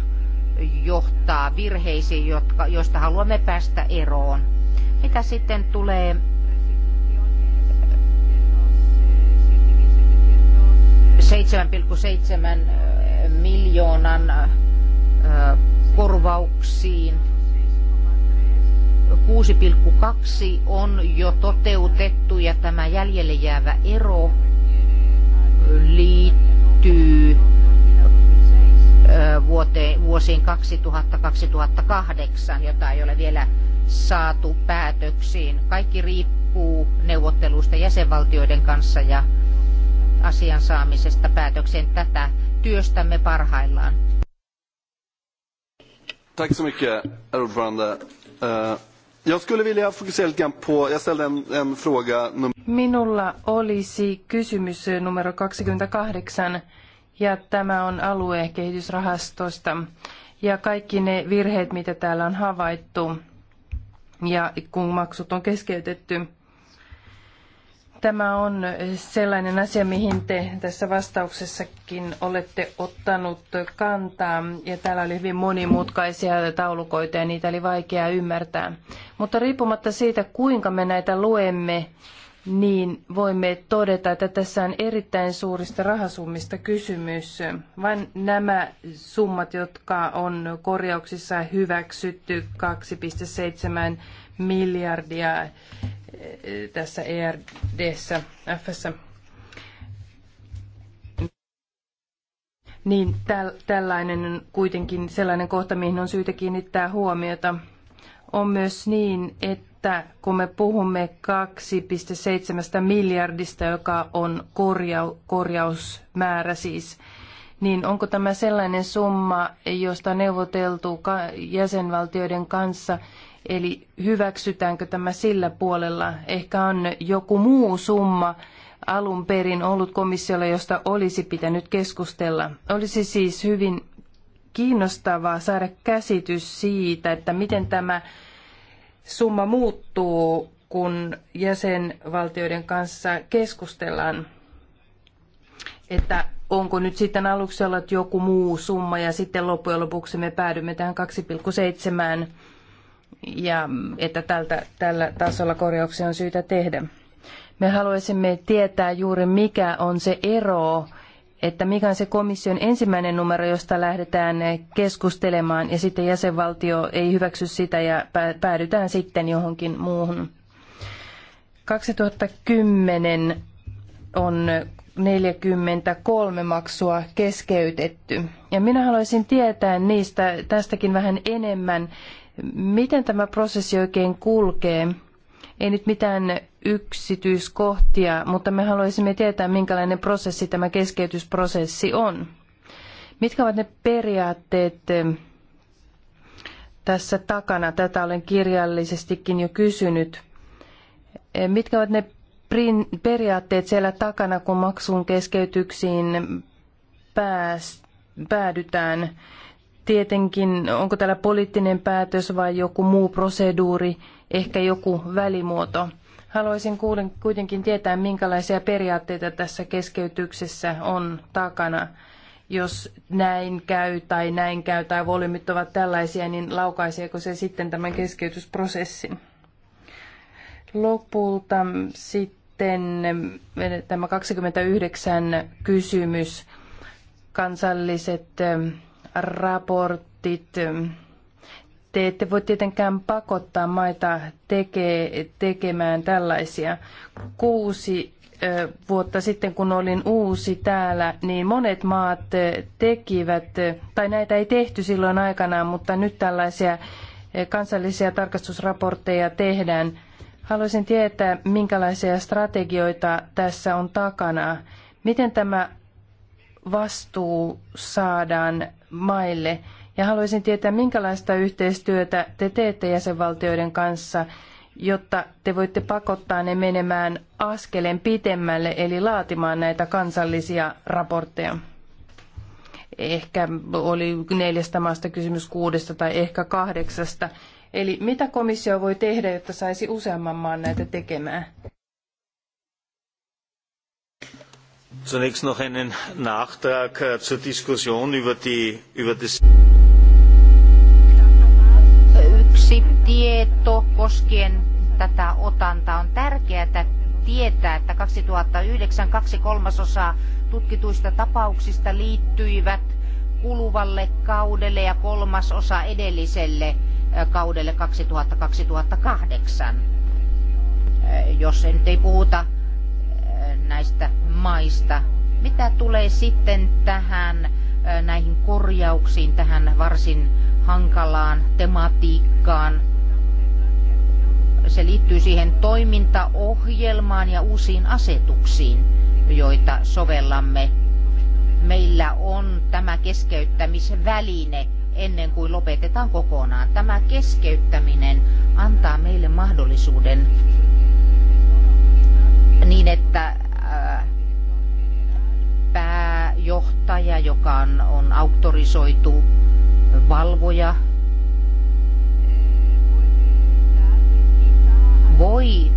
johtaa virheisiin, jotka, joista haluamme päästä eroon. Mitä sitten tulee seitsemän seitsemän miljoonan korvauksiin. 6,2 on jo toteutettu ja tämä jäljelle jäävä ero liittyy vuoteen, vuosiin 2000-2008, jota ei ole vielä saatu päätöksiin. Kaikki riippuu neuvotteluista jäsenvaltioiden kanssa ja asian saamisesta päätökseen tätä työstämme parhaillaan. Tack så mycket, herr ordförande. Uh, jag skulle vilja fokusera lite grann på, jag ställde en, en fråga. Minulla olisi kysymys numero 28 ja tämä on aluekehitysrahastosta. Ja kaikki ne virheet, mitä täällä on havaittu ja kun maksut on keskeytetty, tämä on sellainen asia, mihin te tässä vastauksessakin olette ottanut kantaa. Ja täällä oli hyvin monimutkaisia taulukoita ja niitä oli vaikea ymmärtää. Mutta riippumatta siitä, kuinka me näitä luemme, niin voimme todeta, että tässä on erittäin suurista rahasummista kysymys. Vain nämä summat, jotka on korjauksissa hyväksytty, 2,7 miljardia eh, tässä ERDssä, ssä. niin täl, tällainen on kuitenkin sellainen kohta, mihin on syytä kiinnittää huomiota. On myös niin, että että kun me puhumme 2,7 miljardista, joka on korjau, korjausmäärä siis, niin onko tämä sellainen summa, josta on neuvoteltu jäsenvaltioiden kanssa, eli hyväksytäänkö tämä sillä puolella? Ehkä on joku muu summa alun perin ollut komissiolla, josta olisi pitänyt keskustella. Olisi siis hyvin kiinnostavaa saada käsitys siitä, että miten tämä summa muuttuu, kun jäsenvaltioiden kanssa keskustellaan, että onko nyt sitten aluksi ollut joku muu summa ja sitten loppujen lopuksi me päädymme tähän 2,7 ja että tältä, tällä tasolla korjauksia on syytä tehdä. Me haluaisimme tietää juuri mikä on se ero että mikä on se komission ensimmäinen numero, josta lähdetään keskustelemaan ja sitten jäsenvaltio ei hyväksy sitä ja päädytään sitten johonkin muuhun. 2010 on 43 maksua keskeytetty. Ja minä haluaisin tietää niistä tästäkin vähän enemmän, miten tämä prosessi oikein kulkee. Ei nyt mitään yksityiskohtia, mutta me haluaisimme tietää, minkälainen prosessi tämä keskeytysprosessi on. Mitkä ovat ne periaatteet eh, tässä takana? Tätä olen kirjallisestikin jo kysynyt. Eh, mitkä ovat ne periaatteet siellä takana, kun maksun keskeytyksiin pääs, päädytään? Tietenkin, onko täällä poliittinen päätös vai joku muu proseduuri, ehkä joku välimuoto? Haluaisin kuitenkin tietää, minkälaisia periaatteita tässä keskeytyksessä on takana. Jos näin käy tai näin käy tai volyymit ovat tällaisia, niin laukaiseeko se sitten tämän keskeytysprosessin? Lopulta sitten eh, tämä 29 kysymys. Kansalliset eh, raportit, eh, te ette voi tietenkään pakottaa maita tekee, tekemään tällaisia. Kuusi vuotta sitten, kun olin uusi täällä, niin monet maat tekivät, tai näitä ei tehty silloin aikanaan, mutta nyt tällaisia kansallisia tarkastusraportteja tehdään. Haluaisin tietää, minkälaisia strategioita tässä on takana. Miten tämä vastuu saadaan maille? Ja haluaisin tietää, minkälaista yhteistyötä te teette jäsenvaltioiden kanssa, jotta te voitte pakottaa ne menemään askeleen pitemmälle, eli laatimaan näitä kansallisia raportteja. Ehkä oli neljästä maasta kysymys kuudesta tai ehkä kahdeksasta. Eli mitä komissio voi tehdä, jotta saisi useamman maan näitä tekemään? Zunächst noch einen Nachtrag äh, zur Diskussion über die über das tieto koskien tätä otanta. On tärkeää tietää, että 2009 kaksi kolmasosaa tutkituista tapauksista liittyivät kuluvalle kaudelle ja kolmasosa edelliselle kaudelle 2000-2008. Jos nyt ei puhuta näistä maista. Mitä tulee sitten tähän näihin korjauksiin, tähän varsin hankalaan tematiikkaan, se liittyy siihen toimintaohjelmaan ja uusiin asetuksiin, joita sovellamme. Meillä on tämä keskeyttämisväline ennen kuin lopetetaan kokonaan. Tämä keskeyttäminen antaa meille mahdollisuuden niin, että pääjohtaja, joka on, on auktorisoitu valvoja, voi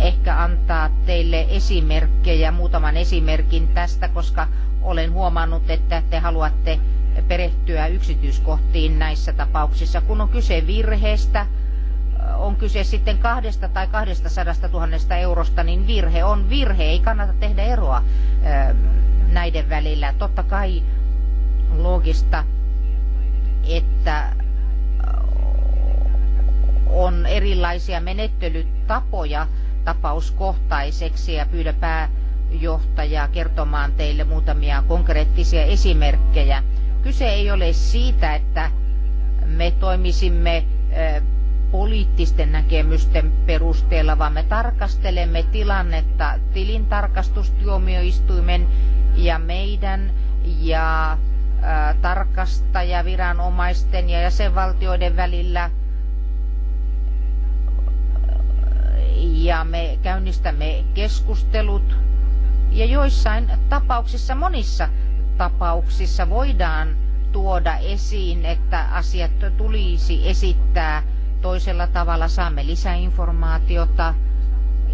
ehkä antaa teille esimerkkejä, muutaman esimerkin tästä, koska olen huomannut, että te haluatte perehtyä yksityiskohtiin näissä tapauksissa. Kun on kyse virheestä, on kyse sitten kahdesta tai kahdesta sadasta tuhannesta eurosta, niin virhe on virhe. Ei kannata tehdä eroa näiden välillä. Totta kai loogista, että on erilaisia menettelytapoja tapauskohtaiseksi ja pyydä pääjohtajaa kertomaan teille muutamia konkreettisia esimerkkejä. Kyse ei ole siitä, että me toimisimme poliittisten näkemysten perusteella, vaan me tarkastelemme tilannetta tilintarkastustuomioistuimen ja meidän ja tarkastajaviranomaisten ja jäsenvaltioiden välillä – ja me käynnistämme keskustelut. Ja joissain tapauksissa, monissa tapauksissa voidaan tuoda esiin, että asiat tulisi esittää toisella tavalla, saamme lisäinformaatiota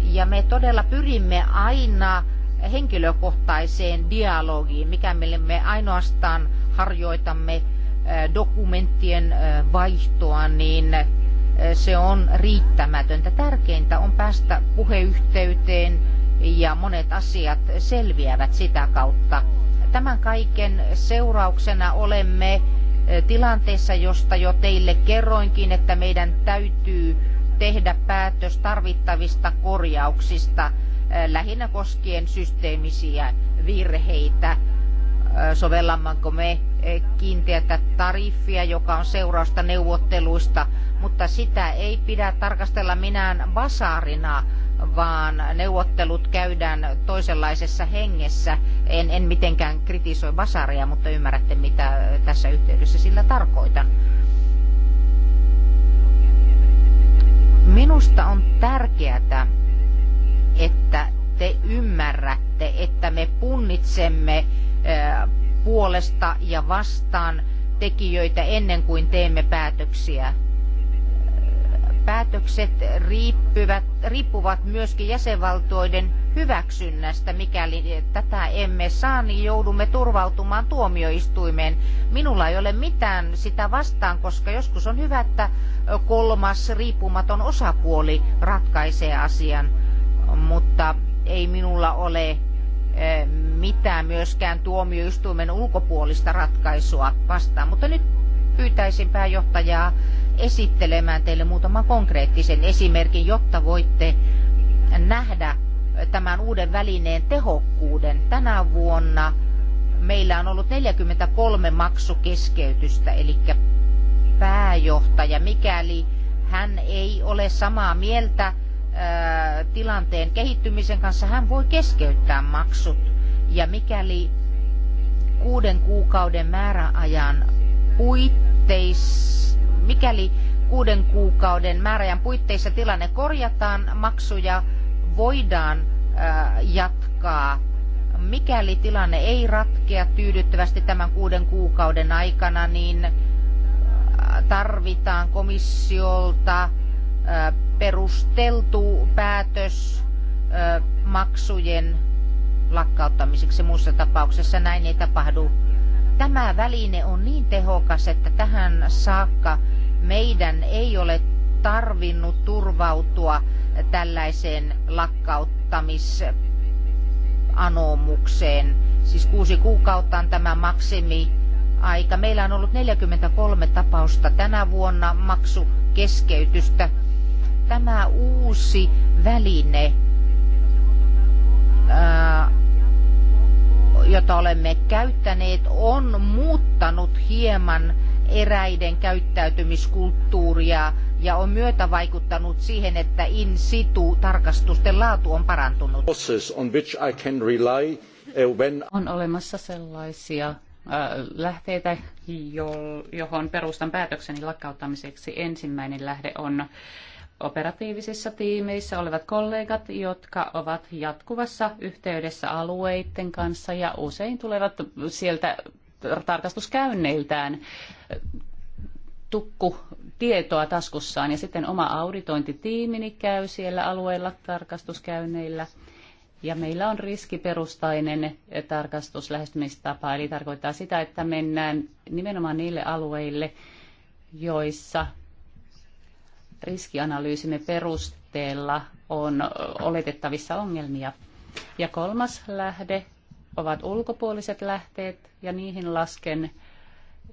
ja me todella pyrimme aina henkilökohtaiseen dialogiin, mikä meille me ainoastaan harjoitamme eh, dokumenttien eh, vaihtoa, niin se on riittämätöntä. Tärkeintä on päästä puheyhteyteen ja monet asiat selviävät sitä kautta. Tämän kaiken seurauksena olemme tilanteessa, josta jo teille kerroinkin, että meidän täytyy tehdä päätös tarvittavista korjauksista lähinnä koskien systeemisiä virheitä. Sovellammanko me kiinteätä tariffia, joka on seurausta neuvotteluista mutta sitä ei pidä tarkastella minään basaarina, vaan neuvottelut käydään toisenlaisessa hengessä. En, en mitenkään kritisoi basaria, mutta ymmärrätte mitä tässä yhteydessä sillä tarkoitan. Minusta on tärkeää, että te ymmärrätte, että me punnitsemme puolesta ja vastaan tekijöitä ennen kuin teemme päätöksiä päätökset riippuvat, riippuvat myöskin jäsenvaltioiden hyväksynnästä. Mikäli tätä emme saa, niin joudumme turvautumaan tuomioistuimeen. Minulla ei ole mitään sitä vastaan, koska joskus on hyvä, että kolmas riippumaton osapuoli ratkaisee asian. Mutta ei minulla ole eh, mitään myöskään tuomioistuimen ulkopuolista ratkaisua vastaan. Mutta nyt pyytäisin pääjohtajaa esittelemään teille muutaman konkreettisen esimerkin, jotta voitte nähdä tämän uuden välineen tehokkuuden. Tänä vuonna meillä on ollut 43 maksukeskeytystä, eli pääjohtaja, mikäli hän ei ole samaa mieltä ää, tilanteen kehittymisen kanssa, hän voi keskeyttää maksut. Ja mikäli kuuden kuukauden määräajan puitteissa Mikäli kuuden kuukauden määräajan puitteissa tilanne korjataan, maksuja voidaan äh, jatkaa. Mikäli tilanne ei ratkea tyydyttävästi tämän kuuden kuukauden aikana, niin äh, tarvitaan komissiolta äh, perusteltu päätös maksujen lakkauttamiseksi. Muussa tapauksessa näin ei tapahdu Tämä väline on niin tehokas, että tähän saakka meidän ei ole tarvinnut turvautua tällaiseen lakkauttamisanomukseen. Siis kuusi kuukautta on tämä maksimi aika. Meillä on ollut 43 tapausta tänä vuonna maksukeskeytystä. Tämä uusi väline ää, jota olemme käyttäneet, on muuttanut hieman eräiden käyttäytymiskulttuuria ja on myötä vaikuttanut siihen, että in situ tarkastusten laatu on parantunut. Uh, on olemassa sellaisia uh, lähteitä, johon perustan päätökseni lakkauttamiseksi. Ensimmäinen lähde on operatiivisissa tiimeissä olevat kollegat, jotka ovat jatkuvassa yhteydessä alueiden kanssa ja usein tulevat sieltä tarkastuskäynneiltään tukku tietoa taskussaan ja sitten oma auditointitiimini käy siellä alueella tarkastuskäynneillä. Ja meillä on riskiperustainen tarkastuslähestymistapa, eli tarkoittaa sitä, että mennään nimenomaan niille alueille, joissa riskianalyysimme perusteella on oletettavissa ongelmia. Ja kolmas lähde ovat ulkopuoliset lähteet ja niihin lasken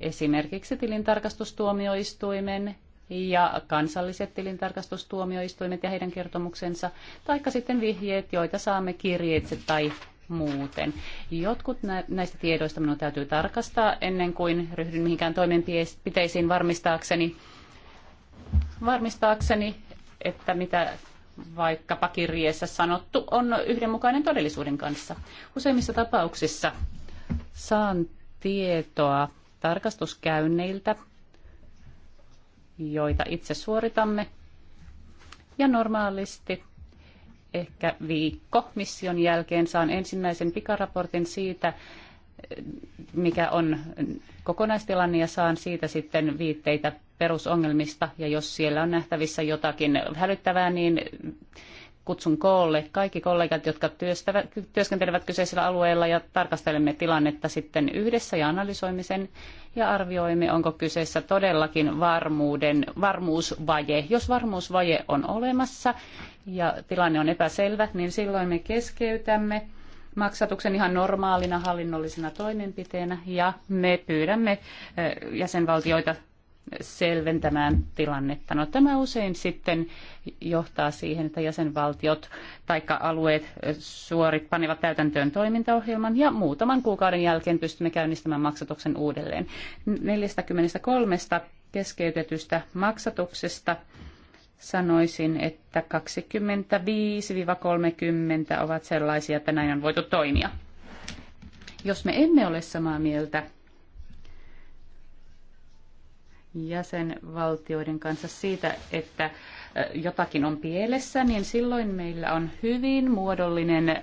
esimerkiksi tilintarkastustuomioistuimen ja kansalliset tilintarkastustuomioistuimet ja heidän kertomuksensa, taikka sitten vihjeet, joita saamme kirjeitse tai muuten. Jotkut näistä tiedoista minun täytyy tarkastaa ennen kuin ryhdyn mihinkään toimenpiteisiin varmistaakseni, varmistaakseni, että mitä vaikkapa kirjeessä sanottu on yhdenmukainen todellisuuden kanssa. Useimmissa tapauksissa saan tietoa tarkastuskäynneiltä, joita itse suoritamme. Ja normaalisti ehkä viikko mission jälkeen saan ensimmäisen pikaraportin siitä, mikä on kokonaistilanne ja saan siitä sitten viitteitä perusongelmista ja jos siellä on nähtävissä jotakin hälyttävää, niin kutsun koolle kaikki kollegat, jotka työskentelevät kyseisellä alueella ja tarkastelemme tilannetta sitten yhdessä ja analysoimme sen ja arvioimme, onko kyseessä todellakin varmuuden, varmuusvaje. Jos varmuusvaje on olemassa ja tilanne on epäselvä, niin silloin me keskeytämme maksatuksen ihan normaalina hallinnollisena toimenpiteenä ja me pyydämme eh, jäsenvaltioita selventämään tilannetta. No, tämä usein sitten johtaa siihen, että jäsenvaltiot tai alueet suorit panevat täytäntöön toimintaohjelman ja muutaman kuukauden jälkeen pystymme käynnistämään maksatuksen uudelleen. 43 keskeytetystä maksatuksesta sanoisin, että 25-30 ovat sellaisia, että näin on voitu toimia. Jos me emme ole samaa mieltä jäsenvaltioiden kanssa siitä, että jotakin on pielessä, niin silloin meillä on hyvin muodollinen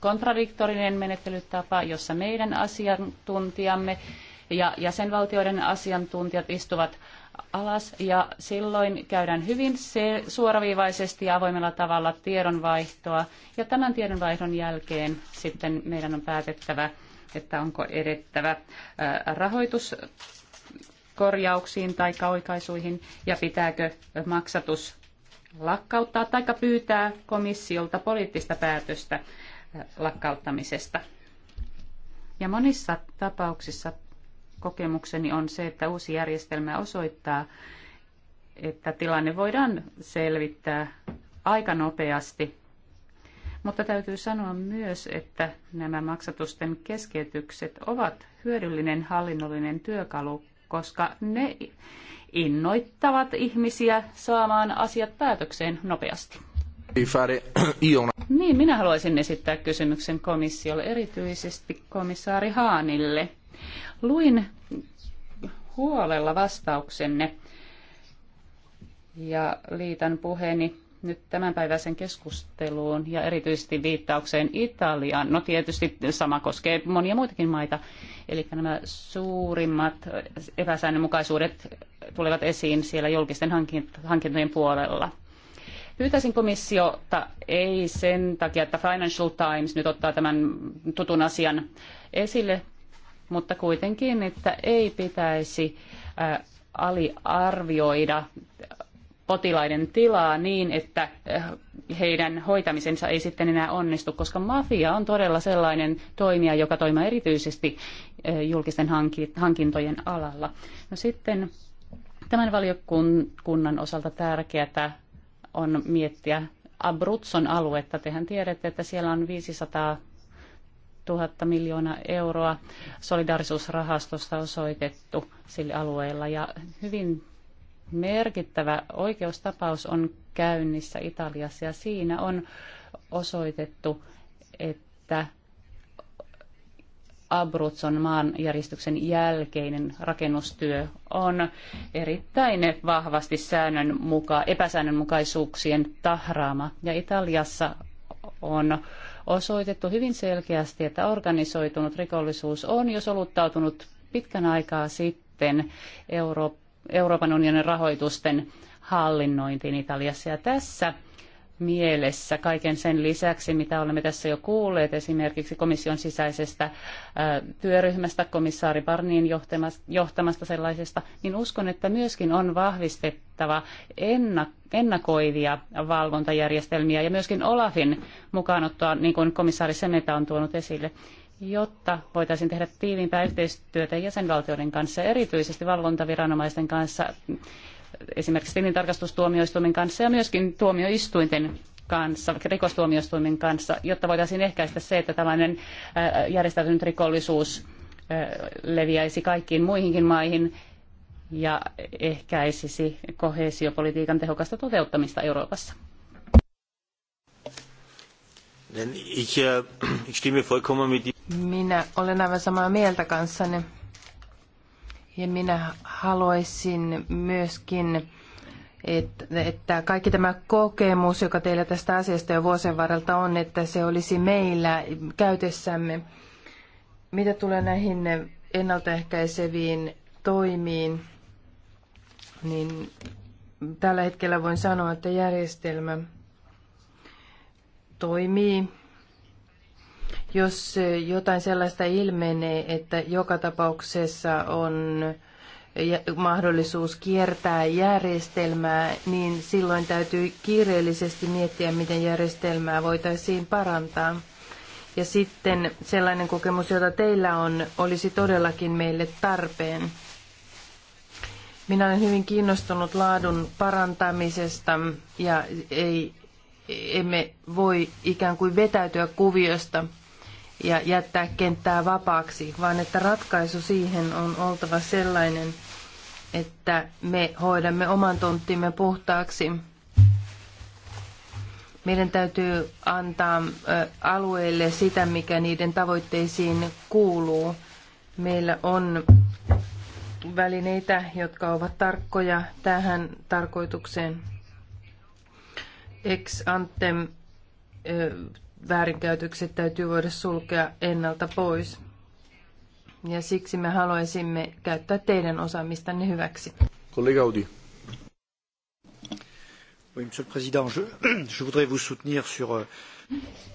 kontradiktorinen menettelytapa, jossa meidän asiantuntijamme ja jäsenvaltioiden asiantuntijat istuvat alas ja silloin käydään hyvin se, suoraviivaisesti ja avoimella tavalla tiedonvaihtoa ja tämän tiedonvaihdon jälkeen sitten meidän on päätettävä, että onko edettävä rahoitus korjauksiin tai oikaisuihin ja pitääkö maksatus lakkauttaa tai pyytää komissiolta poliittista päätöstä äh, lakkauttamisesta. Ja monissa tapauksissa kokemukseni on se, että uusi järjestelmä osoittaa, että tilanne voidaan selvittää aika nopeasti. Mutta täytyy sanoa myös, että nämä maksatusten keskeytykset ovat hyödyllinen hallinnollinen työkalu koska ne innoittavat ihmisiä saamaan asiat päätökseen nopeasti. Niin, minä haluaisin esittää kysymyksen komissiolle, erityisesti komissaari Haanille. Luin huolella vastauksenne ja liitän puheeni nyt tämänpäiväisen keskusteluun ja erityisesti viittaukseen Italiaan. No tietysti sama koskee monia muitakin maita. Eli nämä suurimmat epäsäännönmukaisuudet tulevat esiin siellä julkisten hankintojen puolella. Pyytäisin komissiota ei sen takia, että Financial Times nyt ottaa tämän tutun asian esille, mutta kuitenkin, että ei pitäisi aliarvioida potilaiden tilaa niin, että eh, heidän hoitamisensa ei sitten enää onnistu, koska mafia on todella sellainen toimija, joka toimii erityisesti eh, julkisten hankintojen alalla. No sitten tämän valiokunnan osalta tärkeää on miettiä Abruzzon aluetta. Tehän tiedätte, että siellä on 500 000 miljoonaa euroa solidarisuusrahastosta osoitettu sille alueella ja hyvin merkittävä oikeustapaus on käynnissä Italiassa ja siinä on osoitettu, että Abruzzon maanjäristyksen jälkeinen rakennustyö on erittäin vahvasti säännön muka, epäsäännönmukaisuuksien tahraama. Ja Italiassa on osoitettu hyvin selkeästi, että organisoitunut rikollisuus on jo soluttautunut pitkän aikaa sitten Eurooppaan Euroopan unionin rahoitusten hallinnointiin Italiassa. Ja tässä mielessä kaiken sen lisäksi, mitä olemme tässä jo kuulleet esimerkiksi komission sisäisestä työryhmästä, komissaari Barnin johtamasta sellaisesta, niin uskon, että myöskin on vahvistettava ennakoivia valvontajärjestelmiä ja myöskin Olafin mukaanottoa, niin kuin komissaari Semeta on tuonut esille jotta voitaisiin tehdä tiiviimpää yhteistyötä jäsenvaltioiden kanssa, erityisesti valvontaviranomaisten kanssa, esimerkiksi tilintarkastustuomioistuimen kanssa ja myöskin tuomioistuinten kanssa, rikostuomioistuimen kanssa, jotta voitaisiin ehkäistä se, että tällainen äh, järjestäytynyt rikollisuus äh, leviäisi kaikkiin muihinkin maihin ja ehkäisisi koheesiopolitiikan tehokasta toteuttamista Euroopassa. Äh, minä olen aivan samaa mieltä kanssanne. Ja minä haluaisin myöskin, että, että kaikki tämä kokemus, joka teillä tästä asiasta jo vuosien varrelta on, että se olisi meillä käytössämme. Mitä tulee näihin ennaltaehkäiseviin toimiin, niin tällä hetkellä voin sanoa, että järjestelmä toimii. Jos jotain sellaista ilmenee, että joka tapauksessa on mahdollisuus kiertää järjestelmää, niin silloin täytyy kiireellisesti miettiä, miten järjestelmää voitaisiin parantaa. Ja sitten sellainen kokemus, jota teillä on, olisi todellakin meille tarpeen. Minä olen hyvin kiinnostunut laadun parantamisesta ja ei emme voi ikään kuin vetäytyä kuviosta ja jättää kenttää vapaaksi, vaan että ratkaisu siihen on oltava sellainen, että me hoidamme oman tonttimme puhtaaksi. Meidän täytyy antaa alueille sitä, mikä niiden tavoitteisiin kuuluu. Meillä on välineitä, jotka ovat tarkkoja tähän tarkoitukseen ex ante väärinkäytökset täytyy voida sulkea ennalta pois. Ja siksi me haluaisimme käyttää teidän osaamistanne hyväksi. Kollega Audi. Oui, monsieur le Président, je, je voudrais vous soutenir sur... Euh,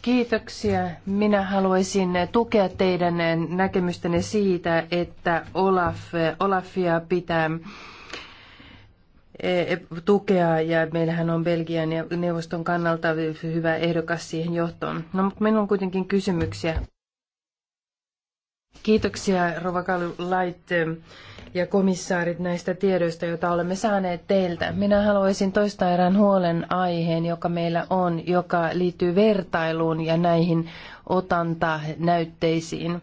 Kiitoksia. Minä haluaisin tukea teidän näkemystänne siitä, että Olaf, Olafia pitää E, tukea ja meillähän on Belgian ja neuvoston kannalta hyvä ehdokas siihen johtoon. No, mutta meillä on kuitenkin kysymyksiä. Kiitoksia Rova Kalulait e, ja komissaarit näistä tiedoista, joita olemme saaneet teiltä. Minä haluaisin toistaa erään huolen aiheen, joka meillä on, joka liittyy vertailuun ja näihin otantanäytteisiin.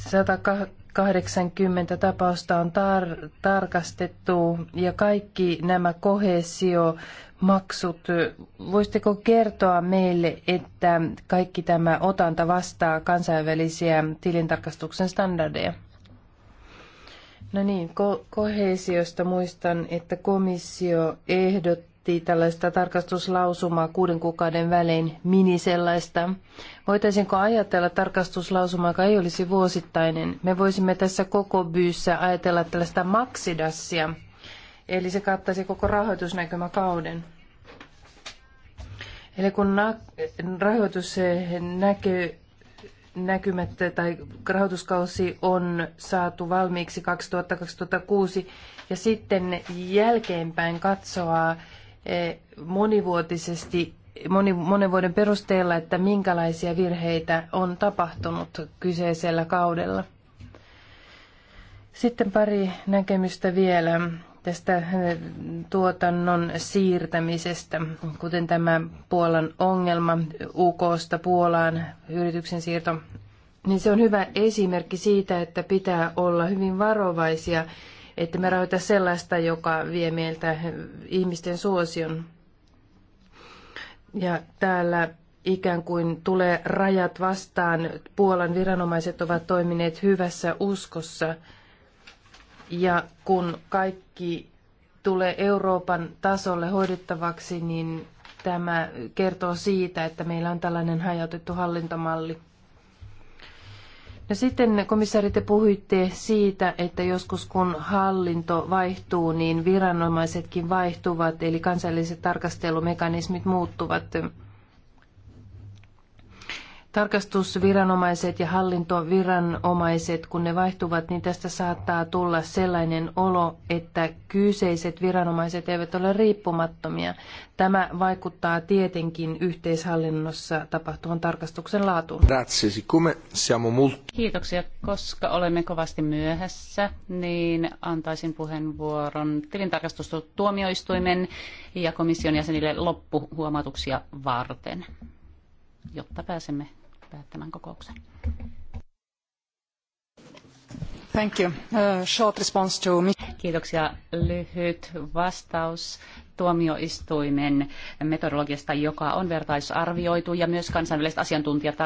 102 e, 80 tapausta on tar- tarkastettu ja kaikki nämä kohesiomaksut. Voisitteko kertoa meille, että kaikki tämä otanta vastaa kansainvälisiä tilintarkastuksen standardeja? No niin, ko- kohesiosta muistan, että komissio ehdotti, ehdotti tällaista tarkastuslausumaa kuuden kuukauden välein sellaista. Voitaisinko ajatella tarkastuslausumaa, joka ei olisi vuosittainen? Me voisimme tässä koko byyssä ajatella tällaista maksidassia, eli se kattaisi koko rahoitusnäkymäkauden. Eli kun na- rahoitusnäky näkymättä tai rahoituskausi on saatu valmiiksi 2000-2006 ja sitten jälkeenpäin katsoa monivuotisesti moni, monen vuoden perusteella, että minkälaisia virheitä on tapahtunut kyseisellä kaudella. Sitten pari näkemystä vielä tästä eh, tuotannon siirtämisestä, kuten tämä Puolan ongelma UKsta Puolaan, yrityksen siirto, niin se on hyvä esimerkki siitä, että pitää olla hyvin varovaisia että me rahoita sellaista, joka vie meiltä ihmisten suosion. Ja täällä ikään kuin tulee rajat vastaan. Puolan viranomaiset ovat toimineet hyvässä uskossa. Ja kun kaikki tulee Euroopan tasolle hoidettavaksi, niin tämä kertoo siitä, että meillä on tällainen hajautettu hallintomalli. No sitten komissaari, te puhuitte siitä, että joskus kun hallinto vaihtuu, niin viranomaisetkin vaihtuvat, eli kansalliset tarkastelumekanismit muuttuvat tarkastusviranomaiset ja hallintoviranomaiset, kun ne vaihtuvat, niin tästä saattaa tulla sellainen olo, että kyseiset viranomaiset eivät ole riippumattomia. Tämä vaikuttaa tietenkin yhteishallinnossa tapahtuvan tarkastuksen laatuun. Kiitoksia. Koska olemme kovasti myöhässä, niin antaisin puheenvuoron tilintarkastustuomioistuimen ja komission jäsenille loppuhuomautuksia varten jotta pääsemme päättää tämän kokouksen. Thank you. Uh, short response to me. Kiitoksia. Lyhyt vastaus tuomioistuimen metodologiasta, joka on vertaisarvioitu ja myös kansainväliset asiantuntijat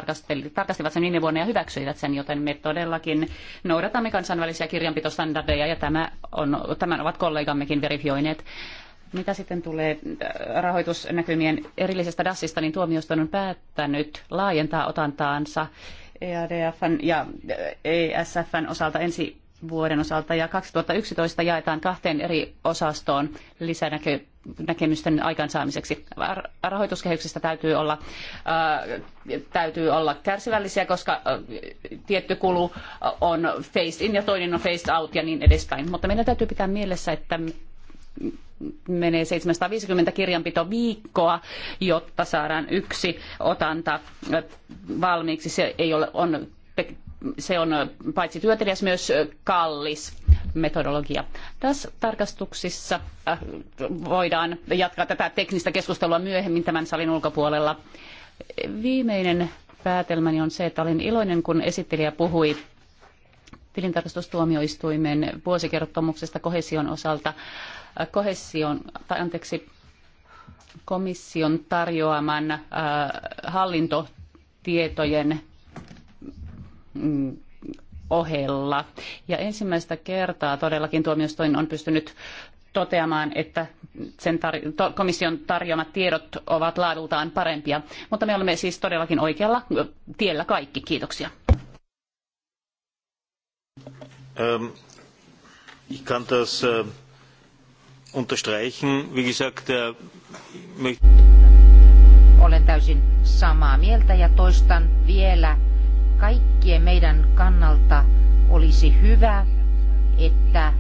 tarkastivat sen viime vuonna ja hyväksyivät sen, joten me todellakin noudatamme kansainvälisiä kirjanpitostandardeja ja tämä on, tämän ovat kollegammekin verifioineet. Mitä sitten tulee äh, rahoitusnäkymien erillisestä DASista, niin tuomioistuin on päättänyt laajentaa otantaansa EADFn ja äh, ESFn osalta ensi vuoden osalta ja 2011 jaetaan kahteen eri osastoon lisänäkemysten aikaansaamiseksi. Rahoituskehyksestä täytyy olla, äh, täytyy olla kärsivällisiä, koska tietty kulu on face in ja toinen on face out ja niin edespäin. Mutta meidän täytyy pitää mielessä, että menee 750 kirjanpitoviikkoa, jotta saadaan yksi otanta valmiiksi. Se, ei ole, on, se on paitsi työtelijäs myös kallis metodologia. Tässä tarkastuksissa äh, voidaan jatkaa tätä teknistä keskustelua myöhemmin tämän salin ulkopuolella. Viimeinen päätelmäni on se, että olin iloinen, kun esittelijä puhui tilintarkastustuomioistuimen vuosikertomuksesta kohesion osalta kohesion, tai anteeksi, komission tarjoaman äh, hallintotietojen mm, ohella. Ja ensimmäistä kertaa todellakin tuomioistuin on pystynyt toteamaan, että sen tar- to- komission tarjoamat tiedot ovat laadultaan parempia. Mutta me olemme siis todellakin oikealla tiellä kaikki. Kiitoksia. Ähm, ich kann das, äh ehm, unterstreichen. Wie gesagt, äh, olen täysin samaa mieltä ja toistan vielä, kaikkien meidän kannalta olisi hyvä, että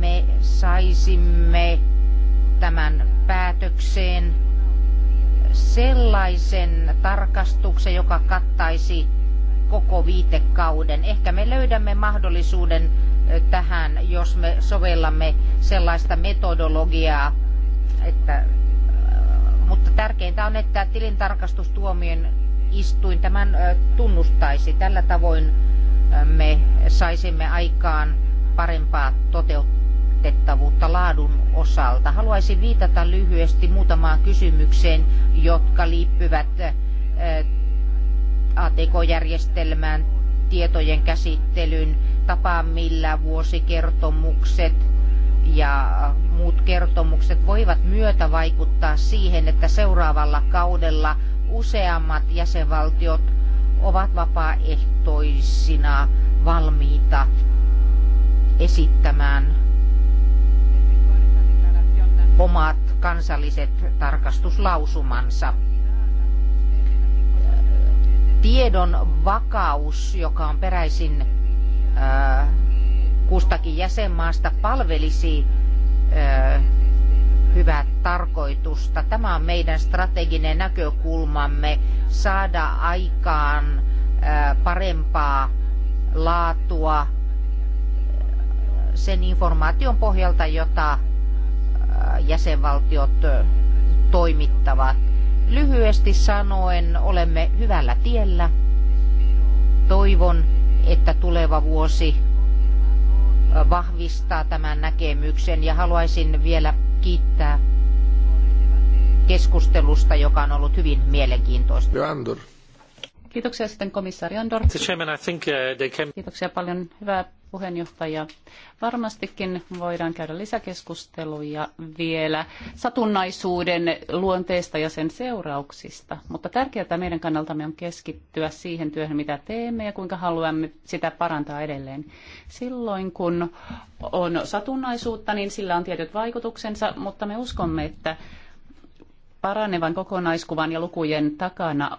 me saisimme tämän päätökseen sellaisen tarkastuksen, joka kattaisi koko viitekauden. Ehkä me löydämme mahdollisuuden tähän, jos me sovellamme sellaista metodologiaa, että, mutta tärkeintä on, että tilintarkastustuomien istuin tämän tunnustaisi. Tällä tavoin me saisimme aikaan parempaa toteutettavuutta laadun osalta. Haluaisin viitata lyhyesti muutamaan kysymykseen, jotka liippyvät ATK-järjestelmään, tietojen käsittelyn, tapaan millä vuosikertomukset ja muut kertomukset voivat myötä vaikuttaa siihen, että seuraavalla kaudella useammat jäsenvaltiot ovat vapaaehtoisina valmiita esittämään omat kansalliset tarkastuslausumansa tiedon vakaus, joka on peräisin ää, äh, kustakin jäsenmaasta, palvelisi äh, hyvää tarkoitusta. Tämä on meidän strateginen näkökulmamme saada aikaan ää, äh, parempaa laatua sen informaation pohjalta, jota jäsenvaltiot toimittavat Lyhyesti sanoen olemme hyvällä tiellä. Toivon, että tuleva vuosi vahvistaa tämän näkemyksen ja haluaisin vielä kiittää keskustelusta, joka on ollut hyvin mielenkiintoista. Andor. Kiitoksia sitten komissaari Andor. Uh, Kiitoksia paljon. Hyvää puheenjohtaja. Varmastikin voidaan käydä lisäkeskusteluja vielä satunnaisuuden luonteesta ja sen seurauksista, mutta tärkeää meidän kannaltamme on keskittyä siihen työhön, mitä teemme ja kuinka haluamme sitä parantaa edelleen. Silloin kun on satunnaisuutta, niin sillä on tietyt vaikutuksensa, mutta me uskomme, että paranevan kokonaiskuvan ja lukujen takana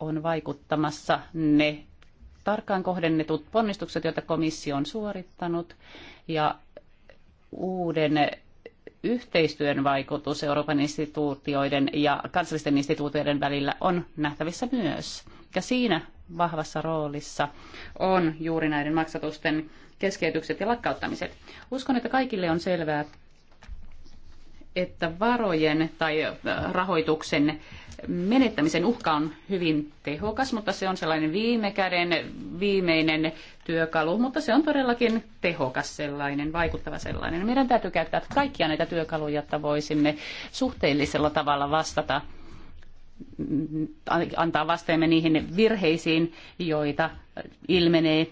on vaikuttamassa ne tarkkaan kohdennetut ponnistukset, joita komissio on suorittanut, ja uuden yhteistyön vaikutus Euroopan instituutioiden ja kansallisten instituutioiden välillä on nähtävissä myös. Ja siinä vahvassa roolissa on juuri näiden maksatusten keskeytykset ja lakkauttamiset. Uskon, että kaikille on selvää, että varojen tai äh, rahoituksen menettämisen uhka on hyvin tehokas, mutta se on sellainen viime käden viimeinen työkalu, mutta se on todellakin tehokas sellainen, vaikuttava sellainen. Meidän täytyy käyttää kaikkia näitä työkaluja, jotta voisimme suhteellisella tavalla vastata antaa vasteemme niihin virheisiin, joita ilmenee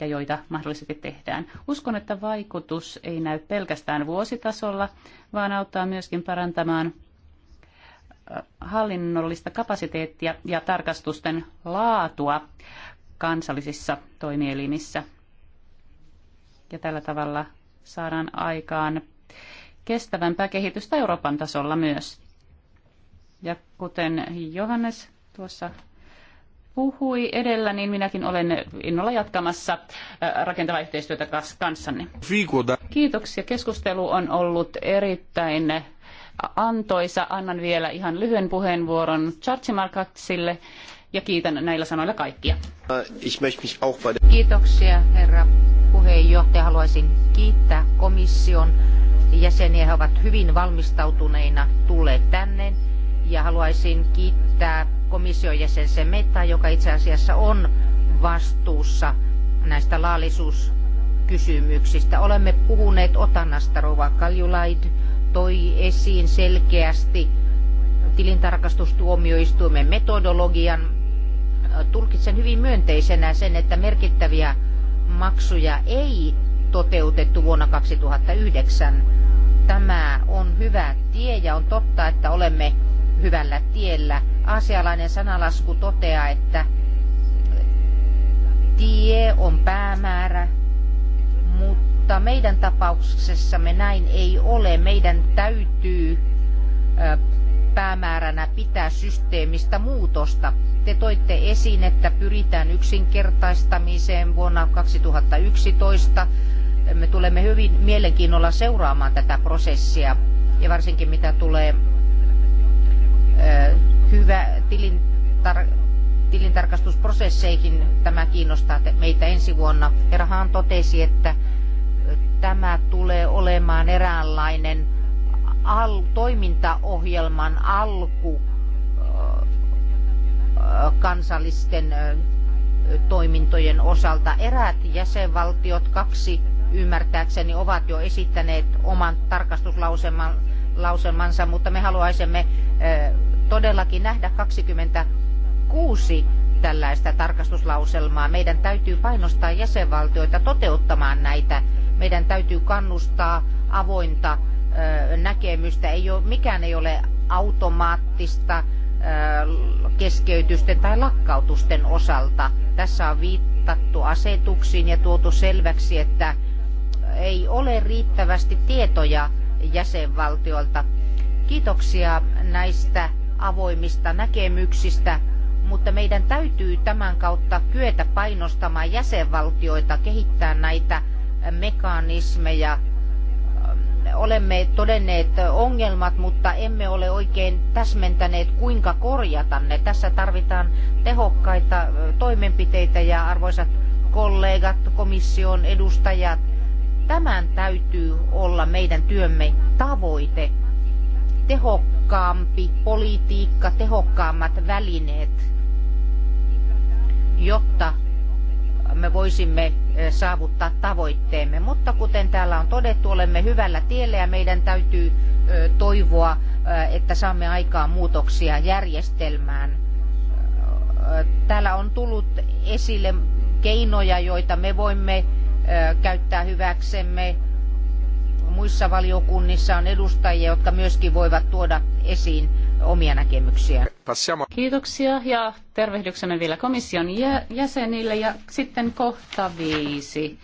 ja joita mahdollisesti tehdään. Uskon, että vaikutus ei näy pelkästään vuositasolla, vaan auttaa myöskin parantamaan hallinnollista kapasiteettia ja tarkastusten laatua kansallisissa toimielimissä. Ja tällä tavalla saadaan aikaan kestävämpää kehitystä Euroopan tasolla myös. Ja kuten Johannes tuossa puhui edellä, niin minäkin olen innolla jatkamassa äh, rakentavaa yhteistyötä kanssanne. Kiitoksia. Keskustelu on ollut erittäin antoisa. Annan vielä ihan lyhyen puheenvuoron Chartsimarkatsille ja kiitän näillä sanoilla kaikkia. Kiitoksia herra puheenjohtaja. Haluaisin kiittää komission jäseniä. He ovat hyvin valmistautuneina tulleet tänne ja haluaisin kiittää komission jäsen Semeta, joka itse asiassa on vastuussa näistä laillisuuskysymyksistä. Olemme puhuneet Otanasta, rouva Kaljulaid, toi esiin selkeästi tilintarkastustuomioistuimen metodologian. Tulkitsen hyvin myönteisenä sen, että merkittäviä maksuja ei toteutettu vuonna 2009. Tämä on hyvä tie ja on totta, että olemme hyvällä tiellä. Aasialainen sanalasku toteaa, että tie on päämäärä, mutta mutta meidän tapauksessamme näin ei ole. Meidän täytyy päämääränä pitää systeemistä muutosta. Te toitte esiin, että pyritään yksinkertaistamiseen vuonna 2011. Me tulemme hyvin mielenkiinnolla seuraamaan tätä prosessia ja varsinkin mitä tulee hyvä tilintar- tilintarkastusprosesseihin. Tämä kiinnostaa meitä ensi vuonna. Herra Haan totesi, että tämä tulee olemaan eräänlainen al- toimintaohjelman alku kansallisten toimintojen osalta. Eräät jäsenvaltiot, kaksi ymmärtääkseni, ovat jo esittäneet oman tarkastuslauselmansa, mutta me haluaisimme todellakin nähdä 26 tällaista tarkastuslauselmaa. Meidän täytyy painostaa jäsenvaltioita toteuttamaan näitä. Meidän täytyy kannustaa avointa näkemystä. Ei ole, mikään ei ole automaattista keskeytysten tai lakkautusten osalta. Tässä on viittattu asetuksiin ja tuotu selväksi, että ei ole riittävästi tietoja jäsenvaltioilta. Kiitoksia näistä avoimista näkemyksistä mutta meidän täytyy tämän kautta kyetä painostamaan jäsenvaltioita, kehittää näitä äh, mekanismeja. Ähm, olemme todenneet äh, ongelmat, mutta emme ole oikein täsmentäneet, kuinka korjata ne. Tässä tarvitaan tehokkaita äh, toimenpiteitä ja arvoisat kollegat, komission edustajat, tämän täytyy olla meidän työmme tavoite. Tehokkaampi politiikka, tehokkaammat välineet jotta me voisimme eh, saavuttaa tavoitteemme. Mutta kuten täällä on todettu, olemme hyvällä tiellä ja meidän täytyy eh, toivoa, eh, että saamme aikaan muutoksia järjestelmään. Täällä on tullut esille keinoja, joita me voimme käyttää hyväksemme muissa valiokunnissa on edustajia, jotka myöskin voivat tuoda esiin omia näkemyksiä. Kiitoksia ja tervehdyksemme vielä komission jäsenille ja sitten kohta viisi.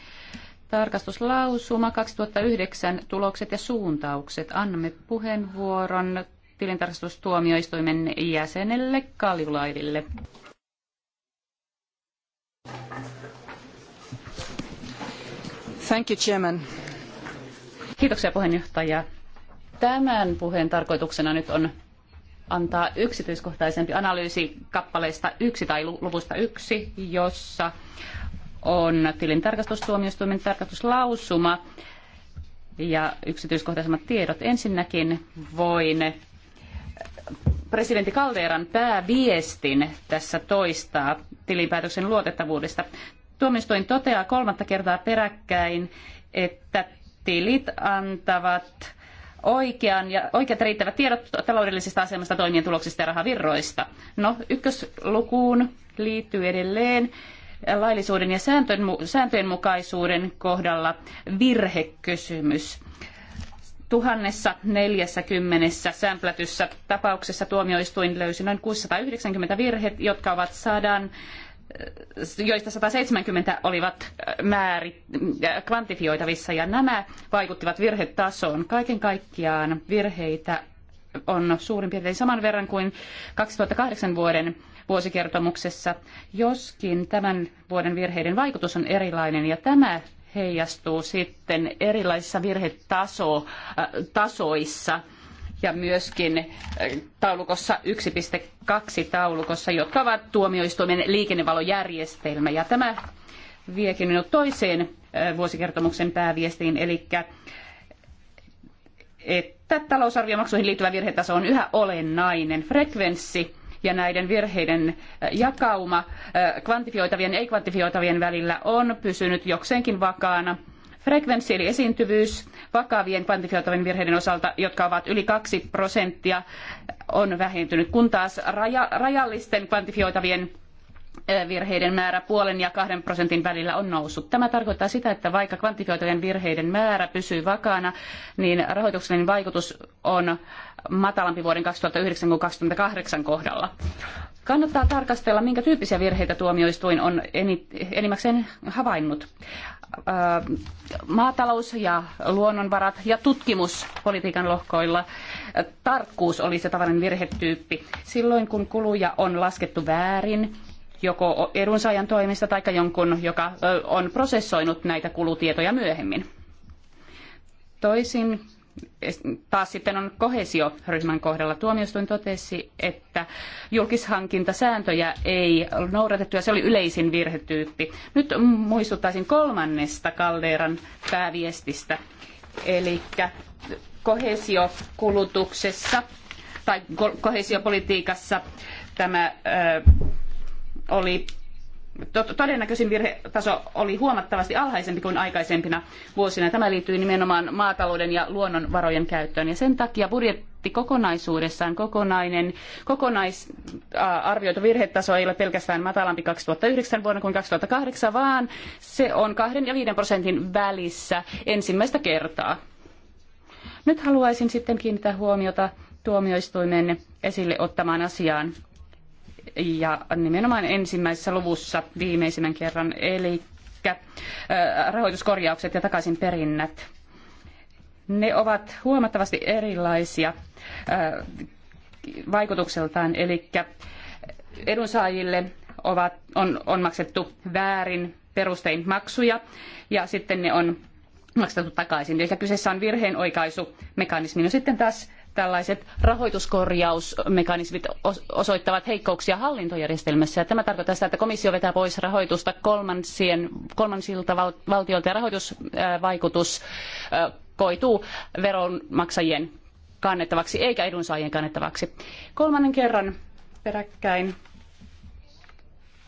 Tarkastuslausuma 2009 tulokset ja suuntaukset. Annamme puheenvuoron tilintarkastustuomioistuimen jäsenelle Kaljulaidille. Thank you, Chairman. Kiitoksia puheenjohtaja. Tämän puheen tarkoituksena nyt on antaa yksityiskohtaisempi analyysi kappaleista yksi tai luvusta yksi, jossa on tilintarkastustuomioistuimen tarkastuslausuma ja yksityiskohtaisemmat tiedot. Ensinnäkin voin presidentti Calderan pääviestin tässä toistaa tilinpäätöksen luotettavuudesta. Tuomioistuin toteaa kolmatta kertaa peräkkäin, että tilit antavat oikean ja oikeat riittävät tiedot taloudellisesta asemasta, toimien tuloksista ja rahavirroista. No, ykköslukuun liittyy edelleen laillisuuden ja sääntöjen mukaisuuden kohdalla virhekysymys. 1040 sämplätyssä tapauksessa tuomioistuin löysi noin 690 virhet, jotka ovat sadan joista 170 olivat äh, määrit, äh, kvantifioitavissa ja nämä vaikuttivat virhetasoon. Kaiken kaikkiaan virheitä on suurin piirtein saman verran kuin 2008 vuoden vuosikertomuksessa, joskin tämän vuoden virheiden vaikutus on erilainen ja tämä heijastuu sitten erilaisissa virhetasoissa äh, ja myöskin äh, taulukossa 1.2 taulukossa, jotka ovat tuomioistuimen liikennevalojärjestelmä. Ja tämä viekin minut toiseen äh, vuosikertomuksen pääviestiin, eli että talousarviomaksuihin liittyvä virhetaso on yhä olennainen frekvenssi ja näiden virheiden äh, jakauma kvantifioitavien ja ei-kvantifioitavien välillä on pysynyt jokseenkin vakaana – Frekvenssi eli esiintyvyys vakavien kvantifioitavien virheiden osalta, jotka ovat yli kaksi prosenttia, on vähentynyt, kun taas raja, rajallisten kvantifioitavien eh, virheiden määrä puolen ja kahden prosentin välillä on noussut. Tämä tarkoittaa sitä, että vaikka kvantifioitujen virheiden määrä pysyy vakaana, niin rahoituksellinen vaikutus on matalampi vuoden 2009 kuin 2008 kohdalla. Kannattaa tarkastella, minkä tyyppisiä virheitä tuomioistuin on enimmäkseen havainnut maatalous ja luonnonvarat ja tutkimuspolitiikan lohkoilla tarkkuus oli se tavallinen virhetyyppi. Silloin kun kuluja on laskettu väärin, joko edunsaajan toimesta tai jonkun, joka on prosessoinut näitä kulutietoja myöhemmin. Toisin taas sitten on kohesioryhmän kohdalla. Tuomioistuin totesi, että julkishankintasääntöjä ei noudatettu ja se oli yleisin virhetyyppi. Nyt muistuttaisin kolmannesta Kalderan pääviestistä, eli kohesiokulutuksessa tai kohesiopolitiikassa tämä ö, oli todennäköisin virhetaso oli huomattavasti alhaisempi kuin aikaisempina vuosina. Tämä liittyy nimenomaan maatalouden ja luonnonvarojen käyttöön. Ja sen takia budjetti kokonaisuudessaan kokonainen, kokonaisarvioitu virhetaso ei ole pelkästään matalampi 2009 vuonna kuin 2008, vaan se on 2 ja 5 prosentin välissä ensimmäistä kertaa. Nyt haluaisin sitten kiinnittää huomiota tuomioistuimen esille ottamaan asiaan ja nimenomaan ensimmäisessä luvussa viimeisimmän kerran, eli äh, rahoituskorjaukset ja takaisinperinnät. Ne ovat huomattavasti erilaisia äh, vaikutukseltaan, eli edunsaajille ovat, on, on maksettu väärin perustein maksuja ja sitten ne on maksettu takaisin. Eli kyseessä on virheen oikaisumekanismi. No sitten taas tällaiset rahoituskorjausmekanismit osoittavat heikkouksia hallintojärjestelmässä. Ja tämä tarkoittaa sitä, että komissio vetää pois rahoitusta kolmansien, kolmansilta val, valtioilta ja rahoitusvaikutus koituu veronmaksajien kannettavaksi eikä edunsaajien kannettavaksi. Kolmannen kerran peräkkäin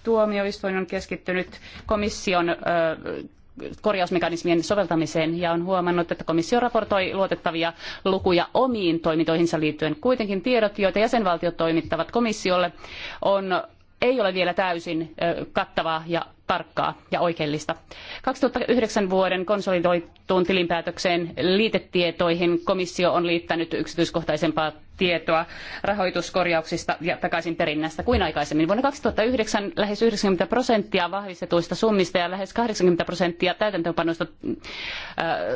tuomioistuin on keskittynyt komission korjausmekanismien soveltamiseen ja on huomannut, että komissio raportoi luotettavia lukuja omiin toimintoihinsa liittyen. Kuitenkin tiedot, joita jäsenvaltiot toimittavat komissiolle, on, ei ole vielä täysin kattavaa ja tarkkaa ja oikeellista. 2009 vuoden konsolidoituun tilinpäätökseen liitetietoihin komissio on liittänyt yksityiskohtaisempaa tietoa rahoituskorjauksista ja takaisinperinnästä kuin aikaisemmin. Vuonna 2009 lähes 90 prosenttia vahvistetuista summista ja lähes 80 prosenttia täytäntöönpanoista äh,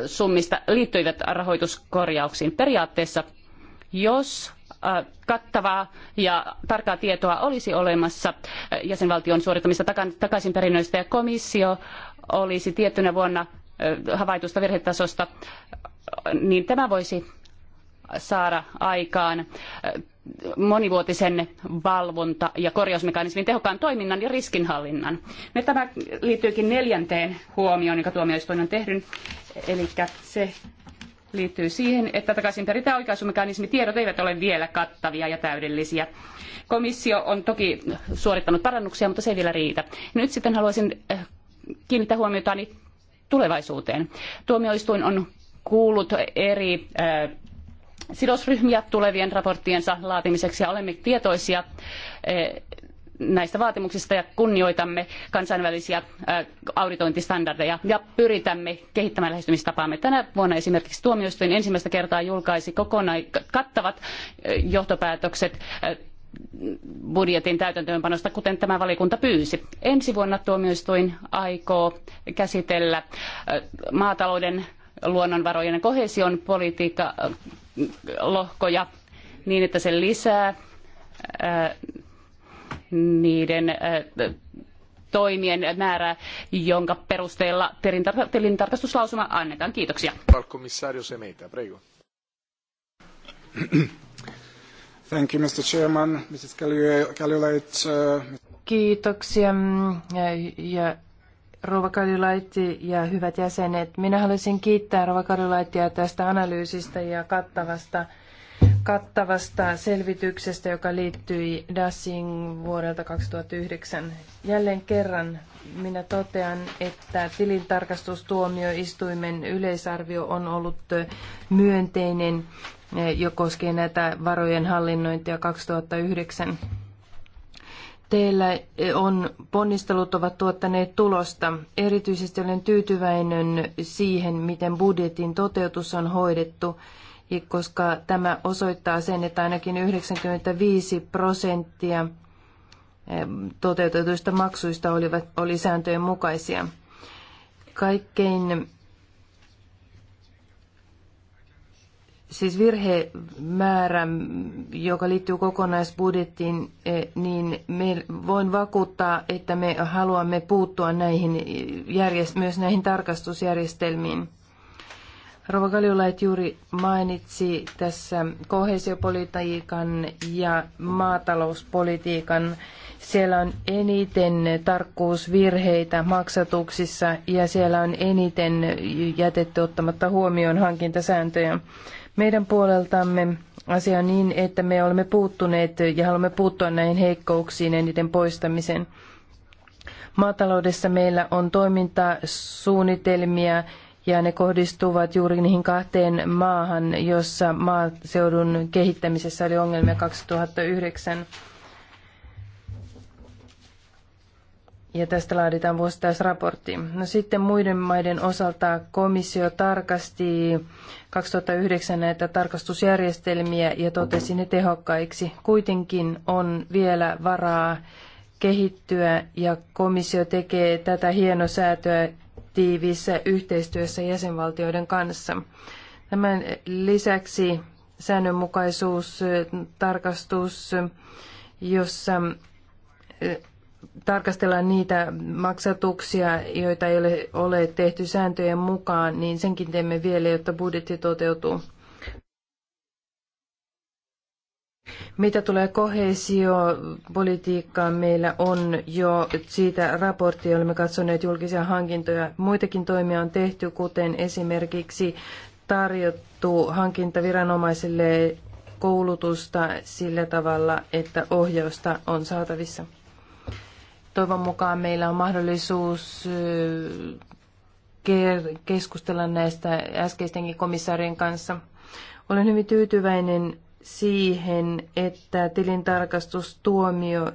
summista liittyivät rahoituskorjauksiin. Periaatteessa, jos Äh, kattavaa ja tarkkaa tietoa olisi olemassa äh, jäsenvaltion suorittamista takaisinperinnöistä ja komissio olisi tiettynä vuonna äh, havaitusta virhetasosta, niin tämä voisi saada aikaan monivuotisen valvonta- ja korjausmekanismin tehokkaan toiminnan ja riskinhallinnan. Nyt tämä liittyykin neljänteen huomioon, joka tuomioistuin on tehnyt, eli se, liittyy siihen, että takaisinperintä- ja oikaisumekanismin tiedot eivät ole vielä kattavia ja täydellisiä. Komissio on toki suorittanut parannuksia, mutta se ei vielä riitä. Nyt sitten haluaisin eh, kiinnittää huomiotani tulevaisuuteen. Tuomioistuin on kuullut eri eh, sidosryhmiä tulevien raporttiensa laatimiseksi ja olemme tietoisia eh, näistä vaatimuksista ja kunnioitamme kansainvälisiä auditointistandardeja ja pyritämme kehittämään lähestymistapaamme. Tänä vuonna esimerkiksi tuomioistuin ensimmäistä kertaa julkaisi kokonaan kattavat johtopäätökset budjetin täytäntöönpanosta, kuten tämä valiokunta pyysi. Ensi vuonna tuomioistuin aikoo käsitellä maatalouden, luonnonvarojen ja kohesion politiikka lohkoja niin, että se lisää niiden äh, toimien määrää, jonka perusteella tilintarkastuslausuma annetaan. Kiitoksia. Semeta, prego. Thank you, Mr. Chairman, Mrs. Kalulait. Uh, Kiitoksia ja Rova Kalulaitti ja hyvät jäsenet. Minä haluaisin kiittää Rova Kalulaitia tästä analyysistä ja kattavasta kattavasta selvityksestä, joka liittyi Dasing vuodelta 2009. Jälleen kerran minä totean, että tilintarkastustuomioistuimen yleisarvio on ollut myönteinen, eh, jo koskee näitä varojen hallinnointia 2009. Teillä eh, on, ponnistelut ovat tuottaneet tulosta. Erityisesti olen tyytyväinen siihen, miten budjetin toteutus on hoidettu koska tämä osoittaa sen, että ainakin 95 prosenttia toteutetuista maksuista olivat, oli sääntöjen mukaisia. Kaikkein siis virhemäärä, joka liittyy kokonaisbudjettiin, e, niin me voin vakuuttaa, että me haluamme puuttua näihin, myös näihin tarkastusjärjestelmiin. Rova Kaljulait juuri mainitsi tässä kohesiopolitiikan ja maatalouspolitiikan. Siellä on eniten tarkkuusvirheitä maksatuksissa ja siellä on eniten jätetty ottamatta huomioon hankintasääntöjä. Meidän puoleltamme asia on niin, että me olemme puuttuneet ja haluamme puuttua näihin heikkouksiin ja niiden poistamiseen. Maataloudessa meillä on toimintasuunnitelmia, ja ne kohdistuvat juuri niihin kahteen maahan, jossa maaseudun kehittämisessä oli ongelmia 2009. ja tästä laaditaan vuosittaisraportti. No sitten muiden maiden osalta komissio tarkasti 2009 näitä tarkastusjärjestelmiä ja totesi ne tehokkaiksi. Kuitenkin on vielä varaa kehittyä ja komissio tekee tätä hienosäätöä tiiviissä yhteistyössä jäsenvaltioiden kanssa. Tämän lisäksi säännönmukaisuustarkastus, jossa e, tarkastellaan niitä maksatuksia, joita ei ole, ole tehty sääntöjen mukaan, niin senkin teemme vielä, jotta budjetti toteutuu. Mitä tulee kohesiopolitiikkaan, meillä on jo siitä raportti, olemme katsoneet julkisia hankintoja. Muitakin toimia on tehty, kuten esimerkiksi tarjottu hankintaviranomaisille koulutusta sillä tavalla, että ohjausta on saatavissa. Toivon mukaan meillä on mahdollisuus keskustella näistä äskeistenkin komissaarien kanssa. Olen hyvin tyytyväinen siihen, että tilintarkastustuomio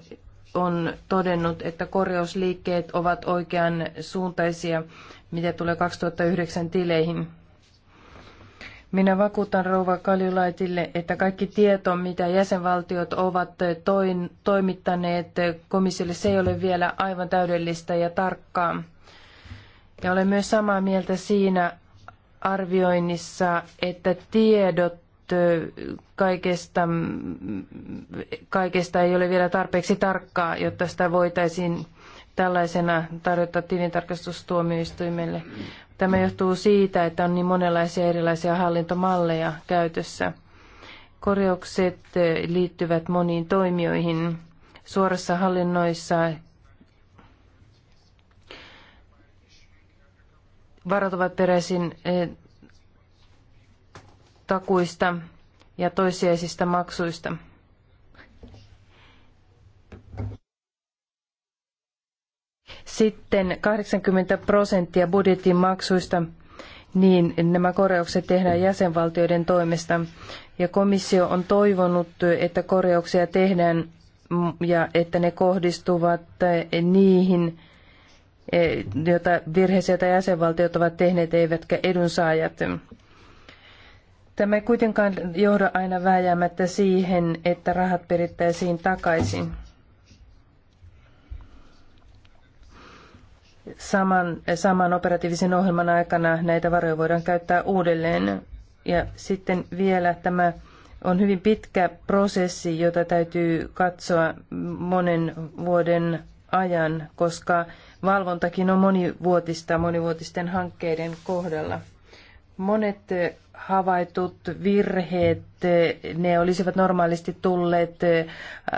on todennut, että korjausliikkeet ovat oikean suuntaisia, mitä tulee 2009 tileihin. Minä vakuutan rouva Kaljulaitille, että kaikki tieto, mitä jäsenvaltiot ovat toin, toimittaneet komissiolle, se ei ole vielä aivan täydellistä ja tarkkaa. Ja olen myös samaa mieltä siinä arvioinnissa, että tiedot kaikesta, kaikesta ei ole vielä tarpeeksi tarkkaa, jotta sitä voitaisiin tällaisena tarjota tilintarkastustuomioistuimelle. Tämä johtuu siitä, että on niin monenlaisia erilaisia hallintomalleja käytössä. Korjaukset liittyvät moniin toimijoihin suorassa hallinnoissa. Varat ovat peräisin takuista ja toissijaisista maksuista. Sitten 80 prosenttia budjetin maksuista, niin nämä korjaukset tehdään jäsenvaltioiden toimesta. Ja komissio on toivonut, että korjauksia tehdään ja että ne kohdistuvat niihin, eh, joita virheisiä jäsenvaltiot ovat tehneet, eivätkä edunsaajat. Tämä ei kuitenkaan johda aina vääjäämättä siihen, että rahat perittäisiin takaisin. Saman, saman operatiivisen ohjelman aikana näitä varoja voidaan käyttää uudelleen. Ja sitten vielä tämä on hyvin pitkä prosessi, jota täytyy katsoa monen vuoden ajan, koska valvontakin on monivuotista monivuotisten hankkeiden kohdalla. Monet eh, havaitut virheet, eh, ne olisivat normaalisti tulleet eh,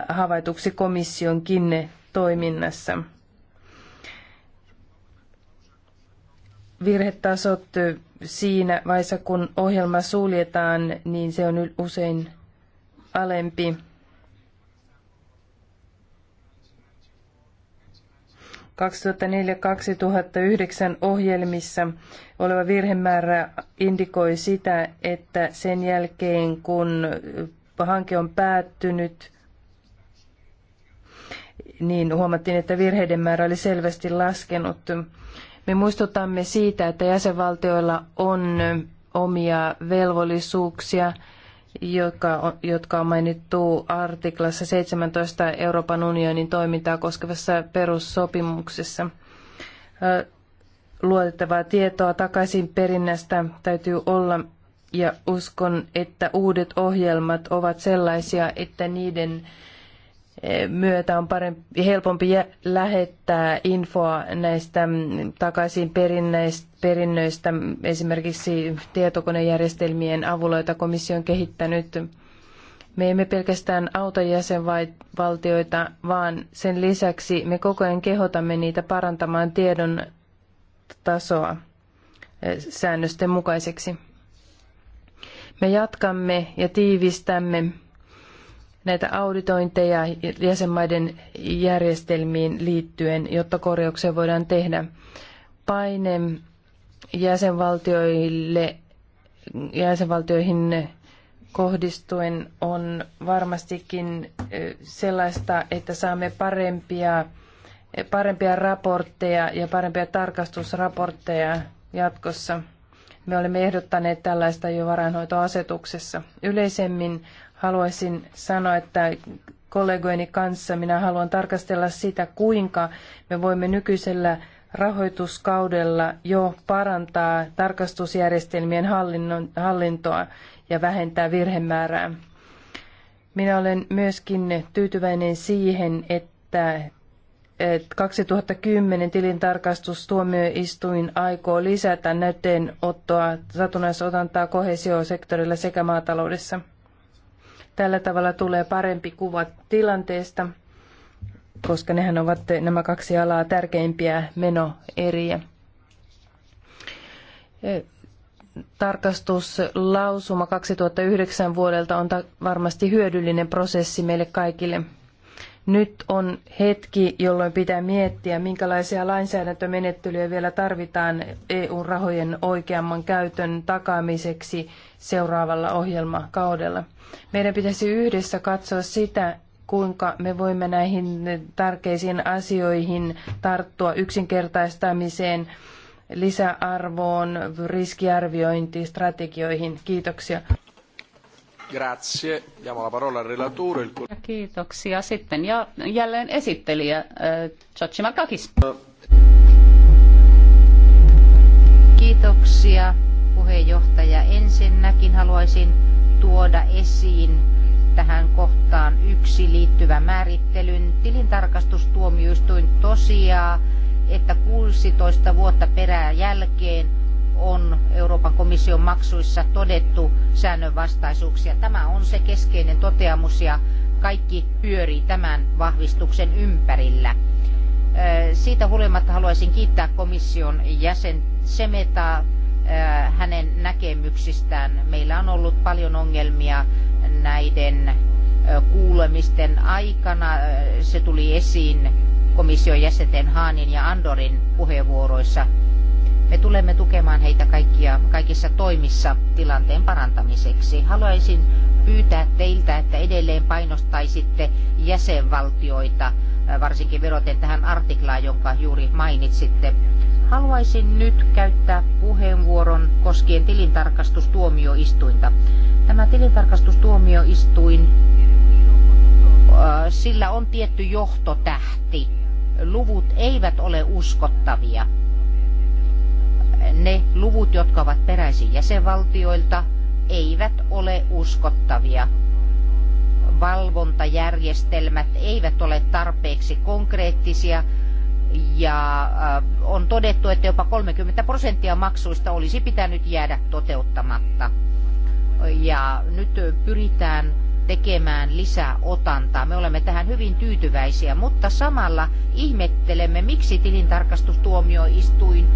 havaituksi komissionkin toiminnassa. Virhetasot siinä vaiheessa, kun ohjelma suljetaan, niin se on usein alempi 2004-2009 ohjelmissa oleva virhemäärä indikoi sitä, että sen jälkeen kun hanke on päättynyt, niin huomattiin, että virheiden määrä oli selvästi laskenut. Me muistutamme siitä, että jäsenvaltioilla on omia velvollisuuksia jotka on, jotka on mainittu artiklassa 17 Euroopan unionin toimintaa koskevassa perussopimuksessa. Luotettavaa tietoa takaisin perinnästä täytyy olla ja uskon, että uudet ohjelmat ovat sellaisia, että niiden myötä on parempi, helpompi lähettää infoa näistä takaisin perinnöistä, esimerkiksi tietokonejärjestelmien avulla, joita komissio on kehittänyt. Me emme pelkästään auta jäsenvaltioita, vaan sen lisäksi me koko ajan kehotamme niitä parantamaan tiedon tasoa eh, säännösten mukaiseksi. Me jatkamme ja tiivistämme näitä auditointeja jäsenmaiden järjestelmiin liittyen, jotta korjauksia voidaan tehdä. Paine jäsenvaltioille, jäsenvaltioihin kohdistuen on varmastikin sellaista, että saamme parempia, parempia raportteja ja parempia tarkastusraportteja jatkossa. Me olemme ehdottaneet tällaista jo varainhoitoasetuksessa. Yleisemmin haluaisin sanoa, että kollegojeni kanssa minä haluan tarkastella sitä, kuinka me voimme nykyisellä rahoituskaudella jo parantaa tarkastusjärjestelmien hallinnon, hallintoa ja vähentää virhemäärää. Minä olen myöskin tyytyväinen siihen, että 2010 tilintarkastustuomioistuin aikoo lisätä näytteenottoa satunnaisotantaa kohesiosektorilla sekä maataloudessa. Tällä tavalla tulee parempi kuva tilanteesta, koska nehän ovat nämä kaksi alaa tärkeimpiä menoeriä. E, tarkastuslausuma 2009 vuodelta on varmasti hyödyllinen prosessi meille kaikille. Nyt on hetki, jolloin pitää miettiä, minkälaisia lainsäädäntömenettelyjä vielä tarvitaan EU-rahojen oikeamman käytön takaamiseksi seuraavalla ohjelmakaudella. Meidän pitäisi yhdessä katsoa sitä, kuinka me voimme näihin tärkeisiin asioihin tarttua yksinkertaistamiseen, lisäarvoon, riskiarviointiin, strategioihin. Kiitoksia. Grazie. Diamo la parola al relatore. Il... Kiitoksia. Sitten ja jälleen esittelijä äh, Chachimakakis. Kiitoksia puheenjohtaja. Ensinnäkin haluaisin tuoda esiin tähän kohtaan yksi liittyvä määrittelyn. Tilintarkastustuomioistuin tosiaan, että 16 vuotta perää jälkeen on Euroopan komission maksuissa todettu säännönvastaisuuksia. Tämä on se keskeinen toteamus ja kaikki pyörii tämän vahvistuksen ympärillä. Siitä huolimatta haluaisin kiittää komission jäsen Semetaa hänen näkemyksistään. Meillä on ollut paljon ongelmia näiden kuulemisten aikana. Se tuli esiin komission jäsenten Haanin ja Andorin puheenvuoroissa me tulemme tukemaan heitä kaikkia, kaikissa toimissa tilanteen parantamiseksi. Haluaisin pyytää teiltä, että edelleen painostaisitte jäsenvaltioita, äh, varsinkin veroten tähän artiklaan, jonka juuri mainitsitte. Haluaisin nyt käyttää puheenvuoron koskien tilintarkastustuomioistuinta. Tämä tilintarkastustuomioistuin, äh, sillä on tietty johtotähti. Luvut eivät ole uskottavia ne luvut, jotka ovat peräisin jäsenvaltioilta, eivät ole uskottavia. Valvontajärjestelmät eivät ole tarpeeksi konkreettisia ja äh, on todettu, että jopa 30 prosenttia maksuista olisi pitänyt jäädä toteuttamatta. Ja nyt pyritään tekemään lisää otantaa. Me olemme tähän hyvin tyytyväisiä, mutta samalla ihmettelemme, miksi tilintarkastustuomioistuin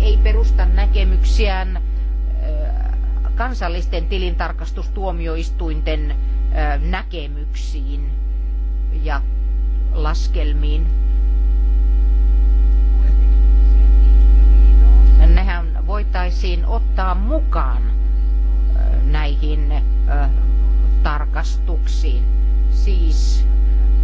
ei perusta näkemyksiään kansallisten tilintarkastustuomioistuinten näkemyksiin ja laskelmiin. Nehän voitaisiin ottaa mukaan näihin tarkastuksiin. Siis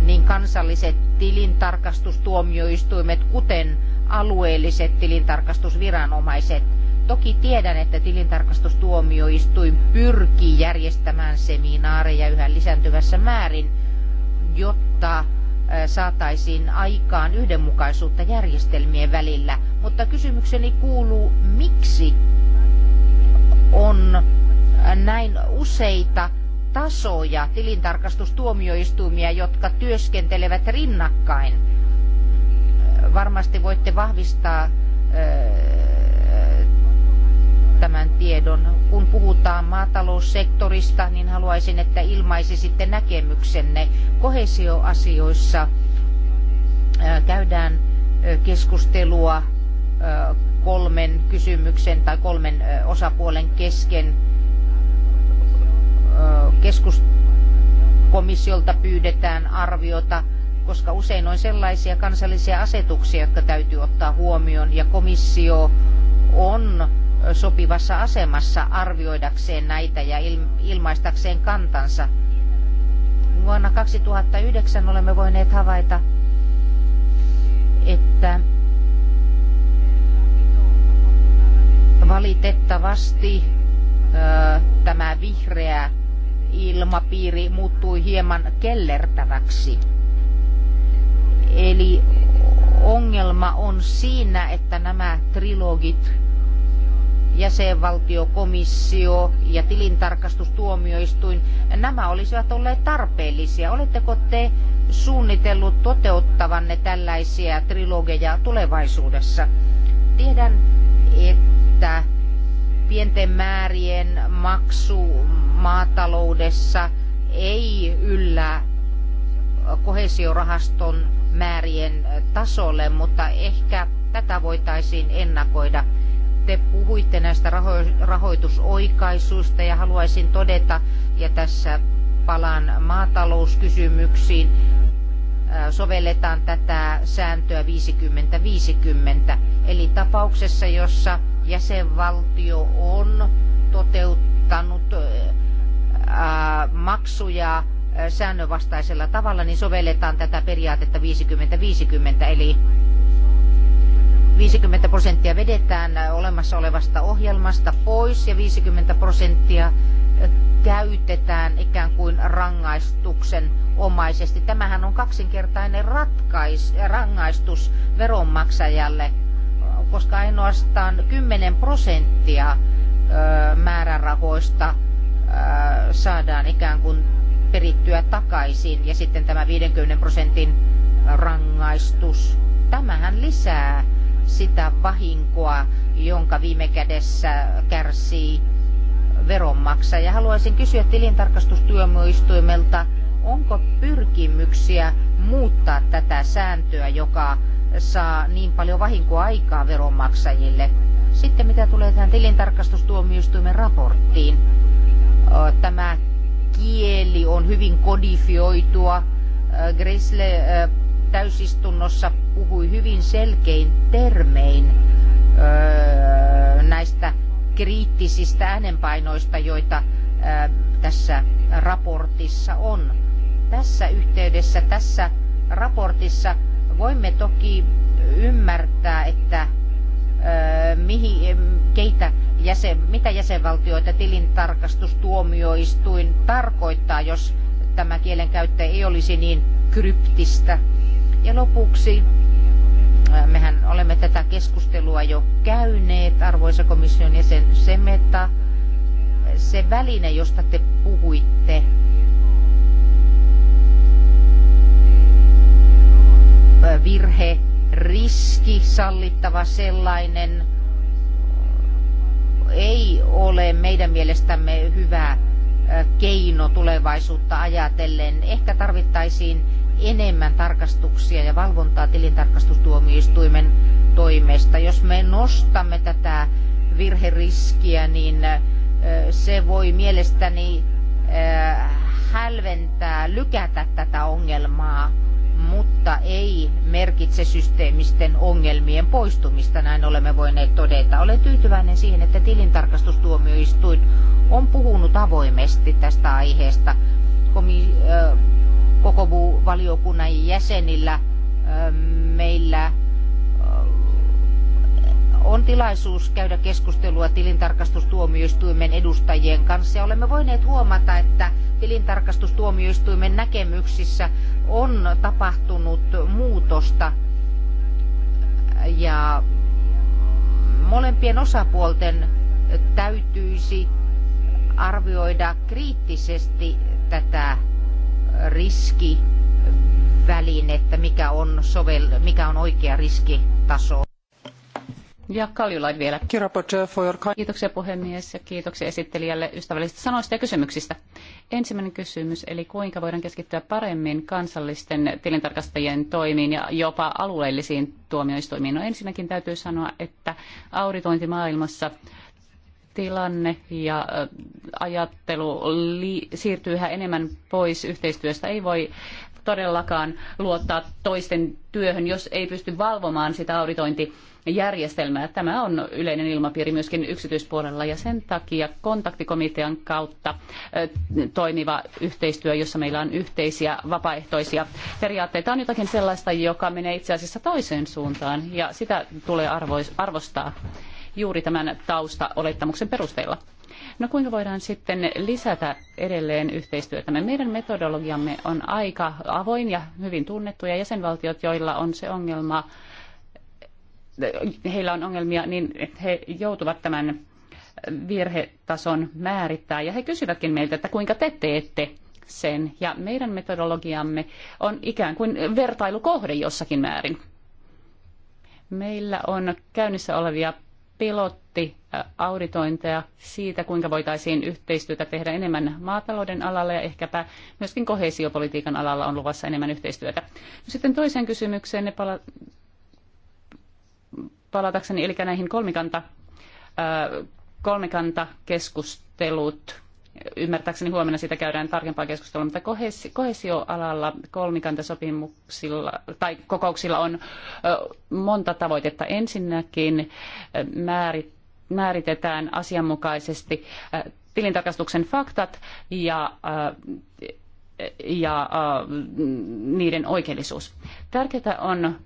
niin kansalliset tilintarkastustuomioistuimet, kuten alueelliset tilintarkastusviranomaiset. Toki tiedän, että tilintarkastustuomioistuin pyrkii järjestämään seminaareja yhä lisääntyvässä määrin, jotta saataisiin aikaan yhdenmukaisuutta järjestelmien välillä. Mutta kysymykseni kuuluu, miksi on näin useita tasoja, tilintarkastustuomioistuimia, jotka työskentelevät rinnakkain. Varmasti voitte vahvistaa tämän tiedon. Kun puhutaan maataloussektorista, niin haluaisin, että ilmaisisitte näkemyksenne. Kohesioasioissa käydään keskustelua kolmen kysymyksen tai kolmen osapuolen kesken keskuskomissiolta pyydetään arviota, koska usein on sellaisia kansallisia asetuksia, jotka täytyy ottaa huomioon, ja komissio on sopivassa asemassa arvioidakseen näitä ja ilmaistakseen kantansa. Vuonna 2009 olemme voineet havaita, että valitettavasti tämä vihreä ilmapiiri muuttui hieman kellertäväksi. Eli ongelma on siinä, että nämä trilogit, jäsenvaltiokomissio ja tilintarkastustuomioistuin, nämä olisivat olleet tarpeellisia. Oletteko te suunnitellut toteuttavanne tällaisia trilogeja tulevaisuudessa? Tiedän, että pienten määrien maksu, maataloudessa ei yllä kohesiorahaston määrien tasolle, mutta ehkä tätä voitaisiin ennakoida. Te puhuitte näistä raho- rahoitusoikaisuista ja haluaisin todeta, ja tässä palaan maatalouskysymyksiin, sovelletaan tätä sääntöä 50-50. Eli tapauksessa, jossa jäsenvaltio on toteuttanut Äh, maksuja äh, säännönvastaisella tavalla, niin sovelletaan tätä periaatetta 50-50, eli 50 prosenttia vedetään olemassa olevasta ohjelmasta pois ja 50 prosenttia käytetään ikään kuin rangaistuksen omaisesti. Tämähän on kaksinkertainen ratkais, rangaistus veronmaksajalle, koska ainoastaan 10 prosenttia määrärahoista saadaan ikään kuin perittyä takaisin ja sitten tämä 50 prosentin rangaistus. Tämähän lisää sitä vahinkoa, jonka viime kädessä kärsii veronmaksaja. Haluaisin kysyä tilintarkastustuomioistuimelta onko pyrkimyksiä muuttaa tätä sääntöä, joka saa niin paljon vahinkoa aikaa veronmaksajille. Sitten mitä tulee tähän tilintarkastustuomioistuimen raporttiin, Tämä kieli on hyvin kodifioitua. Gresle täysistunnossa puhui hyvin selkein termein näistä kriittisistä äänenpainoista, joita tässä raportissa on. Tässä yhteydessä, tässä raportissa voimme toki ymmärtää, että mihin, keitä jäsen, mitä jäsenvaltioita tilintarkastustuomioistuin tarkoittaa, jos tämä kielenkäyttö ei olisi niin kryptistä. Ja lopuksi, mehän olemme tätä keskustelua jo käyneet, arvoisa komission jäsen Semeta, se väline, josta te puhuitte, virhe riski, sallittava sellainen, ei ole meidän mielestämme hyvä keino tulevaisuutta ajatellen. Ehkä tarvittaisiin enemmän tarkastuksia ja valvontaa tilintarkastustuomioistuimen toimesta. Jos me nostamme tätä virheriskiä, niin se voi mielestäni hälventää, lykätä tätä ongelmaa mutta ei merkitse systeemisten ongelmien poistumista, näin olemme voineet todeta. Olen tyytyväinen siihen, että tilintarkastustuomioistuin on puhunut avoimesti tästä aiheesta. Komi- koko valiokunnan jäsenillä meillä on tilaisuus käydä keskustelua tilintarkastustuomioistuimen edustajien kanssa ja olemme voineet huomata, että tilintarkastustuomioistuimen näkemyksissä on tapahtunut muutosta ja molempien osapuolten täytyisi arvioida kriittisesti tätä riskivälinettä, mikä on, mikä on oikea riskitaso ja Kaljulaid vielä. Kiitoksia puhemies ja kiitoksia esittelijälle ystävällisistä sanoista ja kysymyksistä. Ensimmäinen kysymys, eli kuinka voidaan keskittyä paremmin kansallisten tilintarkastajien toimiin ja jopa alueellisiin tuomioistuimiin? No ensinnäkin täytyy sanoa, että auditointimaailmassa tilanne ja ajattelu li- siirtyy yhä enemmän pois yhteistyöstä. Ei voi todellakaan luottaa toisten työhön, jos ei pysty valvomaan sitä auditointijärjestelmää. Tämä on yleinen ilmapiiri myöskin yksityispuolella ja sen takia kontaktikomitean kautta toimiva yhteistyö, jossa meillä on yhteisiä vapaaehtoisia periaatteita, on jotakin sellaista, joka menee itse asiassa toiseen suuntaan ja sitä tulee arvostaa juuri tämän taustaolettamuksen perusteella. No kuinka voidaan sitten lisätä edelleen yhteistyötä? Meidän metodologiamme on aika avoin ja hyvin tunnettu ja jäsenvaltiot, joilla on se ongelma, heillä on ongelmia, niin he joutuvat tämän virhetason määrittää ja he kysyvätkin meiltä, että kuinka te teette sen. Ja meidän metodologiamme on ikään kuin vertailukohde jossakin määrin. Meillä on käynnissä olevia auditointeja siitä, kuinka voitaisiin yhteistyötä tehdä enemmän maatalouden alalla ja ehkäpä myöskin kohesiopolitiikan alalla on luvassa enemmän yhteistyötä. No sitten toiseen kysymykseen ne pala- palatakseni, eli näihin kolmikanta, kolmikantakeskustelut ymmärtääkseni huomenna siitä käydään tarkempaa keskustelua, mutta kohesioalalla kolmikantasopimuksilla tai kokouksilla on monta tavoitetta. Ensinnäkin määritetään asianmukaisesti tilintarkastuksen faktat ja ja niiden oikeellisuus. Tärkeää on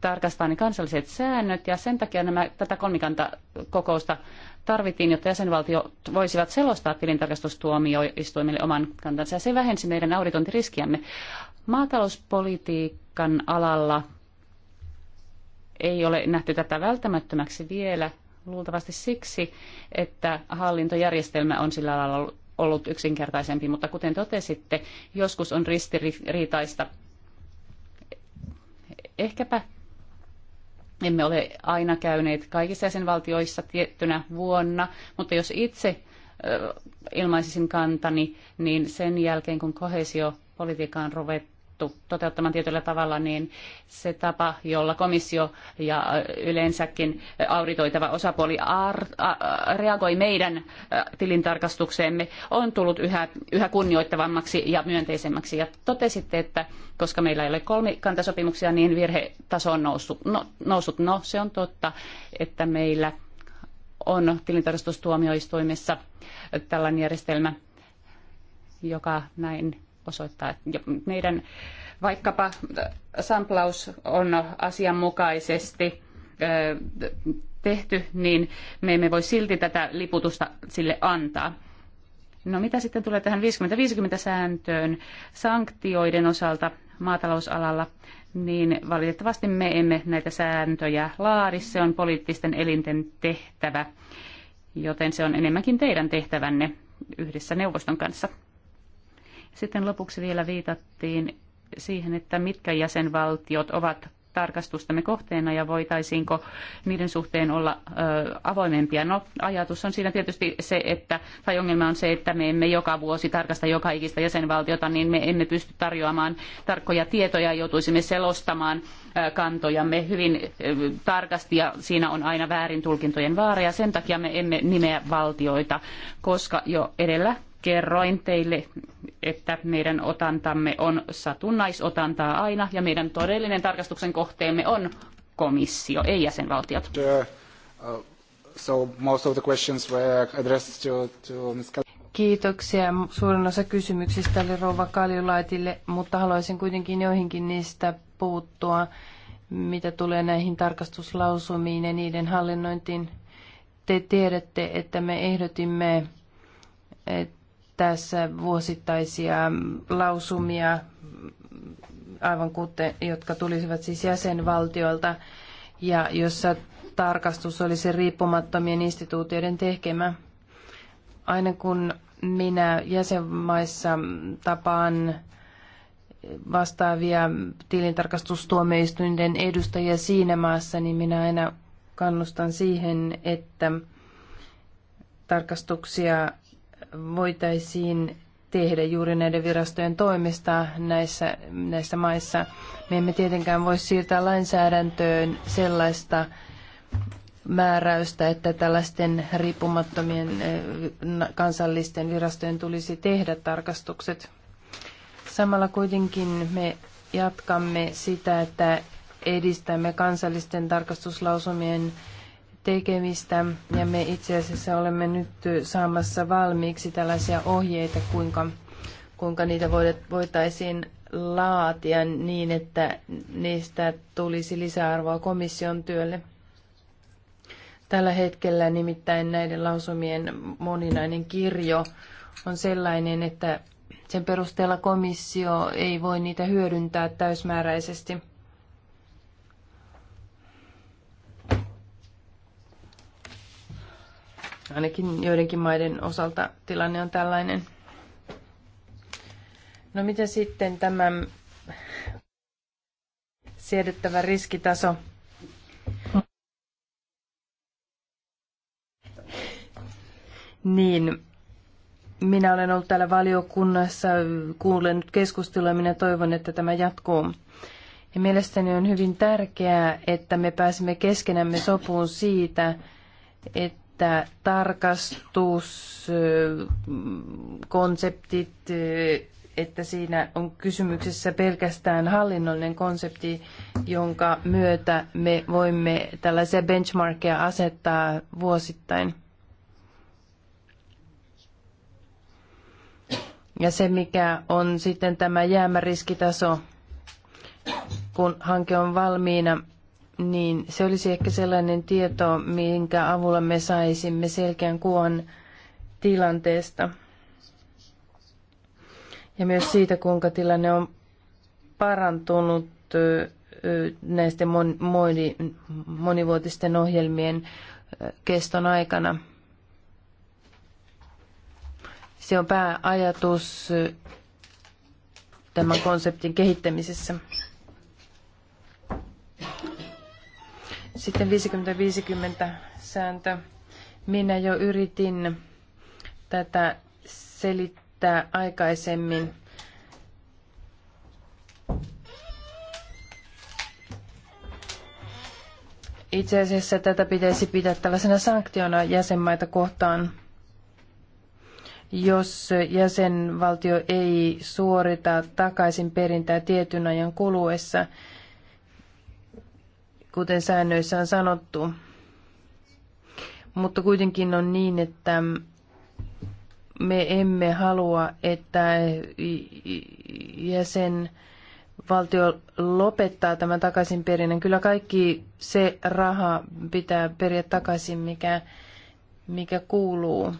tarkastaa ne kansalliset säännöt ja sen takia nämä, tätä kolmikanta kokousta tarvittiin, jotta jäsenvaltiot voisivat selostaa tilintarkastustuomioistuimille oman kantansa. Ja se vähensi meidän auditointiriskiämme. Maatalouspolitiikan alalla ei ole nähty tätä välttämättömäksi vielä, luultavasti siksi, että hallintojärjestelmä on sillä alalla ollut yksinkertaisempi, mutta kuten totesitte, joskus on ristiriitaista. Ehkäpä emme ole aina käyneet kaikissa jäsenvaltioissa tiettynä vuonna, mutta jos itse ilmaisisin kantani, niin sen jälkeen kun kohesiopolitiikkaan toteutettu, toteuttamaan tietyllä tavalla, niin se tapa, jolla komissio ja äh, yleensäkin äh, auditoitava osapuoli ar- a- reagoi meidän äh, tilintarkastukseemme, on tullut yhä, yhä kunnioittavammaksi ja myönteisemmäksi. Ja totesitte, että koska meillä ei ole kolmikantasopimuksia, niin virhetaso on noussut. No, noussut. no se on totta, että meillä on tilintarkastustuomioistuimessa tällainen järjestelmä, joka näin osoittaa, että meidän vaikkapa äh, samplaus on asianmukaisesti äh, tehty, niin me emme voi silti tätä liputusta sille antaa. No mitä sitten tulee tähän 50-50 sääntöön sanktioiden osalta maatalousalalla, niin valitettavasti me emme näitä sääntöjä laadi. Se on poliittisten elinten tehtävä, joten se on enemmänkin teidän tehtävänne yhdessä neuvoston kanssa. Sitten lopuksi vielä viitattiin siihen, että mitkä jäsenvaltiot ovat tarkastustamme kohteena ja voitaisiinko niiden suhteen olla ö, avoimempia. No, ajatus on siinä tietysti se, että, tai ongelma on se, että me emme joka vuosi tarkasta joka ikistä jäsenvaltiota, niin me emme pysty tarjoamaan tarkkoja tietoja, joutuisimme selostamaan ö, kantojamme hyvin ö, tarkasti ja siinä on aina väärin tulkintojen vaara ja sen takia me emme nimeä valtioita, koska jo edellä kerroin teille, että meidän otantamme on satunnaisotantaa aina ja meidän todellinen tarkastuksen kohteemme on komissio, ei jäsenvaltiot. Kiitoksia. Suurin osa kysymyksistä oli Rouva Kaljulaitille, mutta haluaisin kuitenkin joihinkin niistä puuttua, mitä tulee näihin tarkastuslausumiin ja niiden hallinnointiin. Te tiedätte, että me ehdotimme tässä vuosittaisia lausumia, aivan kuten, jotka tulisivat siis jäsenvaltiolta, ja jossa tarkastus olisi riippumattomien instituutioiden tekemä. Aina kun minä jäsenmaissa tapaan vastaavia tilintarkastustuomioistuinten edustajia siinä maassa, niin minä aina kannustan siihen, että tarkastuksia voitaisiin tehdä juuri näiden virastojen toimista näissä, näissä maissa. Me emme tietenkään voi siirtää lainsäädäntöön sellaista määräystä, että tällaisten riippumattomien eh, kansallisten virastojen tulisi tehdä tarkastukset. Samalla kuitenkin me jatkamme sitä, että edistämme kansallisten tarkastuslausumien tekemistä ja me itse asiassa olemme nyt saamassa valmiiksi tällaisia ohjeita, kuinka, kuinka niitä voitaisiin laatia niin, että niistä tulisi lisäarvoa komission työlle. Tällä hetkellä nimittäin näiden lausumien moninainen kirjo on sellainen, että sen perusteella komissio ei voi niitä hyödyntää täysmääräisesti – Ainakin joidenkin maiden osalta tilanne on tällainen. No mitä sitten tämä siedettävä riskitaso? Niin, minä olen ollut täällä valiokunnassa, kuulen keskustelua ja minä toivon, että tämä jatkuu. Ja mielestäni on hyvin tärkeää, että me pääsemme keskenämme sopuun siitä, että että tarkastuskonseptit, että siinä on kysymyksessä pelkästään hallinnollinen konsepti, jonka myötä me voimme tällaisia benchmarkeja asettaa vuosittain. Ja se, mikä on sitten tämä jäämäriskitaso, kun hanke on valmiina, niin se olisi ehkä sellainen tieto, minkä avulla me saisimme selkeän kuvan tilanteesta. Ja myös siitä, kuinka tilanne on parantunut näisten moni, monivuotisten ohjelmien keston aikana. Se on pääajatus tämän konseptin kehittämisessä. Sitten 50-50 sääntö. Minä jo yritin tätä selittää aikaisemmin. Itse asiassa tätä pitäisi pitää tällaisena sanktiona jäsenmaita kohtaan, jos jäsenvaltio ei suorita takaisin perintää tietyn ajan kuluessa – kuten säännöissä on sanottu. Mutta kuitenkin on niin, että me emme halua, että jäsen valtio lopettaa tämän takaisinperinnän. Kyllä kaikki se raha pitää periä takaisin, mikä, mikä kuuluu.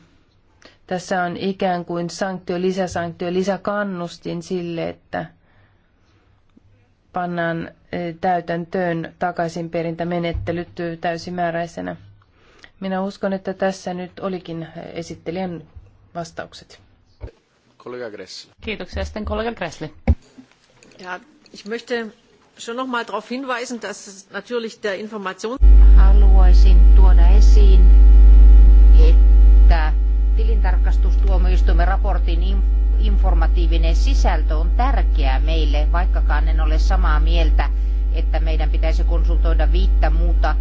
Tässä on ikään kuin sanktio, lisäsanktio, lisäkannustin sille, että pannaan e, täytäntöön takaisinperintämenettelyt täysimääräisenä. Minä uskon, että tässä nyt olikin esittelijän vastaukset. Kollega Gressle. Kiitoksia sitten kollega Gressle. Ja, ich möchte schon noch mal darauf hinweisen, dass natürlich der Information... Haluaisin tuoda esiin, että tilintarkastustuomioistuimen raportin informatiivinen sisältö on tärkeää meille, vaikkakaan en ole samaa mieltä, että meidän pitäisi konsultoida viittä muuta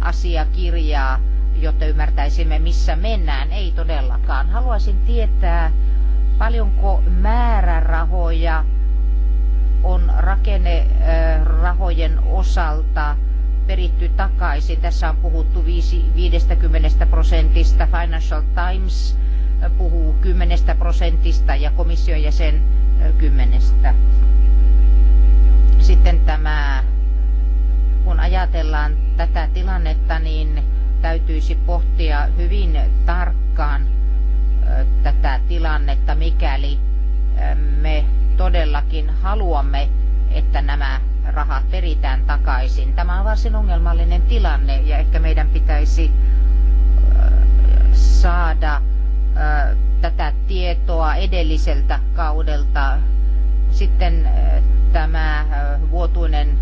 asiakirjaa, jotta ymmärtäisimme, missä mennään. Ei todellakaan. Haluaisin tietää, paljonko määrärahoja on rakennerahojen osalta peritty takaisin. Tässä on puhuttu 50 prosentista Financial Times – puhuu kymmenestä prosentista ja komission jäsen kymmenestä. Sitten tämä, kun ajatellaan tätä tilannetta, niin täytyisi pohtia hyvin tarkkaan tätä tilannetta, mikäli me todellakin haluamme, että nämä rahat peritään takaisin. Tämä on varsin ongelmallinen tilanne ja ehkä meidän pitäisi saada tätä tietoa edelliseltä kaudelta. Sitten tämä vuotuinen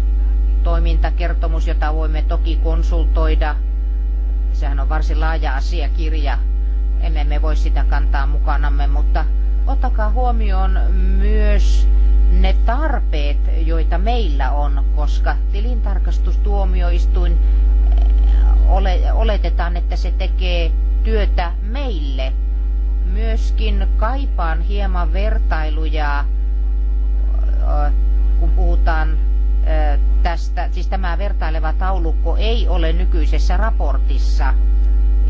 toimintakertomus, jota voimme toki konsultoida. Sehän on varsin laaja asiakirja. Emme me voi sitä kantaa mukanamme, mutta ottakaa huomioon myös ne tarpeet, joita meillä on, koska tilintarkastustuomioistuin oletetaan, että se tekee työtä meille myöskin kaipaan hieman vertailuja, kun puhutaan tästä, siis tämä vertaileva taulukko ei ole nykyisessä raportissa.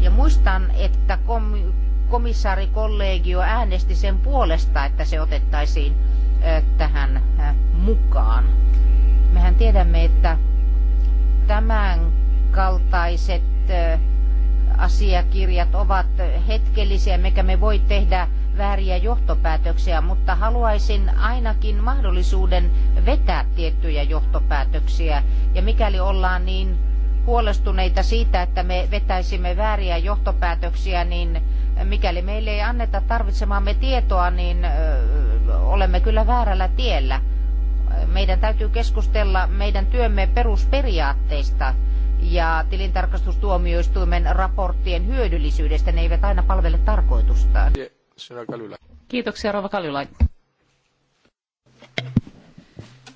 Ja muistan, että kom, komissaarikollegio äänesti sen puolesta, että se otettaisiin tähän mukaan. Mehän tiedämme, että tämän kaltaiset asiakirjat ovat hetkellisiä, mikä me voi tehdä vääriä johtopäätöksiä, mutta haluaisin ainakin mahdollisuuden vetää tiettyjä johtopäätöksiä. Ja mikäli ollaan niin huolestuneita siitä, että me vetäisimme vääriä johtopäätöksiä, niin mikäli meille ei anneta tarvitsemaamme tietoa, niin olemme kyllä väärällä tiellä. Meidän täytyy keskustella meidän työmme perusperiaatteista ja tilintarkastustuomioistuimen raporttien hyödyllisyydestä. Ne eivät aina palvele tarkoitustaan. Kiitoksia, Rova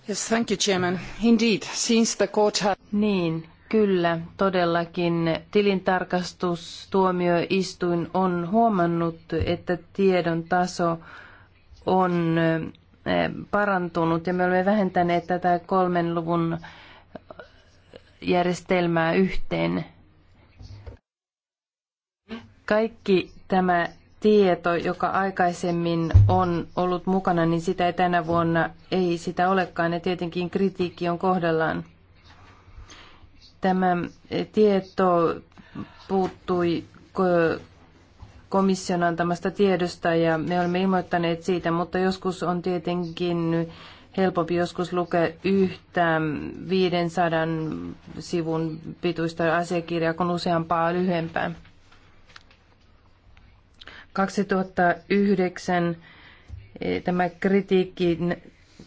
Yes, thank you, Chairman. Indeed, since the court has... Niin, Kyllä, todellakin. Tilintarkastustuomioistuin on huomannut, että tiedon taso on eh, parantunut ja me olemme vähentäneet tätä kolmen luvun järjestelmää yhteen. Kaikki tämä tieto, joka aikaisemmin on ollut mukana, niin sitä ei tänä vuonna ei sitä olekaan ja tietenkin kritiikki on kohdallaan. Tämä eh, tieto puuttui eh, komission antamasta tiedosta ja me olemme ilmoittaneet siitä, mutta joskus on tietenkin helpompi joskus lukea yhtä 500 sivun pituista asiakirjaa kuin useampaa lyhyempää. 2009 eh, tämä kritiikki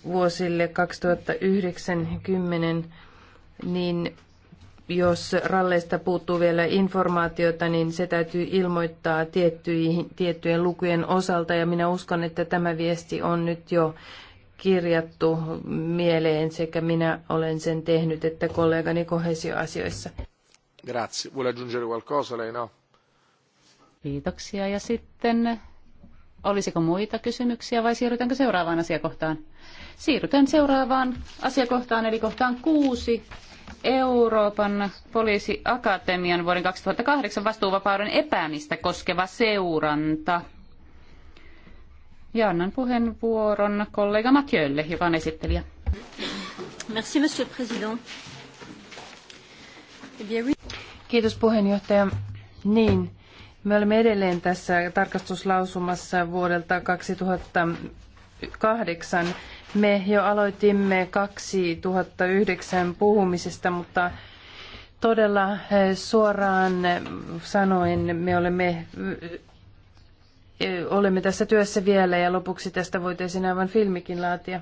vuosille 2090, niin jos ralleista puuttuu vielä informaatiota, niin se täytyy ilmoittaa tiettyjen lukujen osalta. Ja minä uskon, että tämä viesti on nyt jo kirjattu mieleen sekä minä olen sen tehnyt että kollegani kohesioasioissa. Grazie. Vuole aggiungere qualcosa lei no? Kiitoksia ja sitten olisiko muita kysymyksiä vai siirrytäänkö seuraavaan asiakohtaan? Siirrytään seuraavaan asiakohtaan eli kohtaan kuusi. Euroopan poliisiakatemian vuoden 2008 vastuuvapauden epäämistä koskeva seuranta. Ja annan puheenvuoron kollega Mathieulle, joka on esittelijä. Merci, monsieur le président. Eh Kiitos puheenjohtaja. Niin, me olemme edelleen tässä tarkastuslausumassa vuodelta 2008. Me jo aloitimme 2009 puhumisesta, mutta todella eh, suoraan eh, sanoen me olemme olemme tässä työssä vielä ja lopuksi tästä voitaisiin aivan filmikin laatia.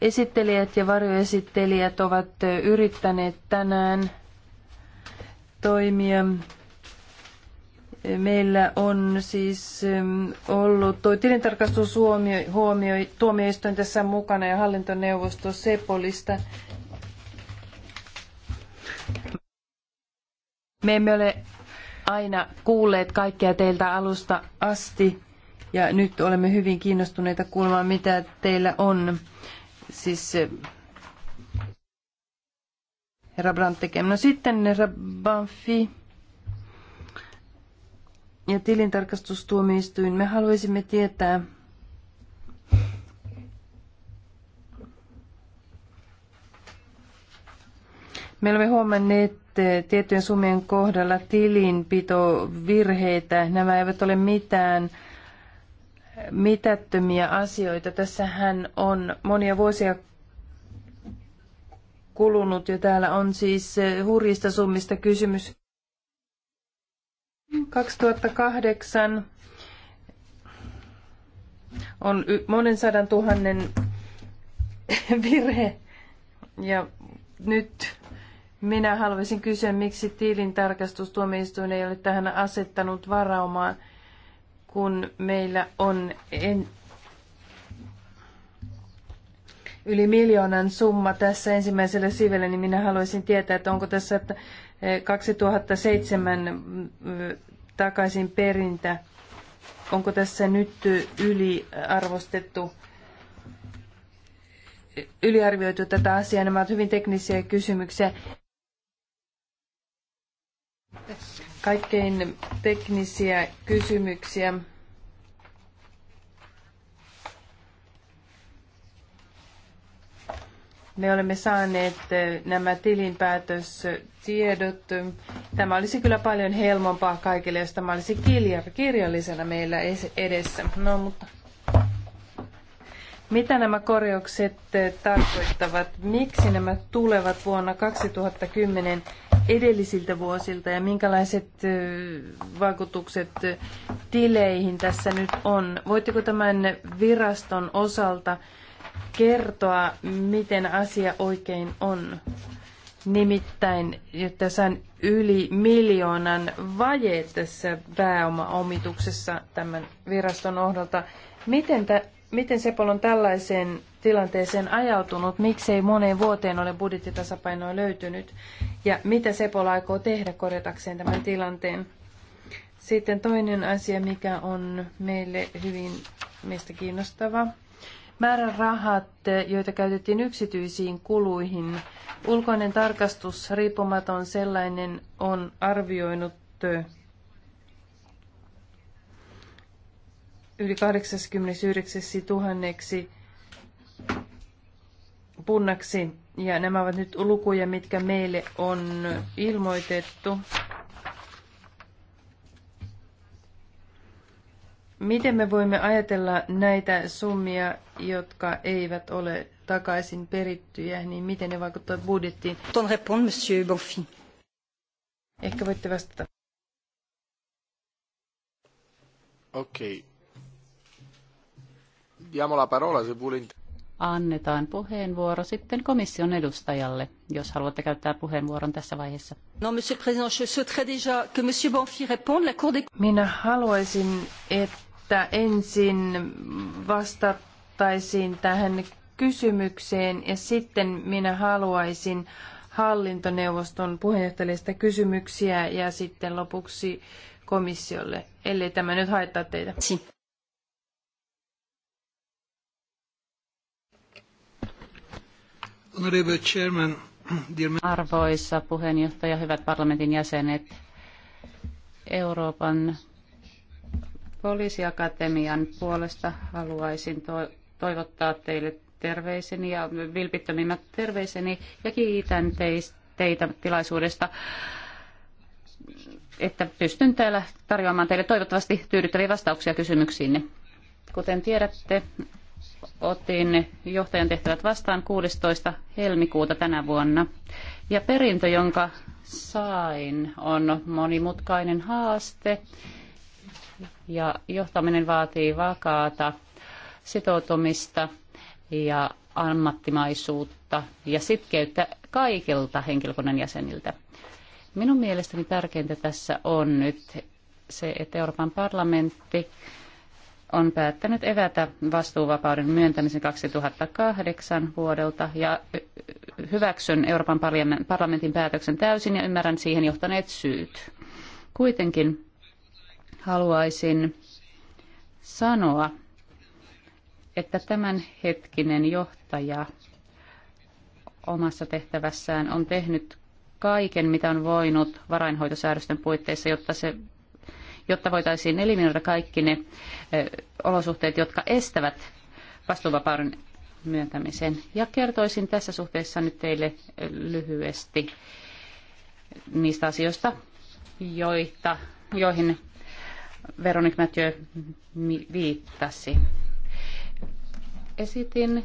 Esittelijät ja varjoesittelijät ovat yrittäneet tänään toimia. Meillä on siis ollut tuo tuomioistuin tässä mukana ja hallintoneuvosto Sepolista. Me emme ole aina kuulleet kaikkea teiltä alusta asti ja nyt olemme hyvin kiinnostuneita kuulemaan, mitä teillä on. Siis eh, herra Brandt No sitten herra Banfi ja tilintarkastustuomioistuin. Me haluaisimme tietää, me olemme huomanneet, tiettyjen summien kohdalla tilinpitovirheitä. Nämä eivät ole mitään mitättömiä asioita. Tässähän on monia vuosia kulunut ja täällä on siis eh, hurjista summista kysymys. 2008 on monen sadan tuhannen virhe ja nyt minä haluaisin kysyä, miksi tilintarkastustuomioistuin ei ole tähän asettanut varaumaan, kun meillä on en... yli miljoonan summa tässä ensimmäisellä sivellä, niin minä haluaisin tietää, että onko tässä 2007 eh, eh, takaisin perintä, onko tässä nyt yliarvostettu eh, yliarvioitu tätä asiaa. Nämä ovat hyvin teknisiä kysymyksiä. Kaikkein teknisiä kysymyksiä. Me olemme saaneet eh, nämä tilinpäätöstiedot. Tämä olisi kyllä paljon helpompaa kaikille, jos tämä olisi kirjallisena meillä edessä. No, mutta mitä nämä korjaukset eh, tarkoittavat? Miksi nämä tulevat vuonna 2010 edellisiltä vuosilta ja minkälaiset eh, vaikutukset eh, tileihin tässä nyt on? Voitteko tämän viraston osalta kertoa, miten asia oikein on? Nimittäin, että tässä on yli miljoonan vaje tässä pääomaomituksessa tämän viraston ohdolta. Miten tämä? Miten Sepol on tällaiseen tilanteeseen ajautunut? Miksei moneen vuoteen ole budjettitasapainoa löytynyt? Ja mitä Sepol aikoo tehdä korjatakseen tämän tilanteen? Sitten toinen asia, mikä on meille hyvin meistä kiinnostava. Määrärahat, joita käytettiin yksityisiin kuluihin. Ulkoinen tarkastus, riippumaton sellainen, on arvioinut yli 89 000 punnaksi. Ja nämä ovat nyt lukuja, mitkä meille on ilmoitettu. Miten me voimme ajatella näitä summia, jotka eivät ole takaisin perittyjä, niin miten ne vaikuttavat budjettiin? Ton répondre, monsieur Bonfin. Ehkä voitte vastata. Okei. Okay. Annetaan puheenvuoro sitten komission edustajalle, jos haluatte käyttää puheenvuoron tässä vaiheessa. Minä haluaisin, että ensin vastattaisiin tähän kysymykseen ja sitten minä haluaisin hallintoneuvoston puheenjohtajista kysymyksiä ja sitten lopuksi komissiolle, ellei tämä nyt haittaa teitä. Arvoisa puheenjohtaja, hyvät parlamentin jäsenet, Euroopan poliisiakatemian puolesta haluaisin toivottaa teille terveiseni ja vilpittömimmät terveiseni ja kiitän teitä tilaisuudesta että pystyn täällä tarjoamaan teille toivottavasti tyydyttäviä vastauksia kysymyksiinne. Kuten tiedätte, otin johtajan tehtävät vastaan 16. helmikuuta tänä vuonna. Ja perintö, jonka sain, on monimutkainen haaste ja johtaminen vaatii vakaata sitoutumista ja ammattimaisuutta ja sitkeyttä kaikilta henkilökunnan jäseniltä. Minun mielestäni tärkeintä tässä on nyt se, että Euroopan parlamentti on päättänyt evätä vastuuvapauden myöntämisen 2008 vuodelta ja hyväksyn Euroopan parlamentin päätöksen täysin ja ymmärrän siihen johtaneet syyt. Kuitenkin haluaisin sanoa, että tämänhetkinen johtaja omassa tehtävässään on tehnyt kaiken, mitä on voinut varainhoitosäädösten puitteissa, jotta se jotta voitaisiin eliminoida kaikki ne olosuhteet, jotka estävät vastuuvapauden myöntämisen. Ja kertoisin tässä suhteessa nyt teille lyhyesti niistä asioista, joita, joihin Veronik Mathieu viittasi. Esitin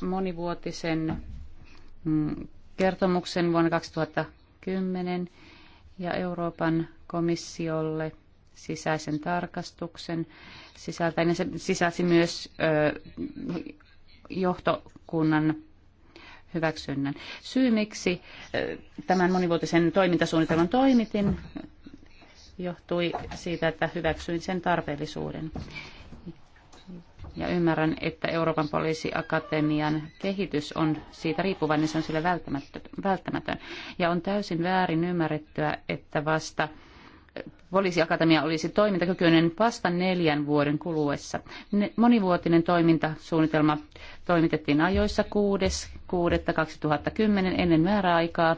monivuotisen mm, kertomuksen vuonna 2010 ja Euroopan komissiolle sisäisen tarkastuksen sisältäen ja se sisälsi myös ö, johtokunnan hyväksynnän. Syy, miksi tämän monivuotisen toimintasuunnitelman toimitin, johtui siitä, että hyväksyin sen tarpeellisuuden. Ja ymmärrän, että Euroopan poliisiakatemian kehitys on siitä riippuvainen, niin se on sille välttämätön. Ja on täysin väärin ymmärrettyä, että vasta poliisiakatemia olisi toimintakykyinen vasta neljän vuoden kuluessa. Monivuotinen toimintasuunnitelma toimitettiin ajoissa 6.6.2010 ennen määräaikaa.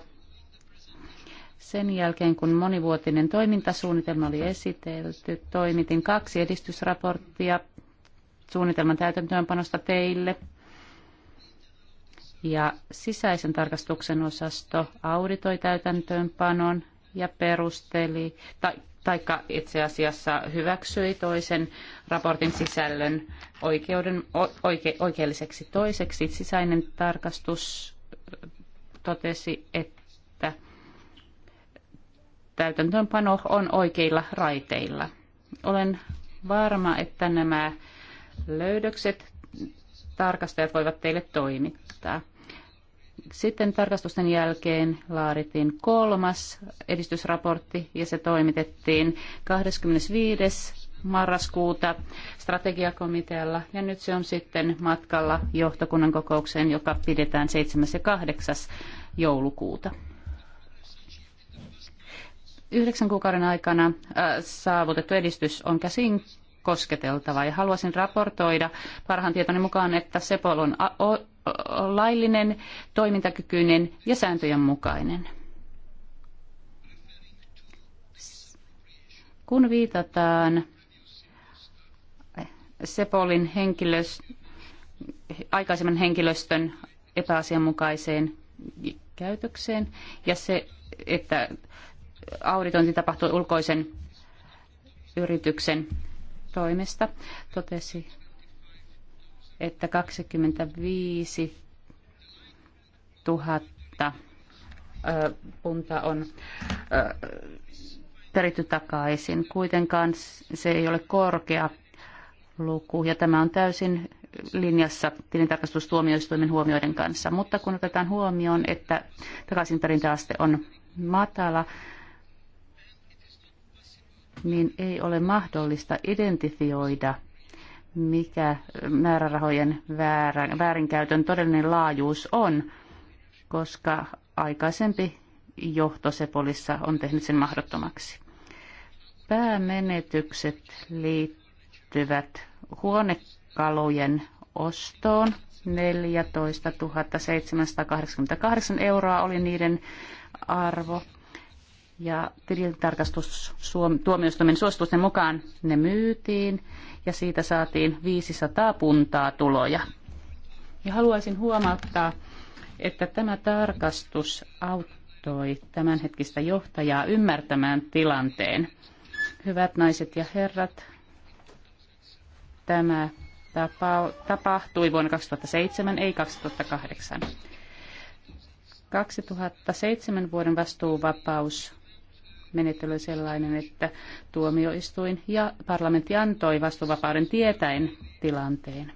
Sen jälkeen, kun monivuotinen toimintasuunnitelma oli esitelty, toimitin kaksi edistysraporttia suunnitelman täytäntöönpanosta teille. Ja sisäisen tarkastuksen osasto auditoi täytäntöönpanon ja perusteli, tai, taikka itse asiassa hyväksyi toisen raportin sisällön oikeuden, oike, oikeelliseksi toiseksi. Sisäinen tarkastus äh, totesi, että täytäntöönpano on oikeilla raiteilla. Olen varma, että nämä löydökset tarkastajat voivat teille toimittaa. Sitten tarkastusten jälkeen laadittiin kolmas edistysraportti ja se toimitettiin 25 marraskuuta strategiakomitealla ja nyt se on sitten matkalla johtokunnan kokoukseen, joka pidetään 7. ja 8. joulukuuta. Yhdeksän kuukauden aikana äh, saavutettu edistys on käsin kosketeltava ja haluaisin raportoida parhaan tietoni mukaan, että Sepol on laillinen, toimintakykyinen ja sääntöjen mukainen. Kun viitataan Sepolin henkilöst, aikaisemman henkilöstön epäasianmukaiseen käytökseen ja se, että auditointi tapahtui ulkoisen yrityksen toimesta, totesi että 25 000 punta on peritty takaisin. Kuitenkaan se ei ole korkea luku ja tämä on täysin linjassa tilintarkastustuomioistuimen huomioiden kanssa. Mutta kun otetaan huomioon, että takaisinperintäaste on matala, niin ei ole mahdollista identifioida mikä määrärahojen väärän, väärinkäytön todellinen laajuus on, koska aikaisempi johto Sepolissa on tehnyt sen mahdottomaksi. Päämenetykset liittyvät huonekalujen ostoon. 14 788 euroa oli niiden arvo. Ja tilintarkastustuomioistuimen suositusten mukaan ne myytiin ja siitä saatiin 500 puntaa tuloja. Ja haluaisin huomauttaa, että tämä tarkastus auttoi tämänhetkistä johtajaa ymmärtämään tilanteen. Hyvät naiset ja herrat, tämä tapa- tapahtui vuonna 2007, ei 2008. 2007 vuoden vastuuvapaus menettely sellainen, että tuomioistuin ja parlamentti antoi vastuuvapauden tietäen tilanteen.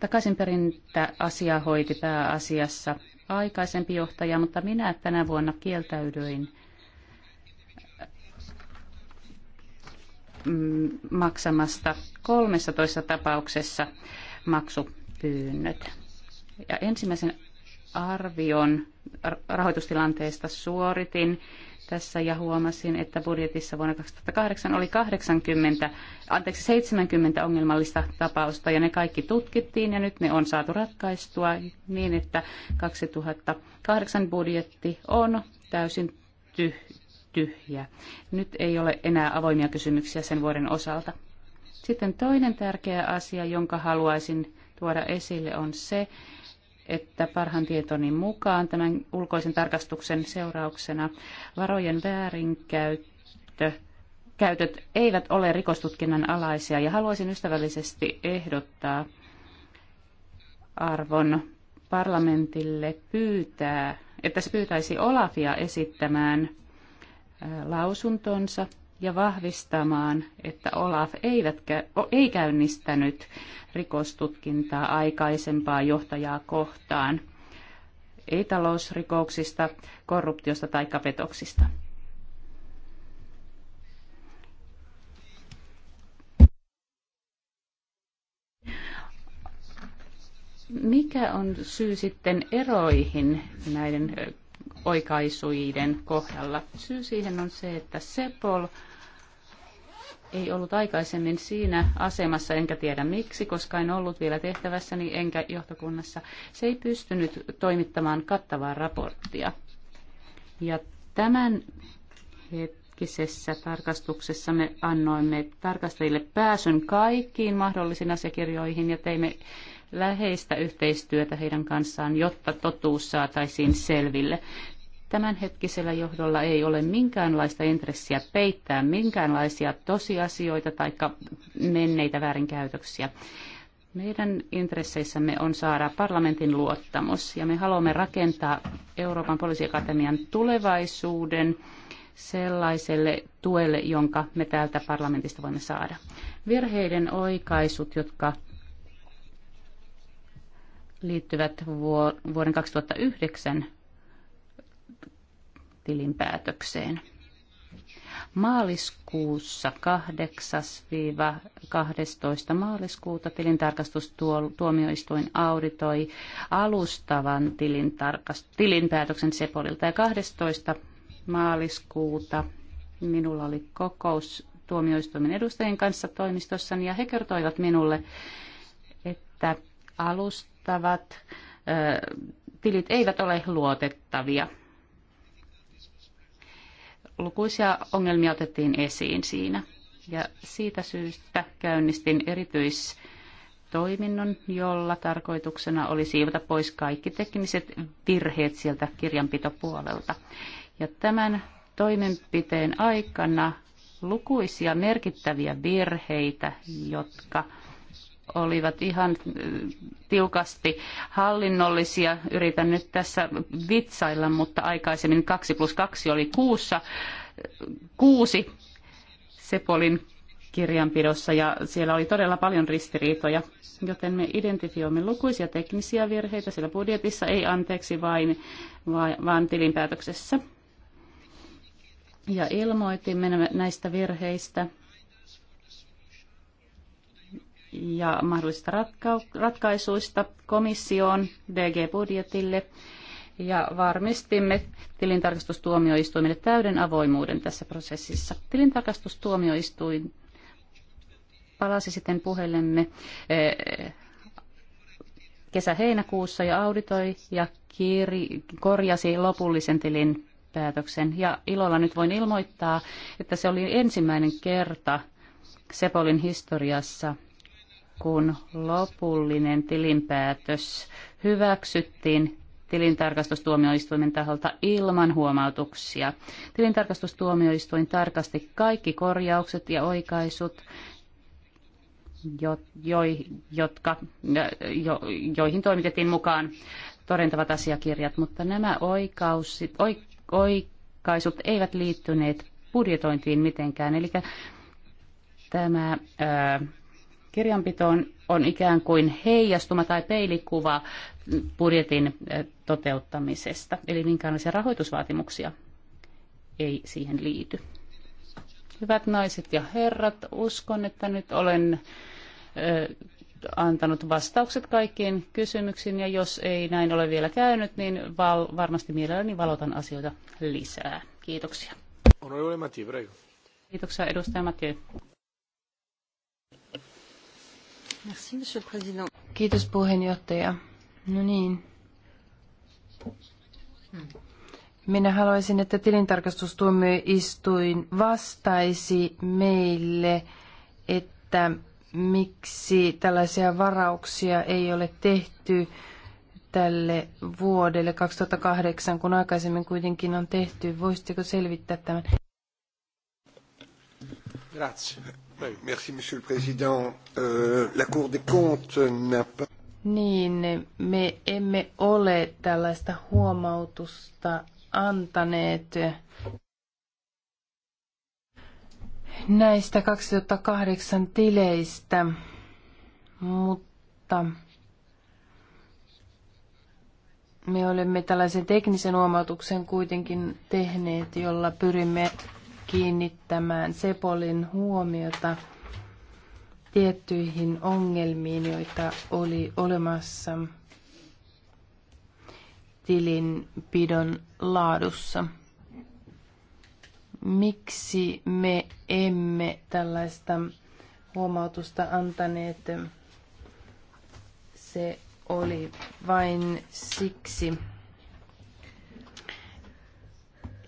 Takaisinperintä asia hoiti pääasiassa aikaisempi johtaja, mutta minä tänä vuonna kieltäydyin mm, maksamasta 13 tapauksessa maksupyynnöt. Ja ensimmäisen arvion rahoitustilanteesta suoritin tässä ja huomasin, että budjetissa vuonna 2008 oli 80, anteeksi 70 ongelmallista tapausta ja ne kaikki tutkittiin ja nyt ne on saatu ratkaistua niin, että 2008 budjetti on täysin tyhjä. Nyt ei ole enää avoimia kysymyksiä sen vuoden osalta. Sitten toinen tärkeä asia, jonka haluaisin tuoda esille, on se, että parhaan tietoni mukaan tämän ulkoisen tarkastuksen seurauksena varojen väärinkäyttö käytöt eivät ole rikostutkinnan alaisia ja haluaisin ystävällisesti ehdottaa arvon parlamentille pyytää, että se pyytäisi Olafia esittämään lausuntonsa ja vahvistamaan, että Olaf eivätkä, ei käynnistänyt rikostutkintaa aikaisempaa johtajaa kohtaan, ei talousrikoksista, korruptiosta tai kapetoksista. Mikä on syy sitten eroihin näiden oikaisuiden kohdalla. Syy siihen on se, että Sepol ei ollut aikaisemmin siinä asemassa, enkä tiedä miksi, koska en ollut vielä tehtävässäni enkä johtokunnassa. Se ei pystynyt toimittamaan kattavaa raporttia. Ja tämän hetkisessä tarkastuksessa me annoimme tarkastajille pääsyn kaikkiin mahdollisiin asiakirjoihin ja teimme läheistä yhteistyötä heidän kanssaan, jotta totuus saataisiin selville. Tämänhetkisellä johdolla ei ole minkäänlaista intressiä peittää minkäänlaisia tosiasioita tai menneitä väärinkäytöksiä. Meidän intresseissämme on saada parlamentin luottamus ja me haluamme rakentaa Euroopan poliisiakatemian tulevaisuuden sellaiselle tuelle, jonka me täältä parlamentista voimme saada. Virheiden oikaisut, jotka liittyvät vuoden 2009 tilinpäätökseen. Maaliskuussa 8-12 maaliskuuta tilintarkastustuomioistuin auditoi alustavan tilintarkast- tilinpäätöksen Sepolilta ja 12 maaliskuuta minulla oli kokous tuomioistuimen edustajien kanssa toimistossani ja he kertoivat minulle, että alustavat ö, tilit eivät ole luotettavia – lukuisia ongelmia otettiin esiin siinä. Ja siitä syystä käynnistin erityistoiminnon, jolla tarkoituksena oli siivota pois kaikki tekniset virheet sieltä kirjanpitopuolelta. Ja tämän toimenpiteen aikana lukuisia merkittäviä virheitä, jotka olivat ihan äh, tiukasti hallinnollisia. Yritän nyt tässä vitsailla, mutta aikaisemmin 2 plus 2 oli kuussa, äh, kuusi Sepolin kirjanpidossa ja siellä oli todella paljon ristiriitoja, joten me identifioimme lukuisia teknisiä virheitä siellä budjetissa, ei anteeksi vain, vaan tilinpäätöksessä. Ja ilmoitimme näistä virheistä ja mahdollisista ratkaisuista komissioon, DG-budjetille ja varmistimme tilintarkastustuomioistuimille täyden avoimuuden tässä prosessissa. Tilintarkastustuomioistuin palasi sitten puhelemme eh, kesä-heinäkuussa ja auditoi ja kiiri, korjasi lopullisen tilin päätöksen. Ja ilolla nyt voin ilmoittaa, että se oli ensimmäinen kerta Sepolin historiassa, kun lopullinen tilinpäätös hyväksyttiin tilintarkastustuomioistuimen taholta ilman huomautuksia. Tilintarkastustuomioistuin tarkasti kaikki korjaukset ja oikaisut, jo, jo, jotka, jo, joihin toimitettiin mukaan todentavat asiakirjat, mutta nämä oikausit, oik, oikaisut eivät liittyneet budjetointiin mitenkään. Eli tämä ää, Kirjanpito on, on ikään kuin heijastuma tai peilikuva budjetin eh, toteuttamisesta, eli minkäänlaisia rahoitusvaatimuksia ei siihen liity. Hyvät naiset ja herrat, uskon, että nyt olen ö, eh, antanut vastaukset kaikkiin kysymyksiin, ja jos ei näin ole vielä käynyt, niin val, varmasti mielelläni valotan asioita lisää. Kiitoksia. Kiitoksia edustaja Mathieu. Merci, monsieur le président. Kiitos puheenjohtaja. No niin. Minä haluaisin, että tilintarkastustuomioistuin vastaisi meille, että miksi tällaisia varauksia ei ole tehty tälle vuodelle 2008, kun aikaisemmin kuitenkin on tehty. Voisitteko selvittää tämän? Grazie. Merci, monsieur le président. Euh, la Cour des comptes n'a pas... Niin, me emme ole tällaista huomautusta antaneet näistä 2008 tileistä, mutta me olemme tällaisen teknisen huomautuksen kuitenkin tehneet, jolla pyrimme kiinnittämään Sepolin huomiota tiettyihin ongelmiin, joita oli olemassa tilinpidon laadussa. Miksi me emme tällaista huomautusta antaneet? Se oli vain siksi,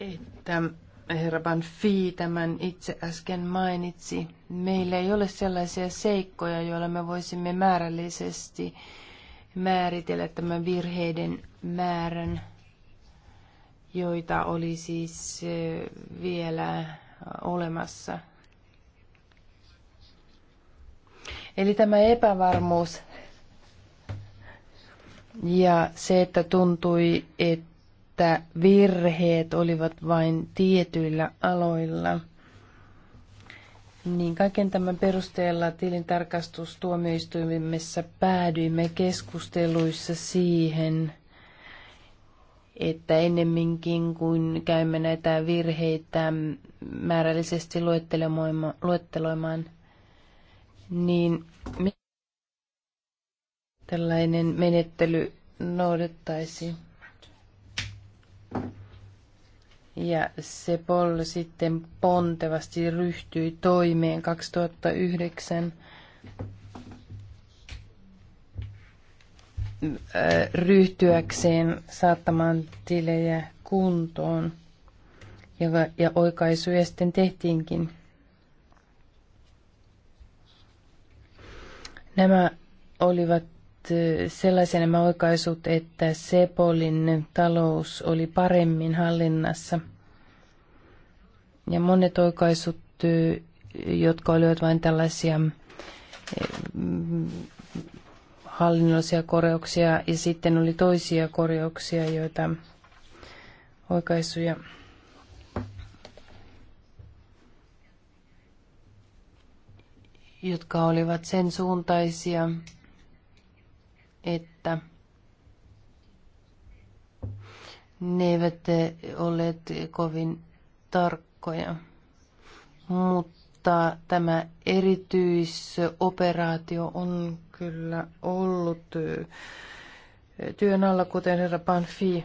että herra Banfi tämän itse äsken mainitsi. Meillä ei ole sellaisia seikkoja, joilla me voisimme määrällisesti määritellä tämän virheiden määrän, joita oli siis vielä olemassa. Eli tämä epävarmuus ja se, että tuntui, että että virheet olivat vain tietyillä aloilla. Niin kaiken tämän perusteella tilintarkastustuomioistuimessa päädyimme keskusteluissa siihen, että ennemminkin kuin käymme näitä virheitä määrällisesti luetteloimaan, niin tällainen menettely noudattaisiin. Ja Sepol sitten pontevasti ryhtyi toimeen 2009 ryhtyäkseen saattamaan tilejä kuntoon. Ja, ja oikaisuja sitten tehtiinkin. Nämä olivat Eh, sellaisia oikaisut, että Sepolin talous oli paremmin hallinnassa. Ja monet oikaisut, eh, jotka olivat vain tällaisia eh, hallinnollisia korjauksia ja sitten oli toisia korjauksia, joita oikaisuja jotka olivat sen suuntaisia, että ne eivät ole kovin tarkkoja. Mutta tämä erityisoperaatio on kyllä ollut työn alla, kuten herra Panfi.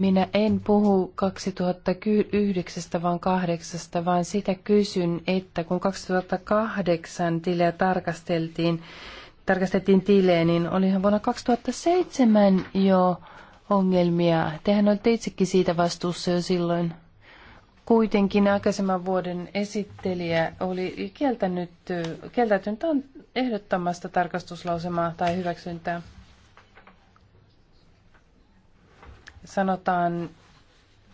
Minä en puhu 2009 vaan 2008, vaan sitä kysyn, että kun 2008 tilejä tarkasteltiin, tarkastettiin tilejä, niin olihan vuonna 2007 jo ongelmia. Tehän olitte itsekin siitä vastuussa jo silloin. Kuitenkin aikaisemman vuoden esittelijä oli kieltänyt, kieltäytynyt ehdottamasta tarkastuslausemaa tai hyväksyntää. Sanotaan,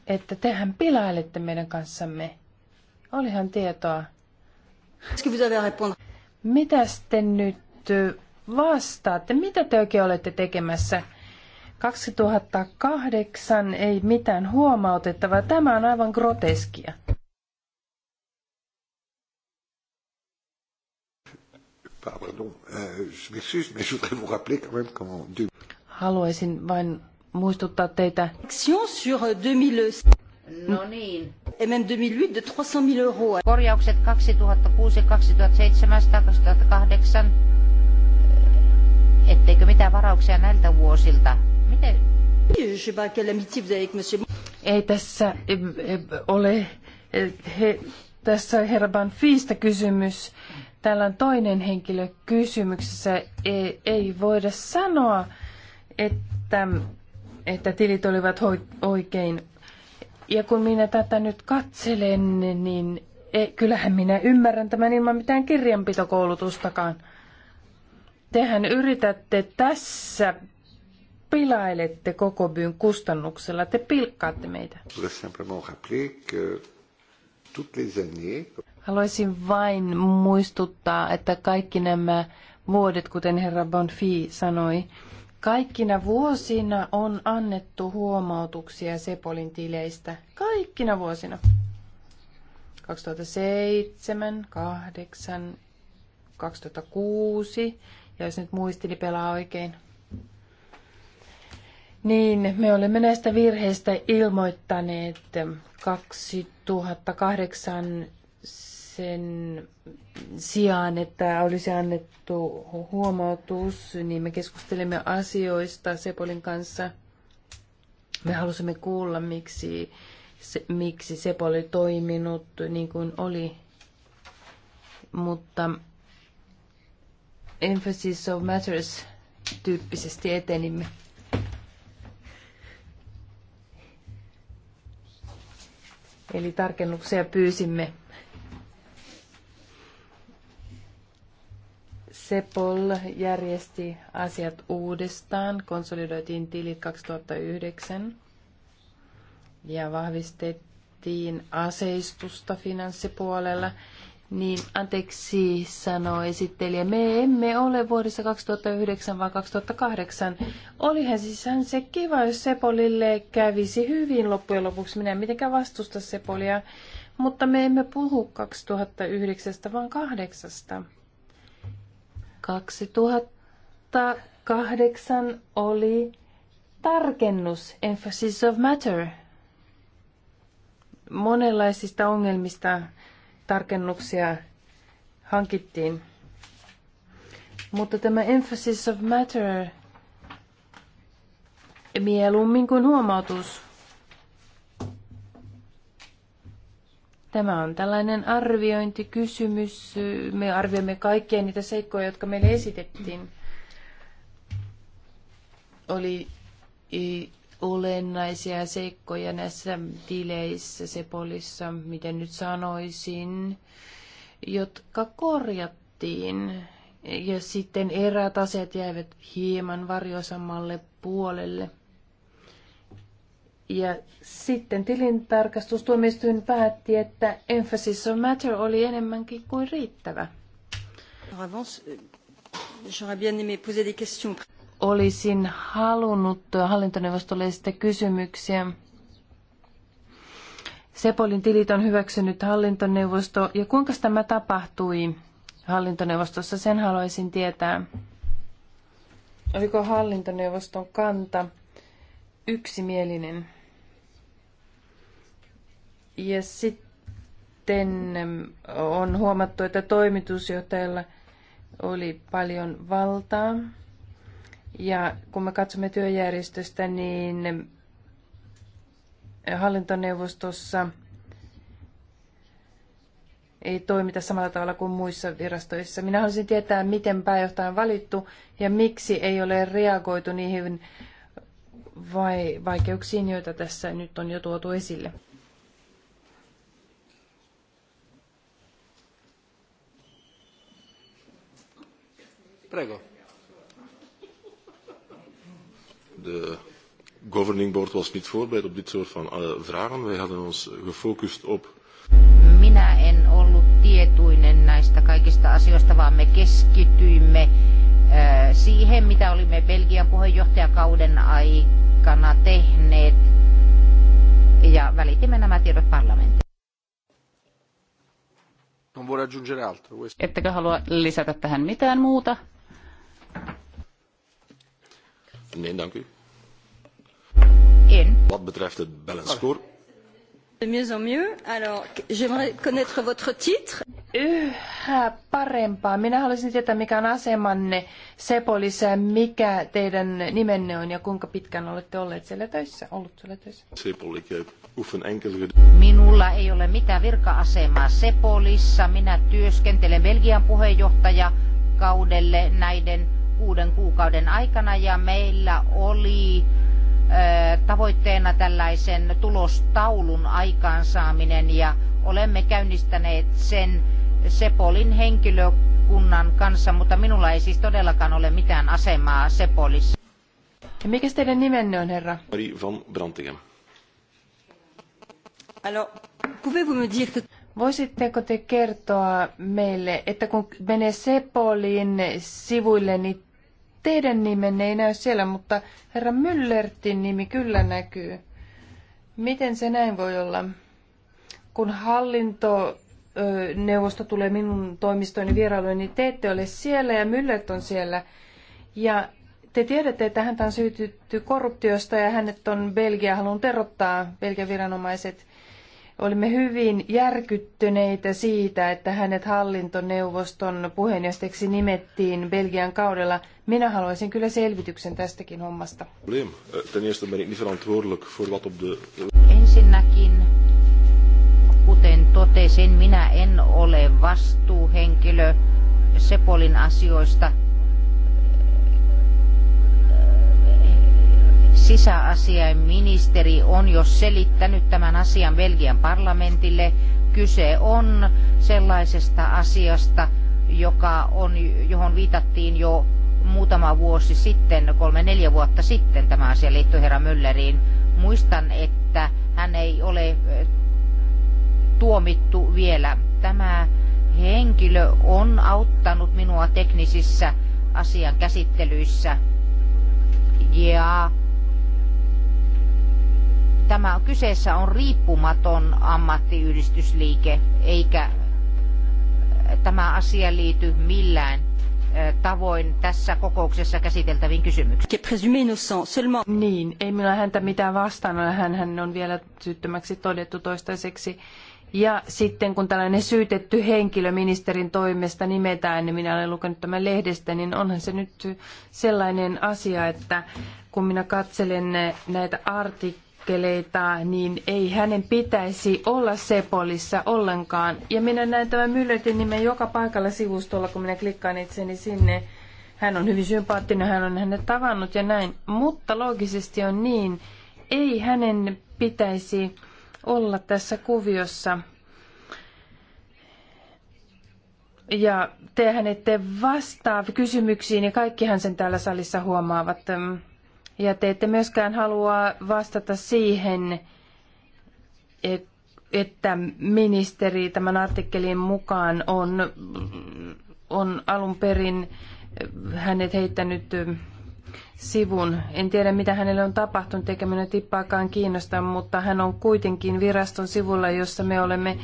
että tehän pilailette meidän kanssamme. Olihan tietoa. Mitä te nyt vastaatte? Mitä te oikein olette tekemässä? 2008 ei mitään huomautettavaa. Tämä on aivan groteskia. Euh, Haluaisin vain muistuttaa teitä. Sur 2000... No niin. Emen 2008 de 300 000 euroa. Korjaukset 2006, 2007, 2008 etteikö mitään varauksia näiltä vuosilta. Miten? Ei tässä ole he, tässä herra Banfista kysymys. Täällä on toinen henkilö kysymyksessä. Ei, ei voida sanoa, että, että tilit olivat oikein. Ja kun minä tätä nyt katselen, niin e, kyllähän minä ymmärrän tämän ilman mitään kirjanpitokoulutustakaan. Tehän yritätte tässä pilailette koko byn kustannuksella, te pilkkaatte meitä. Haluaisin vain muistuttaa, että kaikki nämä vuodet, kuten herra Bonfi sanoi, kaikkina vuosina on annettu huomautuksia Sepolin tileistä. Kaikkina vuosina. 2007, 2008, 2006, ja jos nyt muistini pelaa oikein. Niin, me olemme näistä virheistä ilmoittaneet 2008 sen sijaan, että olisi annettu huomautus, niin me keskustelimme asioista Sepolin kanssa. Me halusimme kuulla, miksi, se, miksi Sepoli toiminut niin kuin oli. Mutta Emphasis of Matters tyyppisesti etenimme. Eli tarkennuksia pyysimme. Sepol järjesti asiat uudestaan, konsolidoitiin tilit 2009 ja vahvistettiin aseistusta finanssipuolella. Niin, anteeksi, sanoi esittelijä. Me emme ole vuodessa 2009, vaan 2008. Olihan siis hän se kiva, jos Sepolille kävisi hyvin loppujen lopuksi. Minä en mitenkään vastusta Sepolia, mutta me emme puhu 2009, vaan 2008. 2008 oli tarkennus, emphasis of matter, monenlaisista ongelmista tarkennuksia hankittiin. Mutta tämä emphasis of matter mieluummin kuin huomautus. Tämä on tällainen arviointikysymys. Me arvioimme kaikkia niitä seikkoja, jotka meille esitettiin. Oli olennaisia seikkoja näissä tileissä, sepolissa, miten nyt sanoisin, jotka korjattiin. Ja sitten eräät asiat jäivät hieman varjoisammalle puolelle. Ja sitten tilintarkastustuomioistuin päätti, että emphasis on matter oli enemmänkin kuin riittävä. J'aurais bien aimé poser des questions olisin halunnut hallintoneuvostolle esittää kysymyksiä. Sepolin tilit on hyväksynyt hallintoneuvosto ja kuinka tämä tapahtui hallintoneuvostossa, sen haluaisin tietää. Oliko hallintoneuvoston kanta yksimielinen? Ja sitten on huomattu, että toimitusjohtajalla oli paljon valtaa. Ja kun me katsomme työjärjestystä, niin hallintoneuvostossa ei toimita samalla tavalla kuin muissa virastoissa. Minä haluaisin tietää, miten pääjohtaja on valittu ja miksi ei ole reagoitu niihin vai vaikeuksiin, joita tässä nyt on jo tuotu esille. Prego. de governing board was niet voorbereid op dit soort van eh, vragen. Wij hadden ons gefocust op... Minä en ollut tietoinen näistä kaikista asioista, vaan me keskityimme eh, siihen, mitä olimme Belgian puheenjohtajakauden aikana tehneet ja välitimme nämä tiedot parlamentille. Ettekö halua lisätä tähän mitään muuta? Niin, danke. Wat betreft het balance score. De mieux en mieux. Alors, j'aimerais connaître votre titre. Yhä parempaa. Minä haluaisin tietää, mikä on asemanne Sepolissa ja mikä teidän nimenne on ja kuinka pitkään olette olleet siellä töissä, ollut siellä töissä. Sepoli, Minulla ei ole mitään virka-asemaa Sepolissa. Minä työskentelen Belgian puheenjohtajakaudelle näiden kuuden kuukauden aikana ja meillä oli tavoitteena tällaisen tulostaulun aikaansaaminen ja olemme käynnistäneet sen Sepolin henkilökunnan kanssa, mutta minulla ei siis todellakaan ole mitään asemaa Sepolissa. Ja mikä teidän nimenne on, herra? Marie van Brantingen. Voisitteko te kertoa meille, että kun menee Sepolin sivuille, niin Teidän nimenne ei näy siellä, mutta herra Müllertin nimi kyllä näkyy. Miten se näin voi olla? Kun hallinto neuvosto tulee minun toimistoni vierailuun, niin te ette ole siellä ja Müllert on siellä. Ja te tiedätte, että häntä on syytetty korruptiosta ja hänet on Belgia halunnut erottaa, Belgian viranomaiset. Olimme hyvin järkyttyneitä siitä, että hänet hallintoneuvoston puheenjohtajaksi nimettiin Belgian kaudella. Minä haluaisin kyllä selvityksen tästäkin hommasta. Eh, Ensinnäkin, kuten totesin, minä en ole vastuuhenkilö Sepolin asioista sisäasiainministeri on jo selittänyt tämän asian Belgian parlamentille. Kyse on sellaisesta asiasta, joka on, johon viitattiin jo muutama vuosi sitten, kolme neljä vuotta sitten tämä asia liittyi herra Mülleriin. Muistan, että hän ei ole tuomittu vielä. Tämä henkilö on auttanut minua teknisissä asian käsittelyissä ja Tämä kyseessä on riippumaton ammattiyhdistysliike, eikä tämä asia liity millään tavoin tässä kokouksessa käsiteltäviin kysymyksiin. Niin, ei minulla häntä mitään vastaan ole. Hän, hän on vielä syyttömäksi todettu toistaiseksi. Ja sitten kun tällainen syytetty henkilö ministerin toimesta nimetään, niin minä olen lukenut tämän lehdestä, niin onhan se nyt sellainen asia, että kun minä katselen näitä artik askeleita, niin ei hänen pitäisi olla Sepolissa ollenkaan. Ja minä näen tämän Mylletin nimen joka paikalla sivustolla, kun minä klikkaan itseni sinne. Hän on hyvin sympaattinen, hän on hänet tavannut ja näin. Mutta loogisesti on niin, ei hänen pitäisi olla tässä kuviossa. Ja tehän ette vastaa kysymyksiin ja kaikkihan sen täällä salissa huomaavat. Ja te ette myöskään halua vastata siihen, että ministeri tämän artikkelin mukaan on, on alun perin hänet heittänyt sivun. En tiedä, mitä hänelle on tapahtunut, eikä minä tippaakaan kiinnosta, mutta hän on kuitenkin viraston sivulla, jossa me olemme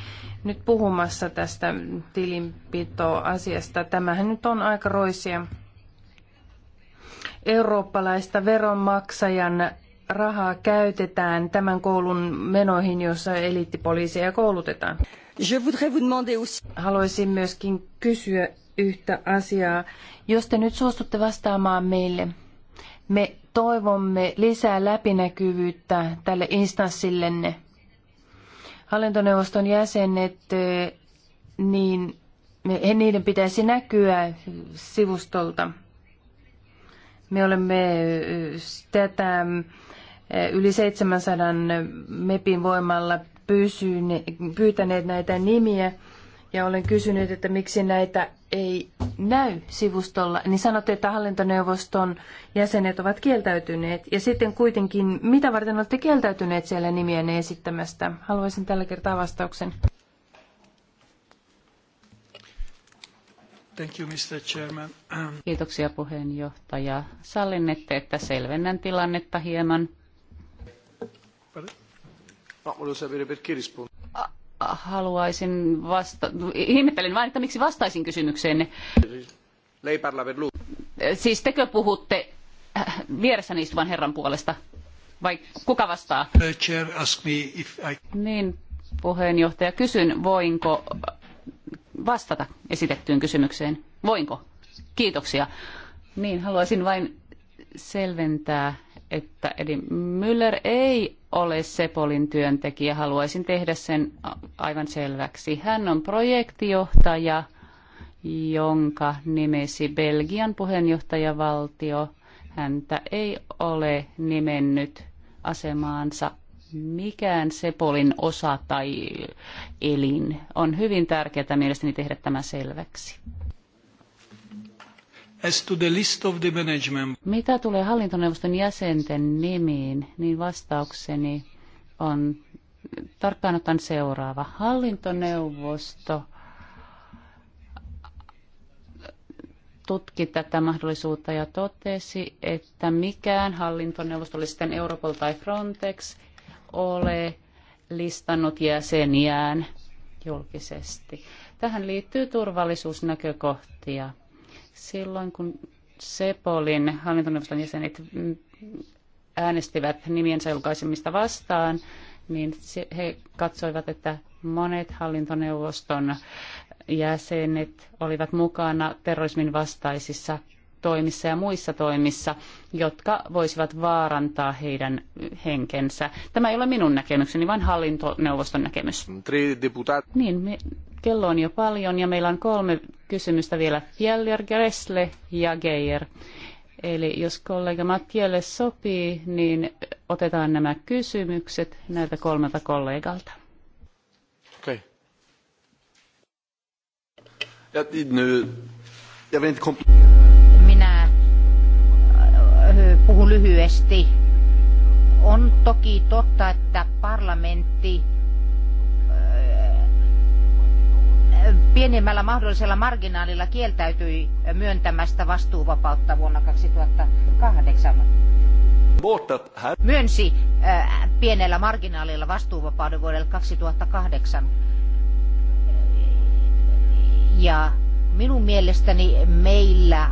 nyt puhumassa tästä tilinpitoasiasta. Tämähän nyt on aika roisia eurooppalaista veronmaksajan rahaa käytetään tämän koulun menoihin, jossa eliittipoliiseja koulutetaan. Haluaisin myöskin kysyä yhtä asiaa. Jos te nyt suostutte vastaamaan meille, me toivomme lisää läpinäkyvyyttä tälle instanssillenne. Hallintoneuvoston jäsenet, eh, niin niiden pitäisi näkyä sivustolta. Me olemme tätä yli 700 MEPin voimalla pyytäneet näitä nimiä ja olen kysynyt, että miksi näitä ei näy sivustolla, niin sanotte, että hallintoneuvoston jäsenet ovat kieltäytyneet. Ja sitten kuitenkin, mitä varten olette kieltäytyneet siellä nimiä esittämästä? Haluaisin tällä kertaa vastauksen. Thank you, Mr. Chairman. Kiitoksia puheenjohtaja. Sallinnette, että selvennän tilannetta hieman. Haluaisin vasta... Ihmettelen vain, että miksi vastaisin kysymykseenne. Siis tekö puhutte äh, vieressäni istuvan herran puolesta? Vai kuka vastaa? Niin, puheenjohtaja, kysyn, voinko vastata esitettyyn kysymykseen? Voinko? Kiitoksia. Niin, haluaisin vain selventää, että eli Müller ei ole Sepolin työntekijä. Haluaisin tehdä sen aivan selväksi. Hän on projektijohtaja, jonka nimesi Belgian puheenjohtajavaltio. Häntä ei ole nimennyt asemaansa mikään Sepolin osa tai elin. On hyvin tärkeää mielestäni tehdä tämä selväksi. Mitä tulee hallintoneuvoston jäsenten nimiin, niin vastaukseni on tarkkaan ottaen seuraava. Hallintoneuvosto tutki tätä mahdollisuutta ja totesi, että mikään hallintoneuvosto, oli sitten Europol tai Frontex, ole listannut jäseniään julkisesti. Tähän liittyy turvallisuusnäkökohtia. Silloin kun Sepolin hallintoneuvoston jäsenet äänestivät nimiensä julkaisemista vastaan, niin he katsoivat, että monet hallintoneuvoston jäsenet olivat mukana terrorismin vastaisissa toimissa ja muissa toimissa, jotka voisivat vaarantaa heidän henkensä. Tämä ei ole minun näkemykseni, vaan hallintoneuvoston näkemys. Niin, me, kello on jo paljon ja meillä on kolme kysymystä vielä. Fjeller, Gressle ja Geier. Eli jos kollega Mattielle sopii, niin otetaan nämä kysymykset näiltä kolmelta kollegalta. Okei. Okay. Ja, nu, jag vill inte komplettera. Puhun lyhyesti. On toki totta, että parlamentti äh, pienimmällä mahdollisella marginaalilla kieltäytyi myöntämästä vastuuvapautta vuonna 2008. Myönsi äh, pienellä marginaalilla vastuuvapauden vuodelle 2008. Ja minun mielestäni meillä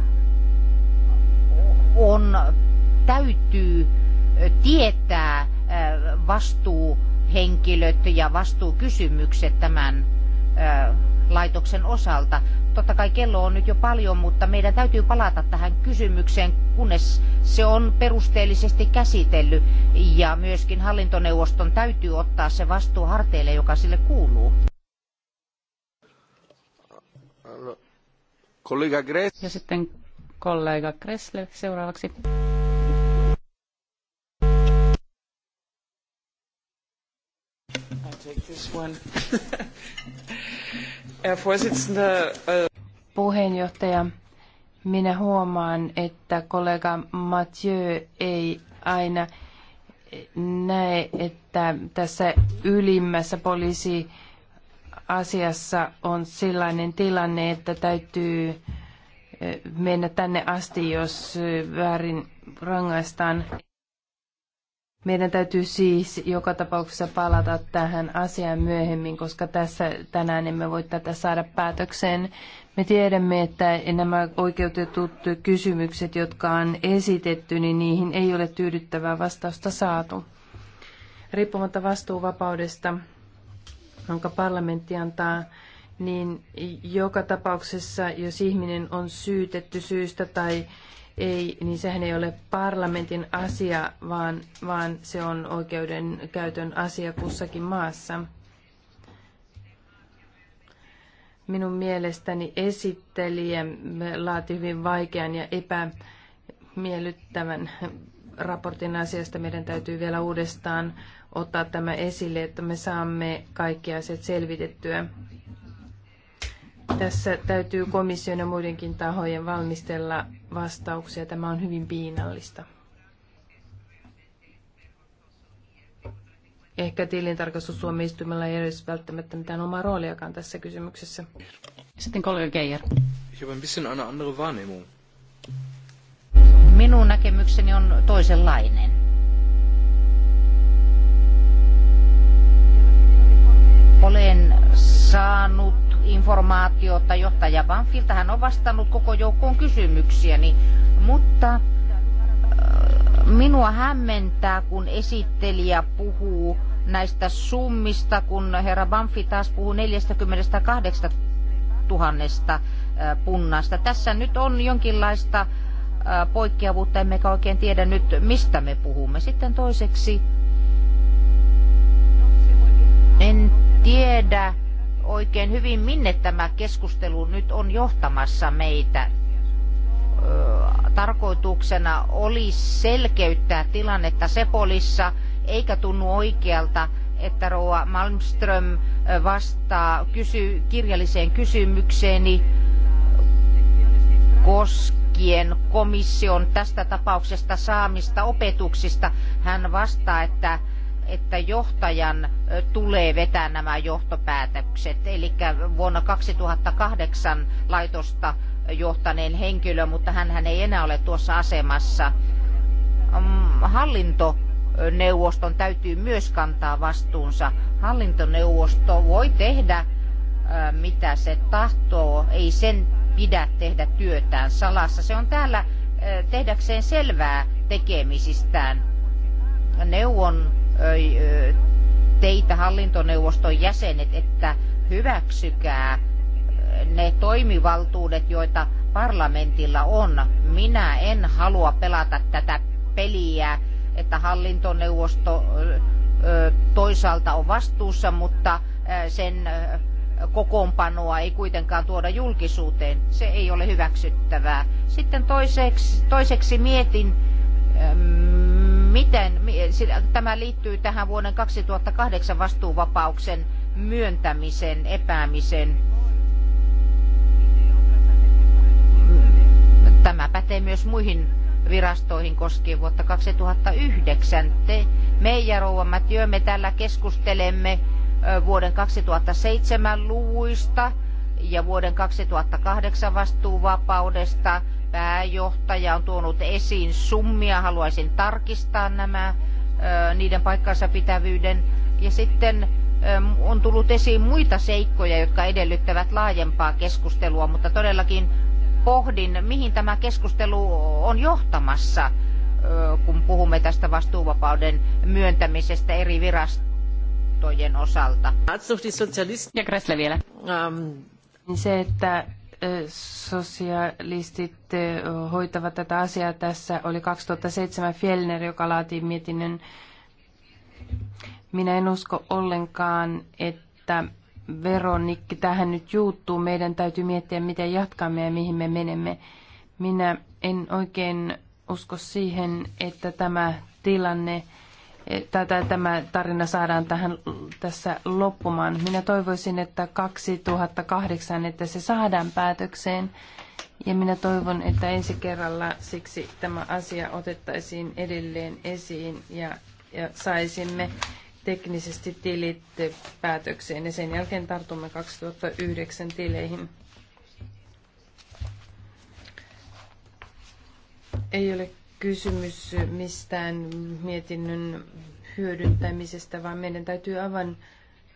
on täytyy tietää vastuuhenkilöt ja vastuukysymykset tämän laitoksen osalta. Totta kai kello on nyt jo paljon, mutta meidän täytyy palata tähän kysymykseen, kunnes se on perusteellisesti käsitellyt ja myöskin hallintoneuvoston täytyy ottaa se vastuu harteille, joka sille kuuluu. Kollega Ja sitten kollega Gressle seuraavaksi. take this äh, Puheenjohtaja, minä huomaan, että kollega Mathieu ei aina näe, että tässä ylimmässä poliisiasiassa on sellainen tilanne, että täytyy äh, mennä tänne asti, jos äh, väärin rangaistaan. Meidän täytyy siis joka tapauksessa palata tähän asiaan myöhemmin, koska tässä tänään emme voi tätä saada päätökseen. Me tiedämme, että nämä oikeutetut kysymykset, jotka on esitetty, niin niihin ei ole tyydyttävää vastausta saatu. Riippumatta vastuuvapaudesta, jonka parlamentti antaa, niin joka tapauksessa, jos ihminen on syytetty syystä tai ei, niin sehän ei ole parlamentin asia, vaan, vaan se on oikeudenkäytön asia kussakin maassa. Minun mielestäni esittelijä laati hyvin vaikean ja epämiellyttävän raportin asiasta. Meidän täytyy vielä uudestaan ottaa tämä esille, että me saamme kaikki asiat selvitettyä. Tässä täytyy komission ja muidenkin tahojen valmistella vastauksia. Tämä on hyvin piinallista. Ehkä tilintarkastustuomioistuimella ei edes välttämättä mitään omaa rooliakaan tässä kysymyksessä. Sitten kollega Geijer. Minun näkemykseni on toisenlainen. olen saanut informaatiota. Johtaja Banfilta hän on vastannut koko joukkoon kysymyksiäni, niin- mutta äh, minua hämmentää, kun esittelijä puhuu näistä summista, kun herra Banfi taas puhuu 48 000 äh, punnasta. Tässä nyt on jonkinlaista äh, poikkeavuutta, emmekä oikein tiedä nyt, mistä me puhumme. Sitten toiseksi, en tiedä, oikein hyvin, minne tämä keskustelu nyt on johtamassa meitä. Tarkoituksena oli selkeyttää tilannetta Sepolissa, eikä tunnu oikealta, että Roa Malmström vastaa kysy, kirjalliseen kysymykseeni koskien komission tästä tapauksesta saamista opetuksista. Hän vastaa, että että johtajan tulee vetää nämä johtopäätökset. Eli vuonna 2008 laitosta johtaneen henkilö, mutta hän ei enää ole tuossa asemassa. Mm, Hallinto täytyy myös kantaa vastuunsa. Hallintoneuvosto voi tehdä mitä se tahtoo, ei sen pidä tehdä työtään salassa. Se on täällä tehdäkseen selvää tekemisistään. Neuvon teitä hallintoneuvoston jäsenet, että hyväksykää ne toimivaltuudet, joita parlamentilla on. Minä en halua pelata tätä peliä, että hallintoneuvosto toisaalta on vastuussa, mutta sen kokoonpanoa ei kuitenkaan tuoda julkisuuteen. Se ei ole hyväksyttävää. Sitten toiseksi, toiseksi mietin, miten tämä liittyy tähän vuoden 2008 vastuuvapauksen myöntämisen, epäämisen. Tämä pätee myös muihin virastoihin koskien vuotta 2009. Te, me ja Rouva Mätiö, me täällä keskustelemme vuoden 2007 luvuista ja vuoden 2008 vastuuvapaudesta pääjohtaja on tuonut esiin summia, haluaisin tarkistaa nämä niiden paikkansa pitävyyden. Ja sitten on tullut esiin muita seikkoja, jotka edellyttävät laajempaa keskustelua, mutta todellakin pohdin, mihin tämä keskustelu on johtamassa, kun puhumme tästä vastuuvapauden myöntämisestä eri virastojen osalta. Ja Kressle vielä. Ähm, Se, että sosialistit eh, hoitavat tätä asiaa. Tässä oli 2007 Fjellner, joka laati mietinnön. Minä en usko ollenkaan, että veronikki tähän nyt juuttuu. Meidän täytyy miettiä, miten jatkamme ja mihin me menemme. Minä en oikein usko siihen, että tämä tilanne tätä, tämä tarina saadaan tähän tässä loppumaan. Minä toivoisin, että 2008, että se saadaan päätökseen. Ja minä toivon, että ensi kerralla siksi tämä asia otettaisiin edelleen esiin ja, ja saisimme teknisesti tilit päätökseen. Ja sen jälkeen tartumme 2009 tileihin. Ei ole kysymys mistään mietinnön hyödyntämisestä, vaan meidän täytyy aivan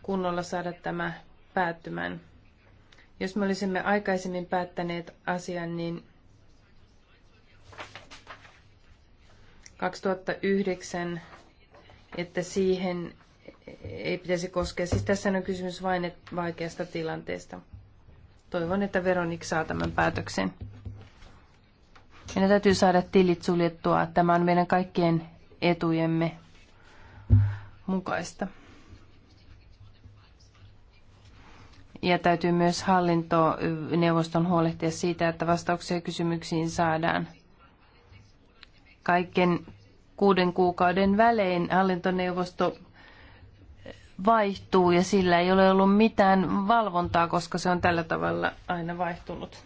kunnolla saada tämä päättymään. Jos me olisimme aikaisemmin päättäneet asian, niin 2009, että siihen ei pitäisi koskea. Siis tässä on kysymys vain vaikeasta tilanteesta. Toivon, että Veronik saa tämän päätöksen. Meidän täytyy saada tilit suljettua. Tämä on meidän kaikkien etujemme mukaista. Ja täytyy myös hallintoneuvoston huolehtia siitä, että vastauksia kysymyksiin saadaan. Kaiken kuuden kuukauden välein hallintoneuvosto vaihtuu ja sillä ei ole ollut mitään valvontaa, koska se on tällä tavalla aina vaihtunut.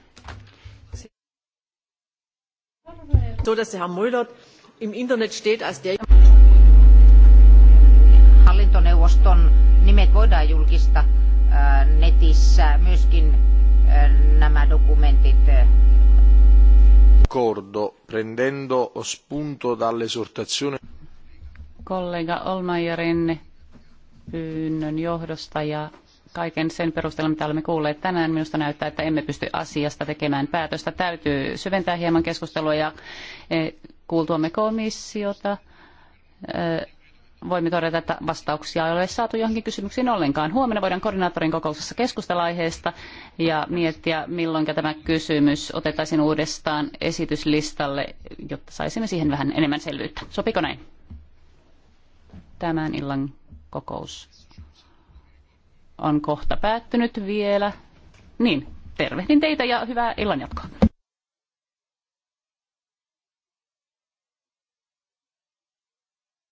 So, dass Herr Mulder im Internet steht als der... Hallintoneuvoston nimet voidaan julkista äh, netissä, myöskin äh, nämä dokumentit. Äh. Cordo, prendendo spunto dall'esortazione... Kollega Olmajerin pyynnön johdosta ja kaiken sen perusteella, mitä olemme kuulleet tänään, minusta näyttää, että emme pysty asiasta tekemään päätöstä. Täytyy syventää hieman keskustelua ja e, kuultuamme komissiota e, voimme todeta, että vastauksia ei ole saatu johonkin kysymyksiin ollenkaan. Huomenna voidaan koordinaattorin kokouksessa keskustella aiheesta ja miettiä, milloin tämä kysymys otettaisiin uudestaan esityslistalle, jotta saisimme siihen vähän enemmän selvyyttä. Sopiko näin? Tämän illan kokous on kohta päättynyt vielä. Niin, tervehdin teitä ja hyvää illanjatkoa.